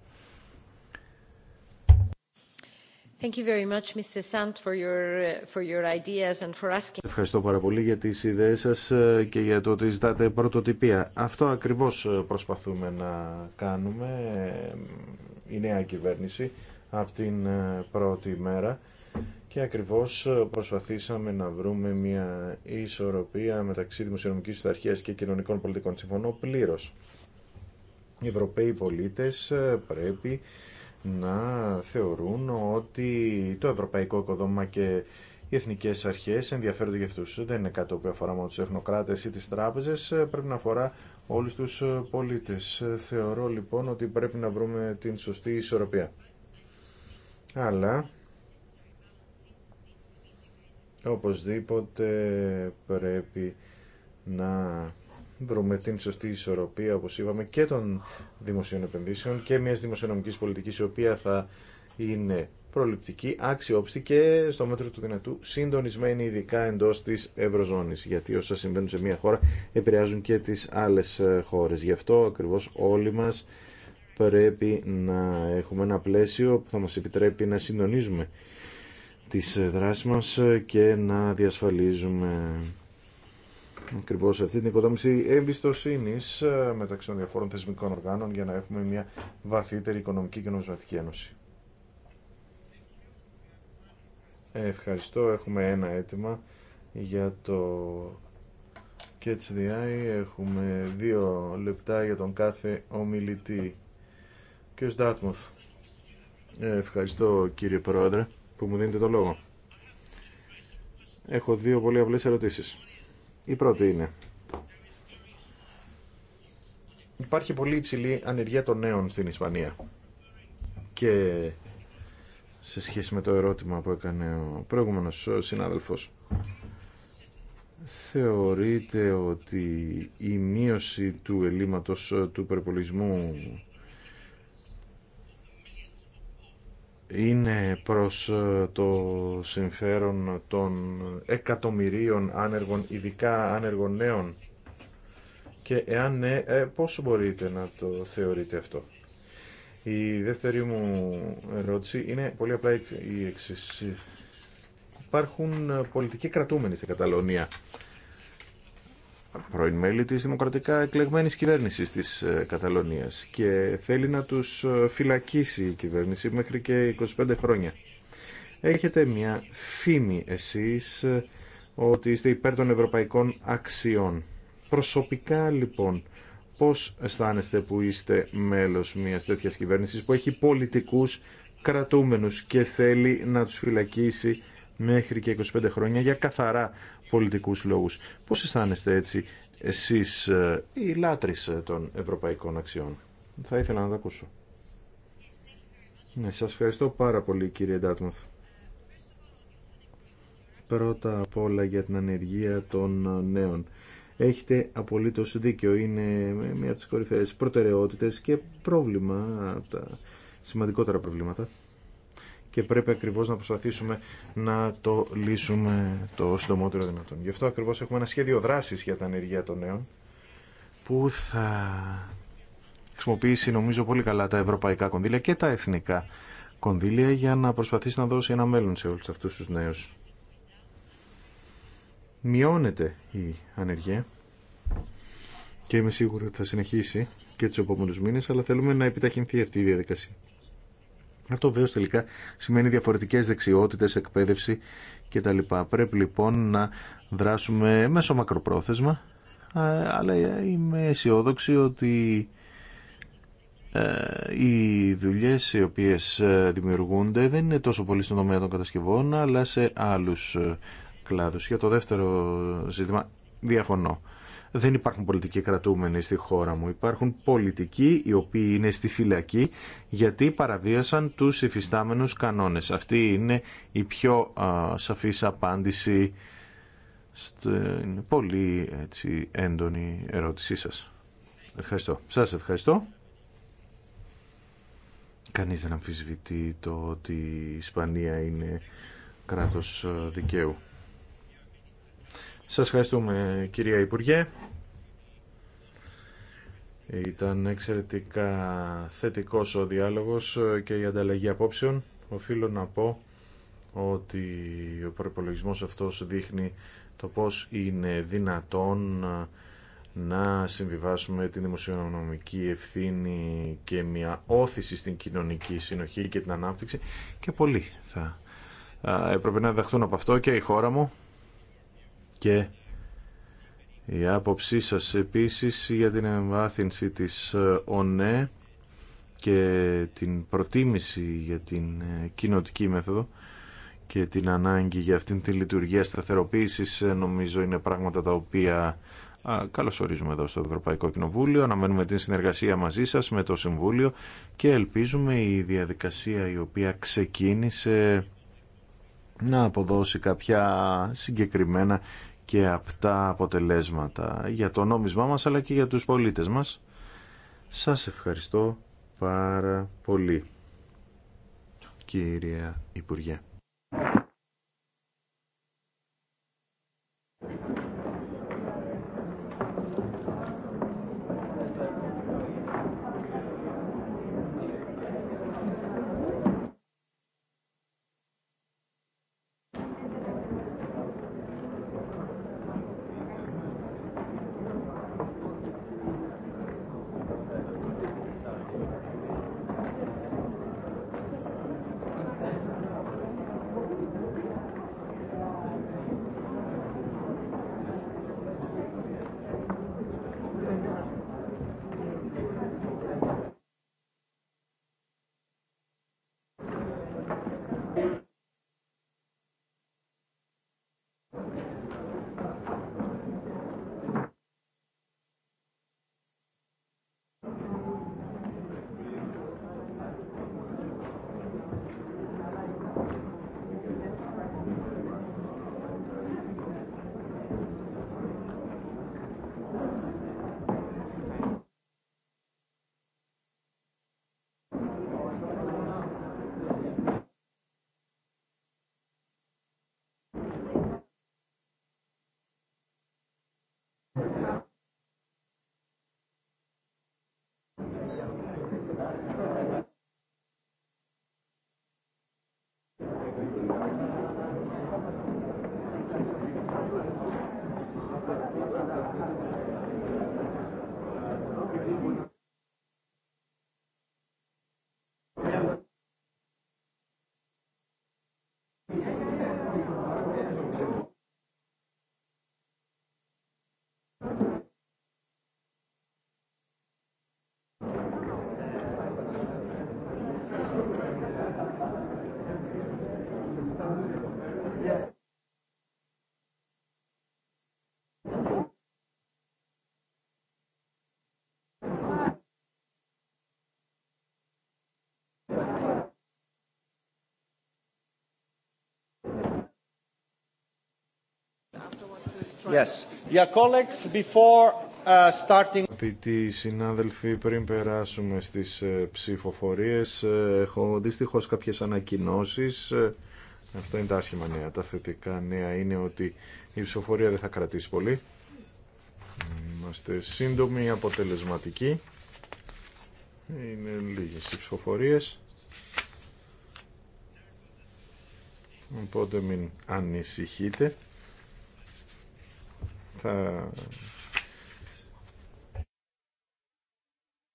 S2: Ευχαριστώ πάρα πολύ για τις ιδέες σας ε, και για το ότι ζητάτε πρωτοτυπία. Αυτό ακριβώς ε, προσπαθούμε να κάνουμε ε, η νέα κυβέρνηση από την πρώτη μέρα και ακριβώς προσπαθήσαμε να βρούμε μια ισορροπία μεταξύ δημοσιονομικής αρχίας και κοινωνικών πολιτικών. Συμφωνώ πλήρως οι Ευρωπαίοι πολίτες ε, πρέπει να θεωρούν ότι το ευρωπαϊκό οικοδόμημα και οι εθνικές αρχές ενδιαφέρονται για αυτούς. Δεν είναι κάτι που αφορά μόνο τους εχνοκράτες ή τις τράπεζες, ε, πρέπει να αφορά όλους τους ε, πολίτες. Θεωρώ λοιπόν ότι πρέπει να βρούμε την σωστή ισορροπία. Αλλά οπωσδήποτε πρέπει να βρούμε την σωστή ισορροπία, όπως είπαμε, και των δημοσίων επενδύσεων και μια δημοσιονομική πολιτική η οποία θα είναι προληπτική, αξιόπιστη και στο μέτρο του δυνατού συντονισμένη ειδικά εντός της Ευρωζώνης. Γιατί όσα συμβαίνουν σε μια χώρα επηρεάζουν και τις άλλες ε, χώρες. Γι' αυτό ακριβώς όλοι μας πρέπει να έχουμε ένα πλαίσιο που θα μας επιτρέπει να συντονίζουμε τις ε, δράσεις μας και να διασφαλίζουμε ακριβώ αυτή την οικοδόμηση εμπιστοσύνη ε, μεταξύ των διαφόρων θεσμικών οργάνων για να έχουμε μια βαθύτερη οικονομική και νομισματική ένωση. Ευχαριστώ. Έχουμε ένα αίτημα για το eye, Έχουμε δύο λεπτά για τον κάθε ομιλητή. Κύριος Ντάτμουθ. Ευχαριστώ κύριε Πρόεδρε που μου δίνετε το λόγο. Έχω δύο πολύ απλές ερωτήσεις. Η πρώτη είναι. Υπάρχει πολύ υψηλή ανεργία των νέων στην Ισπανία. Και σε σχέση με το ερώτημα που έκανε ο προηγούμενος συνάδελφος, θεωρείτε ότι η μείωση του ελλείμματος του περιπολισμού είναι προς ε, το συμφέρον των εκατομμυρίων άνεργων, ειδικά άνεργων νέων. Και εάν ναι, ε, πώς μπορείτε να το θεωρείτε αυτό. Η δεύτερη μου ερώτηση είναι πολύ απλά η εξής. Υπάρχουν πολιτικοί κρατούμενοι στην Καταλωνία πρώην μέλη της δημοκρατικά εκλεγμένης κυβέρνησης της ε, Καταλωνίας και θέλει να τους ε, φυλακίσει η κυβέρνηση μέχρι και 25 χρόνια. Έχετε μια φήμη εσείς ε, ότι είστε υπέρ των ευρωπαϊκών αξιών. Προσωπικά λοιπόν πώς αισθάνεστε που είστε μέλος μιας τέτοιας κυβέρνησης που έχει πολιτικούς κρατούμενους και θέλει να τους φυλακίσει μέχρι και 25 χρόνια για καθαρά πολιτικούς λόγους. Πώς αισθάνεστε έτσι εσείς οι ε, λάτρεις ε, των ευρωπαϊκών αξιών. Θα ήθελα να τα ακούσω. Ναι, σας ευχαριστώ πάρα πολύ κύριε Ντάτμουθ. Πρώτα απ' όλα για την ανεργία των ε, νέων. Έχετε απολύτως δίκιο. Είναι μια από τις κορυφαίες προτεραιότητες και πρόβλημα, τα σημαντικότερα προβλήματα και πρέπει ακριβώς να προσπαθήσουμε να το λύσουμε το συντομότερο δυνατόν. Γι' αυτό ακριβώς έχουμε ένα σχέδιο δράσης για τα ανεργία των νέων που θα χρησιμοποιήσει νομίζω πολύ καλά τα ευρωπαϊκά κονδύλια και τα εθνικά κονδύλια για να προσπαθήσει να δώσει ένα μέλλον σε όλους αυτούς τους νέους. Μειώνεται η ανεργία και είμαι σίγουρο ότι θα συνεχίσει και τους επόμενους μήνες, αλλά θέλουμε να επιταχυνθεί αυτή η διαδικασία. Αυτό βέβαια τελικά σημαίνει διαφορετικές δεξιότητες, εκπαίδευση κτλ. Πρέπει λοιπόν να δράσουμε μέσω μακροπρόθεσμα, αλλά είμαι αισιόδοξη ότι ε, οι δουλειές οι οποίες ε, δημιουργούνται δεν είναι τόσο πολύ στον τομέα των κατασκευών, αλλά σε άλλους ε, κλάδους. Για το δεύτερο ζήτημα διαφωνώ δεν υπάρχουν πολιτικοί κρατούμενοι στη χώρα μου. Υπάρχουν πολιτικοί οι οποίοι είναι στη φυλακή γιατί παραβίασαν τους υφιστάμενους κανόνες. Αυτή είναι η πιο σαφής απάντηση στην πολύ έτσι, έντονη ερώτησή σας. Ευχαριστώ. Σας ευχαριστώ. Κανείς δεν αμφισβητεί το ότι η Ισπανία είναι κράτος δικαίου. Σας ευχαριστούμε κυρία Υπουργέ. Ήταν εξαιρετικά θετικός ο διάλογος και η ανταλλαγή απόψεων. Οφείλω να πω ότι ο προπολογισμό αυτός δείχνει το πώς είναι δυνατόν να συμβιβάσουμε την δημοσιονομική ευθύνη και μια όθηση στην κοινωνική συνοχή και την ανάπτυξη και πολλοί θα έπρεπε να δεχτούν από αυτό και η χώρα μου και η άποψή σας επίσης για την εμβάθυνση της ε, ΟΝΕ και την προτίμηση για την ε, κοινοτική μέθοδο και την ανάγκη για αυτήν τη λειτουργία σταθεροποίησης ε, νομίζω είναι πράγματα τα οποία καλωσορίζουμε εδώ στο Ευρωπαϊκό Κοινοβούλιο. Αναμένουμε την συνεργασία μαζί σας με το Συμβούλιο και ελπίζουμε η διαδικασία η οποία ξεκίνησε να αποδώσει κάποια συγκεκριμένα και απτά αποτελέσματα για το νόμισμά μας αλλά και για τους πολίτες μας. Σας ευχαριστώ πάρα πολύ, κύριε Υπουργέ. Yes. Yeah, colleagues, uh, Αγαπητοί συνάδελφοι, πριν περάσουμε στις ε, ψηφοφορίες, ε, έχω δυστυχώς κάποιες ανακοινώσεις. Ε, αυτό είναι τα άσχημα νέα. Τα θετικά νέα είναι ότι η ψηφοφορία δεν θα κρατήσει πολύ. Είμαστε σύντομοι, αποτελεσματικοί. Είναι λίγες οι ψηφοφορίες. Οπότε μην ανησυχείτε. Θα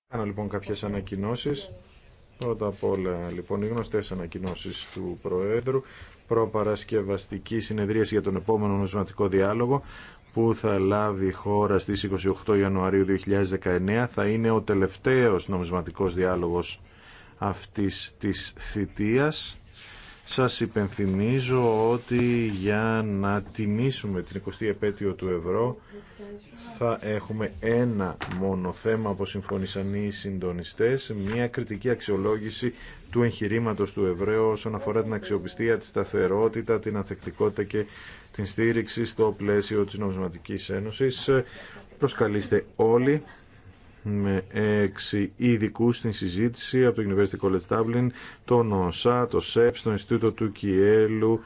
S2: κάνω λοιπόν κάποιες ανακοινώσεις. Πρώτα απ' όλα λοιπόν οι γνωστές ανακοινώσεις του Προέδρου. Προπαρασκευαστική συνεδρίαση για τον επόμενο νομισματικό διάλογο που θα λάβει η χώρα στις 28 Ιανουαρίου 2019 θα είναι ο τελευταίος νομισματικός διάλογος αυτής της θητείας σας υπενθυμίζω ότι για να τιμήσουμε την 20η επέτειο του ευρώ θα έχουμε ένα μόνο θέμα όπως συμφωνήσαν οι συντονιστές, μια κριτική αξιολόγηση του εγχειρήματος του ευρώ όσον αφορά την αξιοπιστία, τη σταθερότητα, την ανθεκτικότητα και την στήριξη στο πλαίσιο της Νομισματικής Ένωσης. Προσκαλείστε όλοι με έξι ειδικού στην συζήτηση από το University College Dublin, τον Νοσά, το ΣΕΠΣ, το Ινστιτούτο του Κιέλου,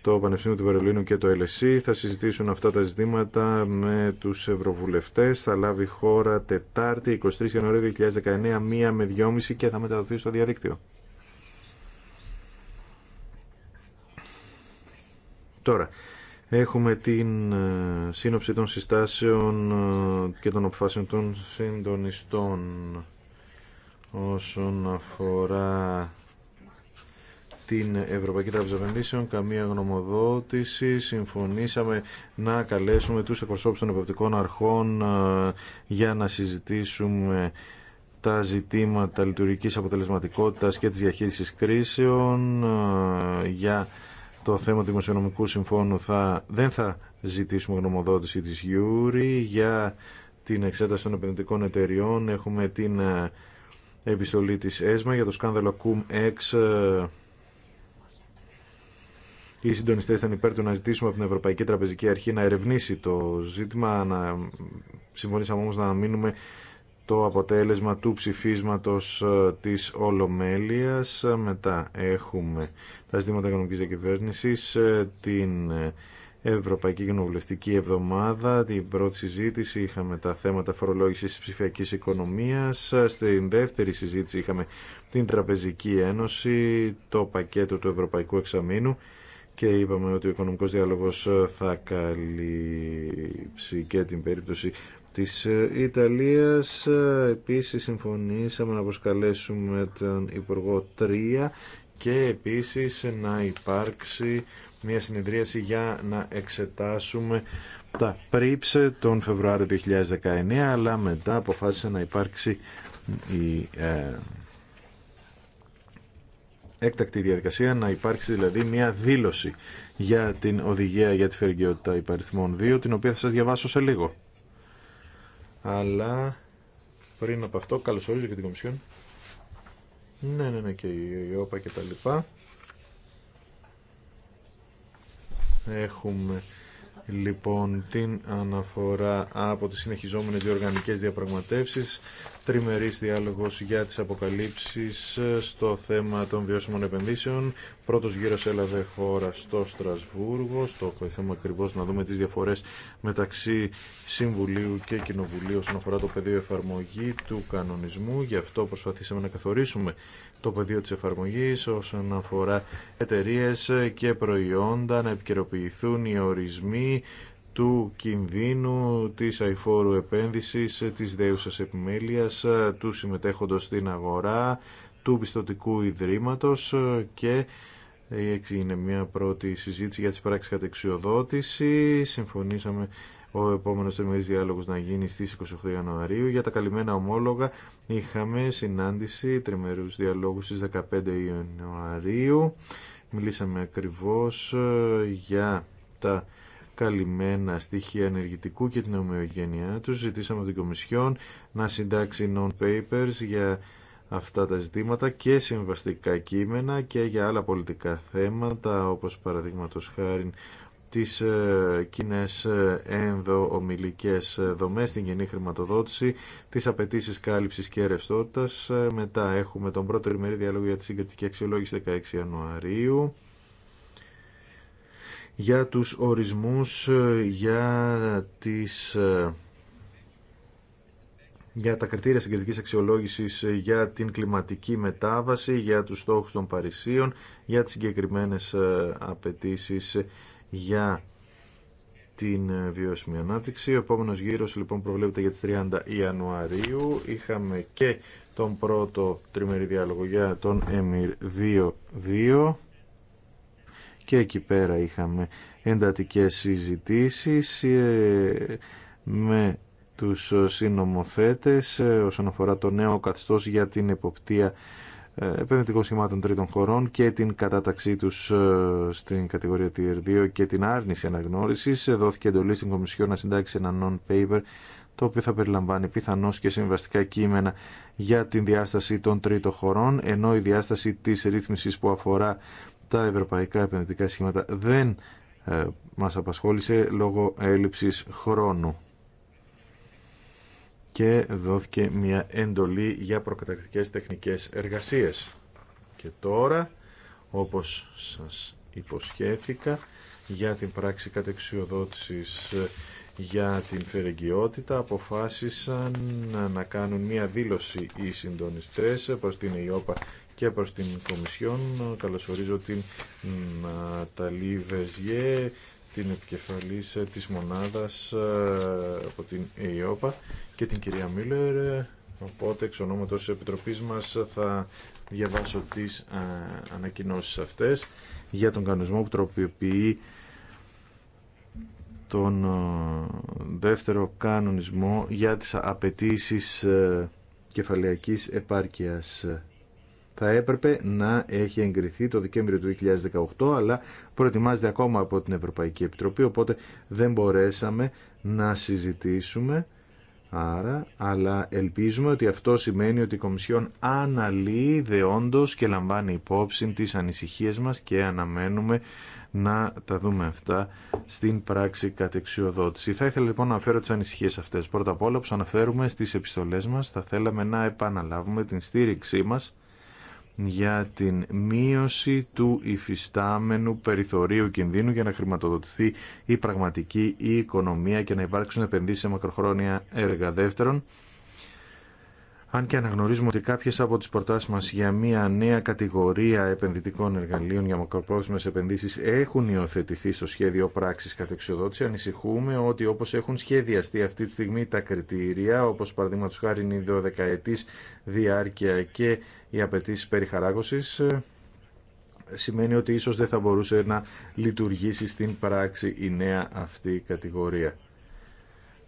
S2: το Πανεπιστήμιο του Βερολίνου και το ΕΛΕΣΥ. E. Θα συζητήσουν αυτά τα ζητήματα με τους ευρωβουλευτές. Θα λάβει χώρα Τετάρτη, 23 Ιανουαρίου 2019, μία με δυόμιση και θα μεταδοθεί στο διαδίκτυο. Τώρα, Έχουμε την ε, σύνοψη των συστάσεων ε, και των αποφάσεων των συντονιστών όσον αφορά την Ευρωπαϊκή Τράπεζα Επενδύσεων, καμία γνωμοδότηση. Συμφωνήσαμε να καλέσουμε τους εκπροσώπους των εποπτικών αρχών ε, για να συζητήσουμε τα ζητήματα λειτουργικής αποτελεσματικότητας και της διαχείρισης κρίσεων για το θέμα του Δημοσιονομικού Συμφώνου θα, δεν θα ζητήσουμε γνωμοδότηση της Γιούρη για την εξέταση των επενδυτικών εταιριών. Έχουμε την ε, επιστολή της ΕΣΜΑ για το σκανδαλο κουμ CUM-X. Οι συντονιστές ήταν υπέρ του να ζητήσουμε από την Ευρωπαϊκή Τραπεζική Αρχή να ερευνήσει το ζήτημα. Να... Συμφωνήσαμε όμως να μείνουμε το αποτέλεσμα του ψηφίσματος ε, της Ολομέλειας. Μετά έχουμε τα ζητήματα οικονομικής διακυβέρνησης, ε, την ε, Ευρωπαϊκή Κοινοβουλευτική Εβδομάδα, την πρώτη συζήτηση είχαμε τα θέματα φορολόγησης της ψηφιακής οικονομίας, στην δεύτερη συζήτηση είχαμε την Τραπεζική Ένωση, το πακέτο του Ευρωπαϊκού Εξαμήνου και είπαμε ότι ο οικονομικός διάλογος θα καλύψει και την περίπτωση της ε, Ιταλίας. Ε, επίσης συμφωνήσαμε να προσκαλέσουμε τον Υπουργό 3 και επίσης να υπάρξει μια συνεδρίαση για να εξετάσουμε τα πρίψε τον Φεβρουάριο 2019 αλλά μετά αποφάσισε να υπάρξει η ε, έκτακτη διαδικασία να υπάρξει δηλαδή μια δήλωση για την οδηγία για τη φεργιότητα υπαριθμών 2 την οποία θα σας διαβάσω σε λίγο αλλά πριν από αυτό καλωσορίζω και την Κομισιόν. Ναι, ναι, ναι, και η ΟΠΑ και τα λοιπά. Έχουμε λοιπόν την αναφορά από τις συνεχιζόμενες διοργανικές διαπραγματεύσεις τριμερής διάλογος για τις αποκαλύψεις στο θέμα των βιώσιμων επενδύσεων. Πρώτος γύρος έλαβε χώρα στο Στρασβούργο, στο είχαμε ακριβώ να δούμε τις διαφορές μεταξύ Συμβουλίου και Κοινοβουλίου όσον αφορά το πεδίο εφαρμογή του κανονισμού. Γι' αυτό προσπαθήσαμε να καθορίσουμε το πεδίο της εφαρμογής όσον αφορά εταιρείε και προϊόντα, να επικαιροποιηθούν οι ορισμοί του κινδύνου, της αηφόρου επένδυσης, της δέουσας επιμέλειας, του συμμετέχοντος στην αγορά, του πιστοτικού ιδρύματος και είναι μια πρώτη συζήτηση για τις πράξεις κατεξιοδότηση. Συμφωνήσαμε ο επόμενο τριμερή διάλογο να γίνει στι 28 Ιανουαρίου. Για τα καλυμμένα ομόλογα είχαμε συνάντηση τριμερού διαλόγου στι 15 Ιανουαρίου. Μιλήσαμε ακριβώ ε, για τα καλυμμένα στοιχεία ενεργητικού και την ομοιογένειά τους. Ζητήσαμε από την Κομισιόν να συντάξει non-papers για αυτά τα ζητήματα και συμβαστικά κείμενα και για άλλα πολιτικά θέματα όπως παραδείγματο χάρη τις ε, κοινέ ε, ενδοομιλικές ε, δομές, την γενή χρηματοδότηση, τις απαιτήσει κάλυψης και ρευστότητας. Μετά έχουμε τον πρώτο ημερή διάλογο για τη συγκριτική αξιολόγηση 16 Ιανουαρίου για τους ορισμούς ε, για, τις, ε, για τα κριτήρια συγκριτικής αξιολόγησης ε, για την κλιματική μετάβαση, για τους στόχους των Παρισίων, για τις συγκεκριμένες απαιτήσει για την βιώσιμη ανάπτυξη. Ο επόμενος γύρος λοιπόν προβλέπεται για τις 30 Ιανουαρίου. Είχαμε και τον πρώτο τριμερή διάλογο για τον ΕΜΙΡ 2 και εκεί πέρα είχαμε εντατικές συζητήσεις ε, με τους συνομοθέτες ε, όσον αφορά το νέο καθεστώς για την εποπτεία ε, επενδυτικών σχημάτων τρίτων χωρών και την κατάταξή τους στην κατηγορία Tier 2 και την άρνηση αναγνώρισης. Δόθηκε εντολή στην Κομισιόν να συντάξει ένα non-paper το οποίο θα περιλαμβάνει πιθανώς και συμβαστικά κείμενα για την διάσταση των τρίτων χωρών, ενώ η διάσταση της ρύθμισης που αφορά τα ευρωπαϊκά επενδυτικά σχήματα δεν ε, μας απασχόλησε λόγω έλλειψης χρόνου και δόθηκε μια εντολή για προκαταρκτικές τεχνικές εργασίες. Και τώρα, όπως σας υποσχέθηκα, για την πράξη κατεξιοδότησης ε, για την φερεγγιότητα αποφάσισαν να κάνουν μια δήλωση οι συντονιστές προς την ΕΙΟΠΑ και προς την Κομισιόν. Καλωσορίζω την Ναταλή Βεζιέ, την επικεφαλής της μονάδας ε, από την ΕΙΟΠΑ και την κυρία Μίλλερ. Οπότε, εξ ονόματος της Επιτροπής μας θα διαβάσω τις ε, ανακοινώσεις αυτές για τον κανονισμό που τροποποιεί τον ε, δεύτερο κανονισμό για τις απαιτήσει κεφαλαιακής επάρκειας θα έπρεπε να έχει εγκριθεί το Δεκέμβριο του 2018, αλλά προετοιμάζεται ακόμα από την Ευρωπαϊκή Επιτροπή, οπότε δεν μπορέσαμε να συζητήσουμε. Άρα, αλλά ελπίζουμε ότι αυτό σημαίνει ότι η Κομισιόν αναλύει δεόντως και λαμβάνει υπόψη τις ανησυχίες μας και αναμένουμε να τα δούμε αυτά στην πράξη κατεξιοδότηση. Θα ήθελα λοιπόν να αναφέρω τις ανησυχίες αυτές. Πρώτα απ' όλα, όπως αναφέρουμε στις επιστολές μας, θα θέλαμε να επαναλάβουμε την στήριξή μας για την μείωση του υφιστάμενου περιθωρίου κινδύνου για να χρηματοδοτηθεί η πραγματική η οικονομία και να υπάρξουν επενδύσεις σε μακροχρόνια έργα. Δεύτερον, αν και αναγνωρίζουμε ότι κάποιε από τι προτάσει μα για μια νέα κατηγορία επενδυτικών εργαλείων για μακροπρόθεσμε επενδύσει, έχουν υιοθετηθεί στο σχέδιο πράξη κατεξοδότηση, ανησυχούμε ότι όπω έχουν σχεδιαστεί αυτή τη στιγμή τα κριτήρια, όπω παραδείγματο χάρη είναι η 12 διάρκεια και η απαιτήσει περί ε, σημαίνει ότι ίσως δεν θα μπορούσε να λειτουργήσει στην πράξη η νέα αυτή κατηγορία.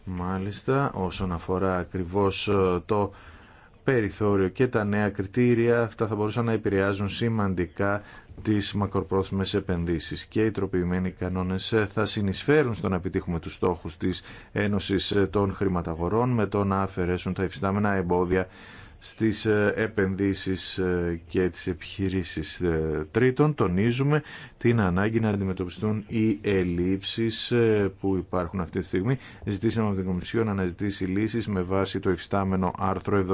S2: Μάλιστα, όσον αφορά ακριβώς ε, το περιθώριο και τα νέα κριτήρια, αυτά θα μπορούσαν να επηρεάζουν σημαντικά τις μακροπρόθεσμες επενδύσεις και οι τροποιημένοι κανόνες ε, θα συνεισφέρουν στο να επιτύχουμε τους στόχους της Ένωσης των Χρηματαγορών με το να αφαιρέσουν τα υφιστάμενα εμπόδια στις ε, επενδύσεις ε, και τις επιχειρήσεις. Ε, τρίτων. τονίζουμε την ανάγκη να αντιμετωπιστούν οι ελλείψεις που υπάρχουν αυτή τη στιγμή. Ζητήσαμε από την Κομισιό να αναζητήσει λύσεις με βάση το εξτάμενο άρθρο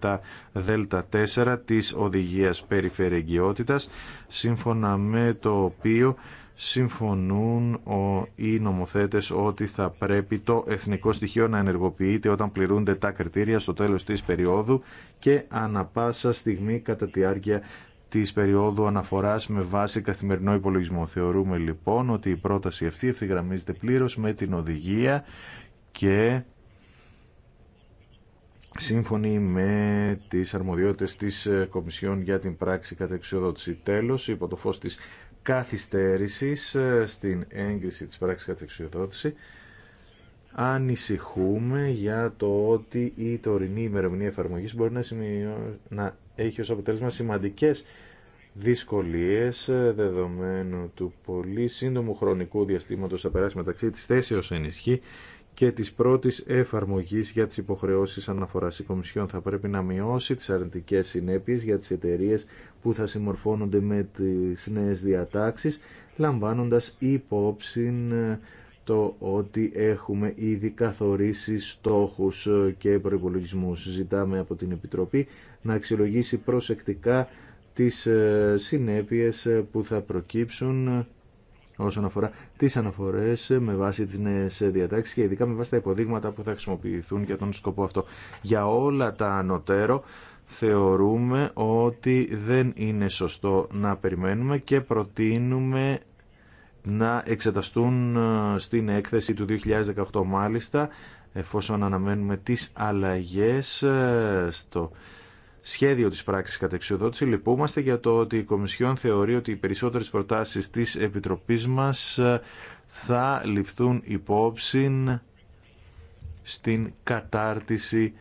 S2: 77 Δέλτα 4 της Οδηγίας Περιφερεγγιότητας, σύμφωνα με το οποίο συμφωνούν ο, οι νομοθέτες ότι θα πρέπει το εθνικό στοιχείο να ενεργοποιείται όταν πληρούνται τα κριτήρια στο τέλος της περίοδου και ανα πάσα στιγμή κατά τη διάρκεια της περίοδου αναφοράς με βάση καθημερινό υπολογισμό. Θεωρούμε λοιπόν ότι η πρόταση αυτή ευθυγραμμίζεται πλήρως με την οδηγία και σύμφωνη με τις αρμοδιότητες της ε, Κομισιόν για την πράξη κατά εξοδότηση. Τέλος, υπό το φως της καθυστέρησης ε, στην έγκριση της πράξης κατεξιοδότηση ανησυχούμε για το ότι η τωρινή ημερομηνία εφαρμογής μπορεί να, σημειώ... να έχει ως αποτέλεσμα σημαντικές δυσκολίες ε, δεδομένου του πολύ σύντομου χρονικού διαστήματος θα περάσει μεταξύ της θέσεως ενισχύ και της πρώτης εφαρμογής για τις υποχρεώσεις αναφοράς. Η θα πρέπει να μειώσει τις αρνητικές συνέπειες για τις εταιρείε που θα συμμορφώνονται με τις νέες διατάξεις, λαμβάνοντας υπόψη ε, το ότι έχουμε ήδη καθορίσει στόχους και προϋπολογισμούς. Ζητάμε από την Επιτροπή να αξιολογήσει προσεκτικά τις ε, συνέπειες ε, που θα προκύψουν όσον αφορά τις αναφορές ε, με βάση τι νέε διατάξεις και ειδικά με βάση τα υποδείγματα που θα χρησιμοποιηθούν για τον σκοπό αυτό. Για όλα τα ανωτέρω θεωρούμε ότι δεν είναι σωστό να περιμένουμε και προτείνουμε να εξεταστούν ε, στην έκθεση του 2018 μάλιστα εφόσον αναμένουμε τις αλλαγές ε, στο σχέδιο της πράξης κατεξοδότηση λυπούμαστε για το ότι η Κομισιόν θεωρεί ότι οι περισσότερες προτάσεις της Επιτροπής μας ε, θα ληφθούν υπόψη στην κατάρτιση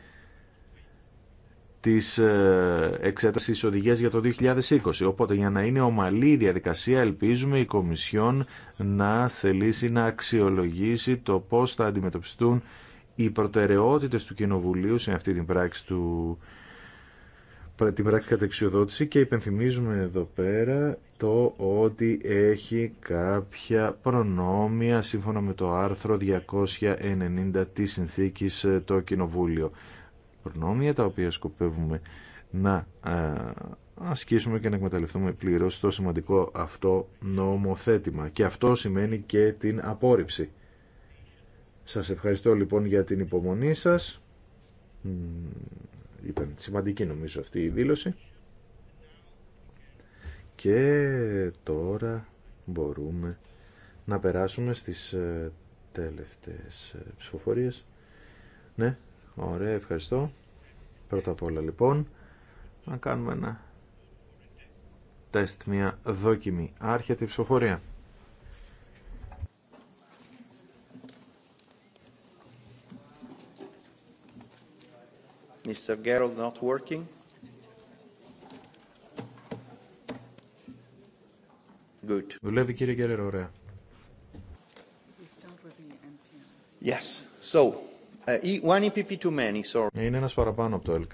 S2: της ε, εξέτασης οδηγίας για το 2020. Οπότε για να είναι ομαλή η διαδικασία ελπίζουμε η Κομισιόν να θελήσει να αξιολογήσει το πώς θα αντιμετωπιστούν οι προτεραιότητες του Κοινοβουλίου σε αυτή την πράξη του την πράξη κατεξιοδότηση και υπενθυμίζουμε εδώ πέρα το ότι έχει κάποια προνόμια σύμφωνα με το άρθρο 290 της συνθήκης ε, το Κοινοβούλιο. Προνόμια τα οποία σκοπεύουμε να ε, ασκήσουμε και να εκμεταλλευτούμε πλήρως το σημαντικό αυτό νομοθέτημα. Και αυτό σημαίνει και την απόρριψη. Σας ευχαριστώ λοιπόν για την υπομονή σας ήταν σημαντική νομίζω αυτή η δήλωση. Και τώρα μπορούμε να περάσουμε στις ε, τελευταίες ε, ψηφοφορίες. Ναι, ωραία, ευχαριστώ. Πρώτα απ' όλα λοιπόν, να κάνουμε ένα τεστ, μια δόκιμη. άρχια τη ψηφοφορία. Δουλεύει κύριε Γκέρερο, ωραία. Yes. So, uh, e, one EPP too many, sorry. Ε, είναι ένας παραπάνω από το ΕΛΚ.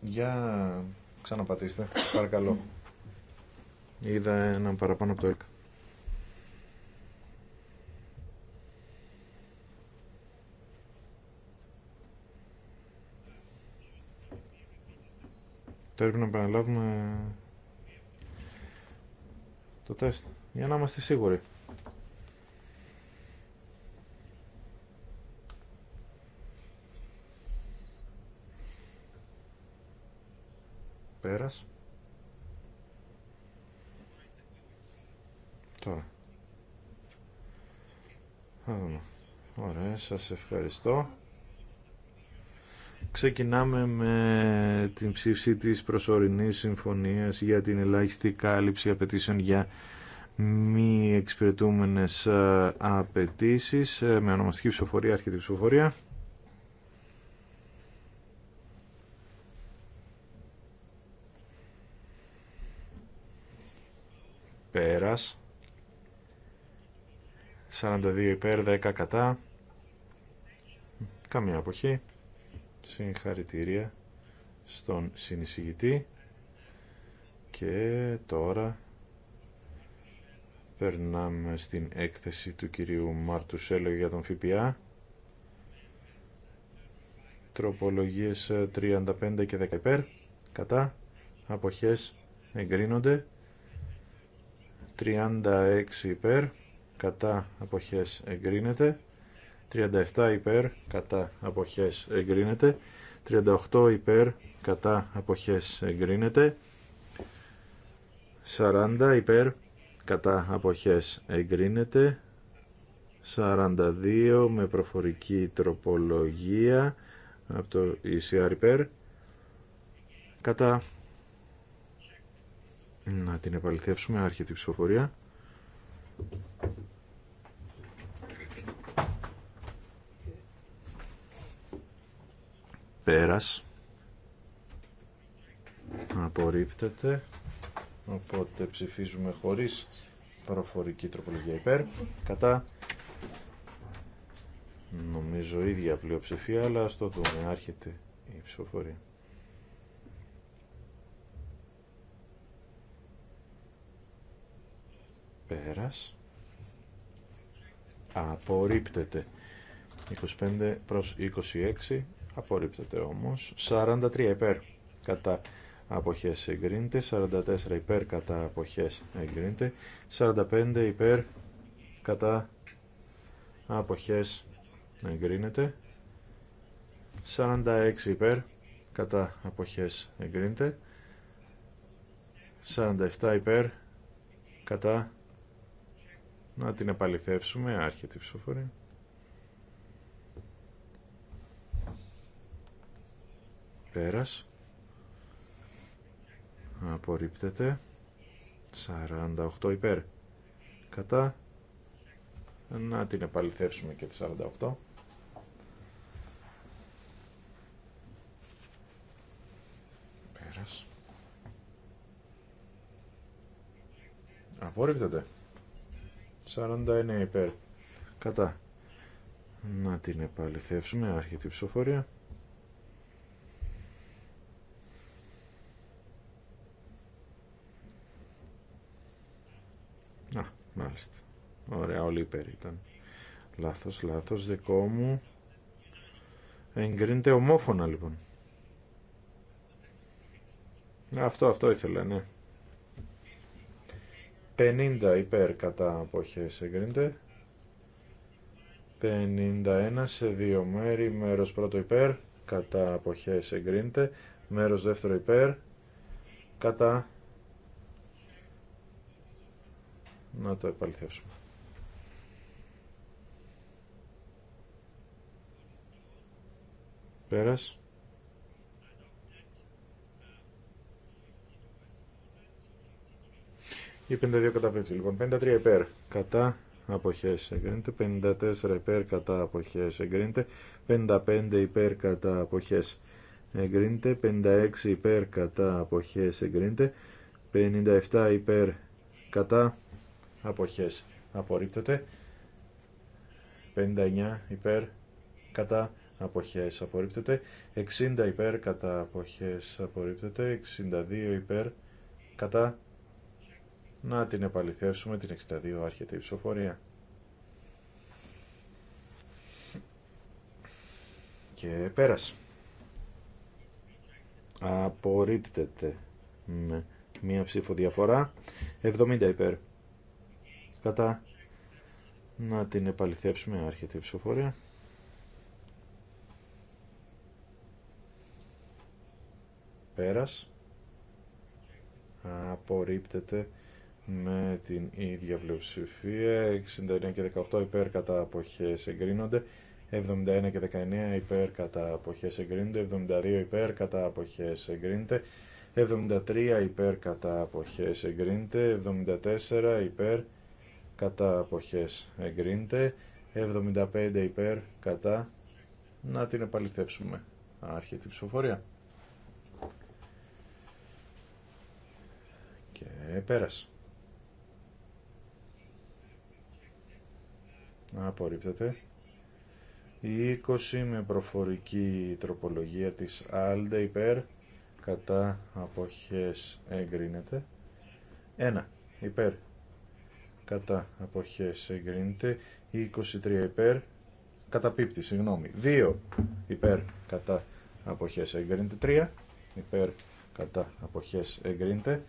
S2: Για ξαναπατήστε, παρακαλώ. Είδα έναν παραπάνω από το ΕΛΚ. Πρέπει να επαναλάβουμε το τεστ για να είμαστε σίγουροι. Πέρας. Τώρα. Θα δούμε. Ωραία, σας ευχαριστώ. Ξεκινάμε με την ψήφιση της προσωρινής συμφωνίας για την ελάχιστη κάλυψη απαιτήσεων για μη εξυπηρετούμενες ε, απαιτήσει ε, με ονομαστική ψηφοφορία, αρχιτή ψηφοφορία. Πέρας. 42 υπέρ, 10 κατά. Καμία αποχή. Συγχαρητήρια στον συνεισηγητή και τώρα περνάμε στην έκθεση του κυρίου Σέλο για τον ΦΠΑ τροπολογίες 35 και 10 υπέρ κατά αποχές εγκρίνονται 36 υπέρ κατά αποχές εγκρίνεται 37 υπέρ κατά αποχές εγκρίνεται 38 υπέρ κατά αποχές εγκρίνεται 40 υπέρ κατά αποχές εγκρίνεται 42 με προφορική τροπολογία από το ECR υπέρ κατά να την επαληθεύσουμε άρχεται η ψηφοφορία πέρας απορρίπτεται οπότε ψηφίζουμε χωρίς προφορική τροπολογία υπέρ κατά νομίζω ίδια πλειοψηφία αλλά ας το δούμε άρχεται η ψηφοφορία πέρας απορρίπτεται 25 προς 26 Απορρίπτεται όμως. 43 υπέρ κατά αποχές εγκρίνεται. 44 υπέρ κατά αποχές εγκρίνεται. 45 υπέρ κατά αποχές εγκρίνεται. 46 υπέρ κατά αποχές εγκρίνεται. 47 υπέρ κατά να την επαληθεύσουμε. Άρχεται η ψηφοφορία. πέρας απορρίπτεται 48 υπέρ κατά να την επαληθεύσουμε και τη 48 πέρας απορρίπτεται 49 υπέρ κατά να την επαληθεύσουμε άρχιτη ψηφοφορία ψηφοφορία Μάλιστα. Ωραία, όλοι υπέρ ήταν. Λάθος, λάθος, δικό μου. Εγκρίνεται ομόφωνα λοιπόν. Αυτό, αυτό ήθελα, ναι. 50 υπέρ κατά αποχές εγκρίνεται. 51 σε δύο μέρη, μέρος πρώτο υπέρ, κατά αποχές εγκρίνεται. Μέρος δεύτερο υπέρ, κατά να το επαληθεύσουμε. Πέρας. Η 52 καταπίπτει λοιπόν. 53 υπέρ κατά αποχές εγκρίνεται. 54 υπέρ κατά αποχές εγκρίνεται. 55 υπέρ κατά αποχές εγκρίνεται. 56 υπέρ κατά αποχές εγκρίνεται. 57 υπέρ κατά αποχές απορρίπτεται 59 υπέρ κατά αποχές απορρίπτεται 60 υπέρ κατά αποχές απορρίπτεται 62 υπέρ κατά να την επαληθεύσουμε την 62 άρχεται η ψηφοφορία και πέρασε απορρίπτεται με μία ψήφο διαφορά 70 υπέρ κατά να την επαληθεύσουμε άρχεται η ψηφοφορία πέρας απορρίπτεται με την ίδια πλειοψηφία 69 και 18 υπέρ κατά αποχές εγκρίνονται 71 και 19 υπέρ κατά αποχές εγκρίνονται 72 υπέρ κατά αποχές εγκρίνεται 73 υπέρ κατά αποχές εγκρίνεται 74 υπέρ κατά αποχές εγκρίνεται 75 υπέρ κατά να την επαληθεύσουμε άρχιε την ψηφοφορία και πέρασε απορρίπτεται 20 με προφορική τροπολογία της ALDE υπέρ κατά αποχές εγκρίνεται 1 υπέρ κατά αποχές εγκρίνεται 23 υπέρ καταπίπτει συγγνώμη 2 υπέρ κατά αποχές εγκρίνεται 3 υπέρ κατά αποχές εγκρίνεται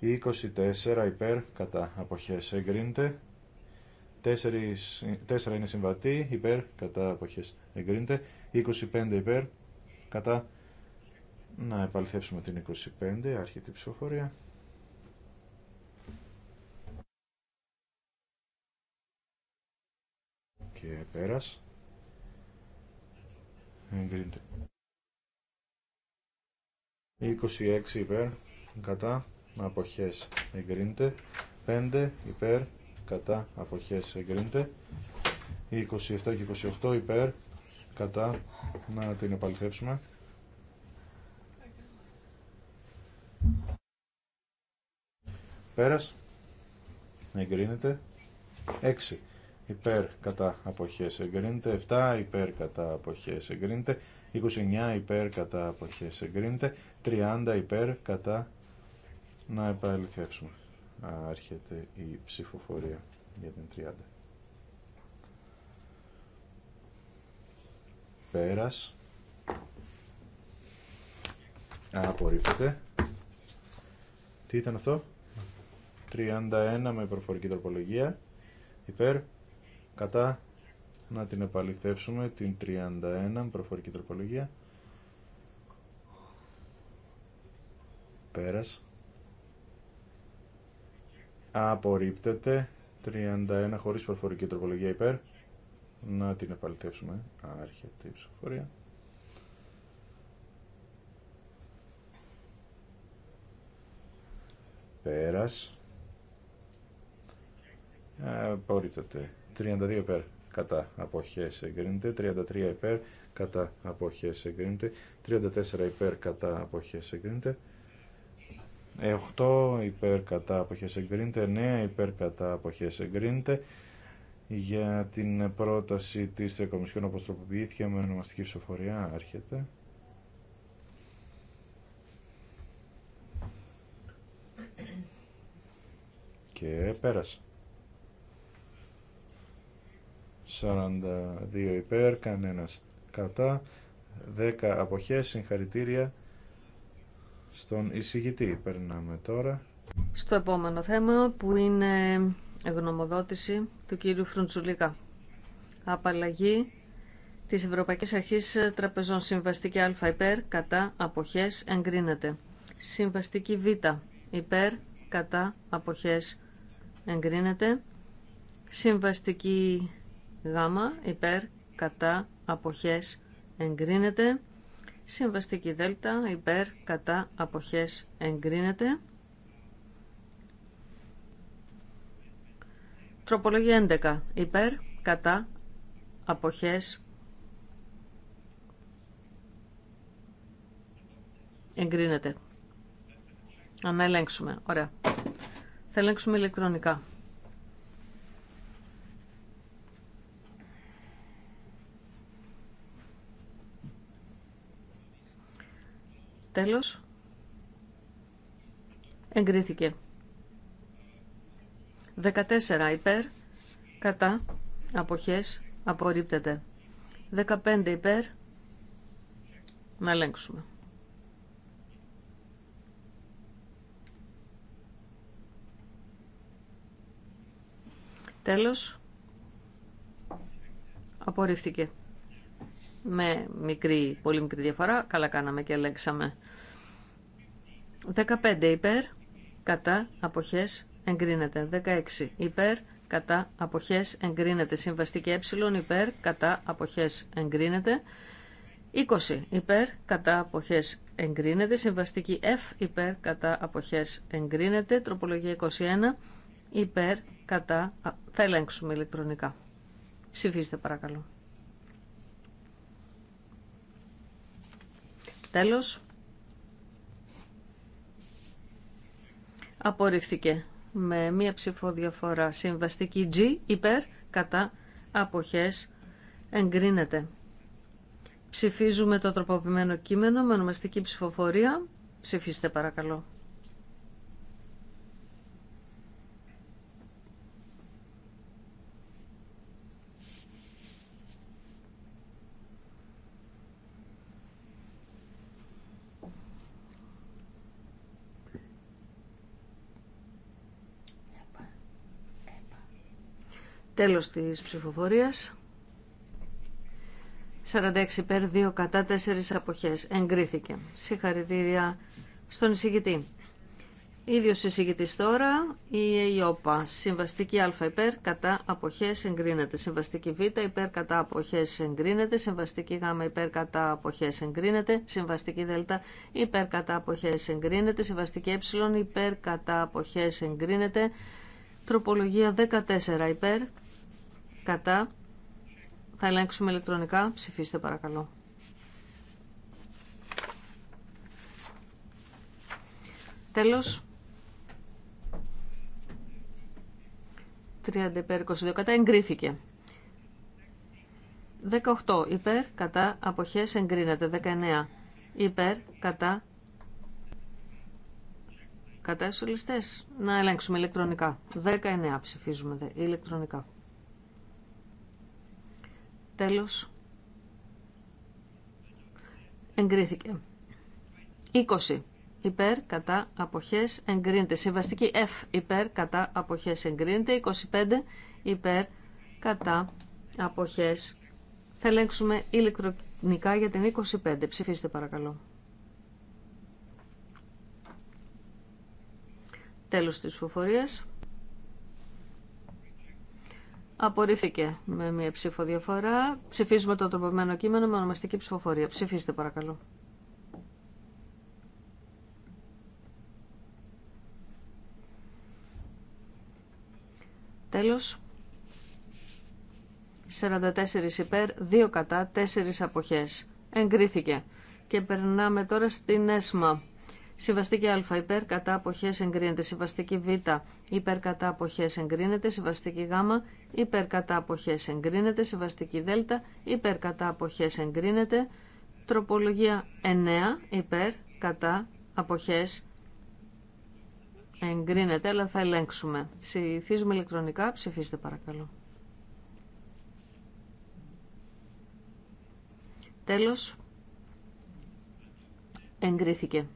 S2: 24 υπέρ κατά αποχές εγκρίνεται 4, 4 είναι συμβατή υπέρ κατά αποχές εγκρίνεται 25 υπέρ κατά να επαληθεύσουμε την 25 άρχεται η ψηφοφορία και πέρας. Εγκρίνεται. 26 υπέρ, κατά, αποχές εγκρίνεται. 5 υπέρ, κατά, αποχές εγκρίνεται. 27 και 28 υπέρ, κατά, να την επαληθεύσουμε. Πέρας, εγκρίνεται. 6 υπέρ κατά αποχές εγκρίνεται, 7 υπέρ κατά αποχές εγκρίνεται, 29 υπέρ κατά αποχές εγκρίνεται, 30 υπέρ κατά να επαληθεύσουμε. Άρχεται η ψηφοφορία για την 30. Πέρας. Απορρίφεται. Τι ήταν αυτό? 31 με προφορική τροπολογία. Υπέρ Κατά. Να την επαληθεύσουμε. Την 31. Προφορική τροπολογία. Πέρας. Απορρίπτεται. 31 χωρίς προφορική τροπολογία υπέρ. Να την επαληθεύσουμε. Άρχεται η ψηφοφορία. Πέρας. Απορρίπτεται. 32 υπέρ κατά αποχές εγκρίνεται, 33 υπέρ κατά αποχές εγκρίνεται, 34 υπέρ κατά αποχές εγκρίνεται, 8 υπέρ κατά αποχές εγκρίνεται, 9 υπέρ κατά αποχές εγκρίνεται, για την πρόταση της Κομισιόν όπως τροποποιήθηκε με ονομαστική ψηφοφορία άρχεται. Και πέρασε. 42 υπέρ, κανένας κατά, 10 αποχές, συγχαρητήρια στον εισηγητή. Περνάμε τώρα.
S1: Στο επόμενο θέμα που είναι γνωμοδότηση του κύριου Φρουντζουλίκα. Απαλλαγή της Ευρωπαϊκής Αρχής Τραπεζών Συμβαστική Α υπέρ, κατά, αποχές, εγκρίνεται. Συμβαστική Β υπέρ, κατά, αποχές, εγκρίνεται. Συμβαστική γάμα υπέρ κατά αποχές εγκρίνεται. Συμβαστική δέλτα υπέρ κατά αποχές εγκρίνεται. Τροπολογία 11 υπέρ κατά αποχές εγκρίνεται. Αναελέγξουμε. Ωραία. Θα ελέγξουμε ηλεκτρονικά. Τέλος. Εγκρίθηκε. 14 υπέρ, κατά, αποχές, απορρίπτεται. 15 υπέρ, να ελέγξουμε. Τέλος, απορρίφθηκε με μικρή, πολύ μικρή διαφορά, καλά κάναμε και ελέξαμε. 15 υπέρ, κατά, αποχές, εγκρίνεται. 16 υπέρ, κατά, αποχές, εγκρίνεται. Συμβαστική ε, υπέρ, κατά, αποχές, εγκρίνεται. 20 υπέρ, κατά, αποχές, εγκρίνεται. Συμβαστική F υπέρ, κατά, αποχές, εγκρίνεται. Τροπολογία 21 υπέρ, κατά, θα ελέγξουμε ηλεκτρονικά. Ψηφίστε παρακαλώ. Τέλος. Απορρίφθηκε με μία ψηφοδιαφορά. Συμβαστική G υπέρ κατά αποχές εγκρίνεται. Ψηφίζουμε το τροποποιημένο κείμενο με ονομαστική ψηφοφορία. Ψηφίστε παρακαλώ. Τέλος της ψηφοφορίας. 46 υπέρ, 2 κατά, 4 αποχές. Εγκρίθηκε. Συγχαρητήρια στον εισηγητή. Ίδιος εισηγητής τώρα, η ΕΙΟΠΑ. Συμβαστική Α υπέρ, κατά, αποχές, εγκρίνεται. Συμβαστική Β υπέρ, κατά, αποχές, εγκρίνεται. Συμβαστική Γ υπέρ, κατά, αποχές, εγκρίνεται. Συμβαστική Δ υπέρ, κατά, αποχές, εγκρίνεται. Συμβαστική Ε υπέρ, κατά, αποχές, εγκρίνεται. Τροπολογία 14 υπέρ, κατά. Θα ελέγξουμε ηλεκτρονικά. Ψηφίστε παρακαλώ. Τέλος. 30 υπέρ 22 κατά εγκρίθηκε. 18 υπέρ κατά αποχές εγκρίνεται. 19 υπέρ κατά κατά εσωλιστές. Να ελέγξουμε ηλεκτρονικά. 19 ψηφίζουμε δε, ηλεκτρονικά. Τέλος. Εγκρίθηκε. 20. Υπέρ κατά αποχές εγκρίνεται. Συμβαστική F υπέρ κατά αποχές εγκρίνεται. 25. Υπέρ κατά αποχές. Θα ελέγξουμε ηλεκτρονικά για την 25. Ψηφίστε παρακαλώ. Τέλος της υποφορίας. Απορρίφθηκε με μία ψήφο διαφορά. Ψηφίζουμε το τροποποιημένο κείμενο με ονομαστική ψηφοφορία. Ψηφίστε παρακαλώ. Τέλος. 44 υπέρ, 2 κατά, 4 αποχές. Εγκρίθηκε. Και περνάμε τώρα στην ΕΣΜΑ. Συμβαστική Α υπέρ κατά αποχές εγκρίνεται. Συμβαστική Β υπέρ κατά αποχές εγκρίνεται. Συμβαστική Γ υπερκατά αποχές εγκρίνεται, Σεβαστική δέλτα, υπερκατά αποχές εγκρίνεται, τροπολογία 9, υπερ, κατά, αποχές εγκρίνεται, αλλά θα ελέγξουμε. Ψηφίζουμε ηλεκτρονικά, ψηφίστε παρακαλώ. Τέλος, εγκρίθηκε.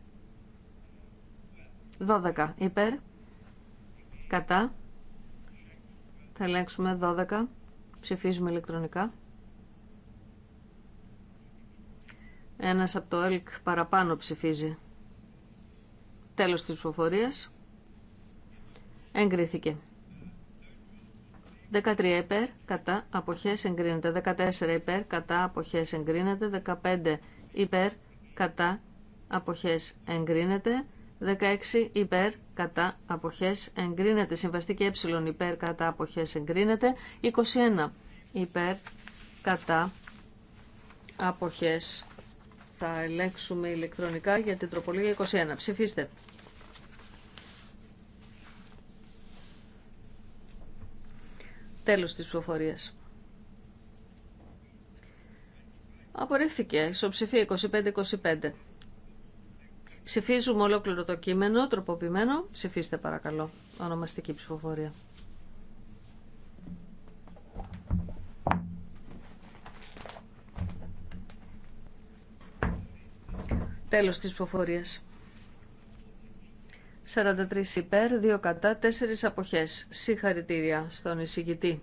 S1: 12 υπέρ, κατά, θα ελέγξουμε 12. Ψηφίζουμε ηλεκτρονικά. Ένας από το ΕΛΚ παραπάνω ψηφίζει. Τέλος της ψηφοφορίας. Εγκρίθηκε. 13 υπέρ, κατά, αποχές εγκρίνεται. 14 υπέρ, κατά, αποχές εγκρίνεται. 15 υπέρ, κατά, αποχές εγκρίνεται. 16 υπέρ κατά αποχές εγκρίνεται. Συμβαστική ε υπέρ κατά αποχές εγκρίνεται. 21 υπέρ κατά αποχές. Θα ελέγξουμε ηλεκτρονικά για την τροπολογία 21. Ψηφίστε. Τέλος της ψηφοφορίας. Απορρίφθηκε. Ισοψηφία 25-25. Ψηφίζουμε ολόκληρο το κείμενο, τροποποιημένο. Ψηφίστε παρακαλώ. Ονομαστική ψηφοφορία. Τέλος της ψηφοφορίας. 43 υπέρ, 2 κατά, 4 αποχές. Συγχαρητήρια στον εισηγητή.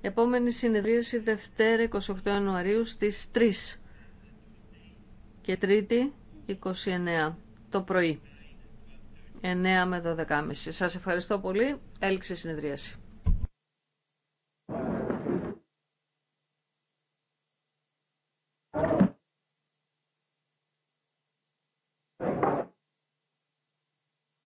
S1: Επόμενη συνεδρίαση Δευτέρα 28 Ιανουαρίου στις 3 και Τρίτη 29 το πρωί, 9 με 12.30. Σας ευχαριστώ πολύ. Έληξε η συνεδρίαση.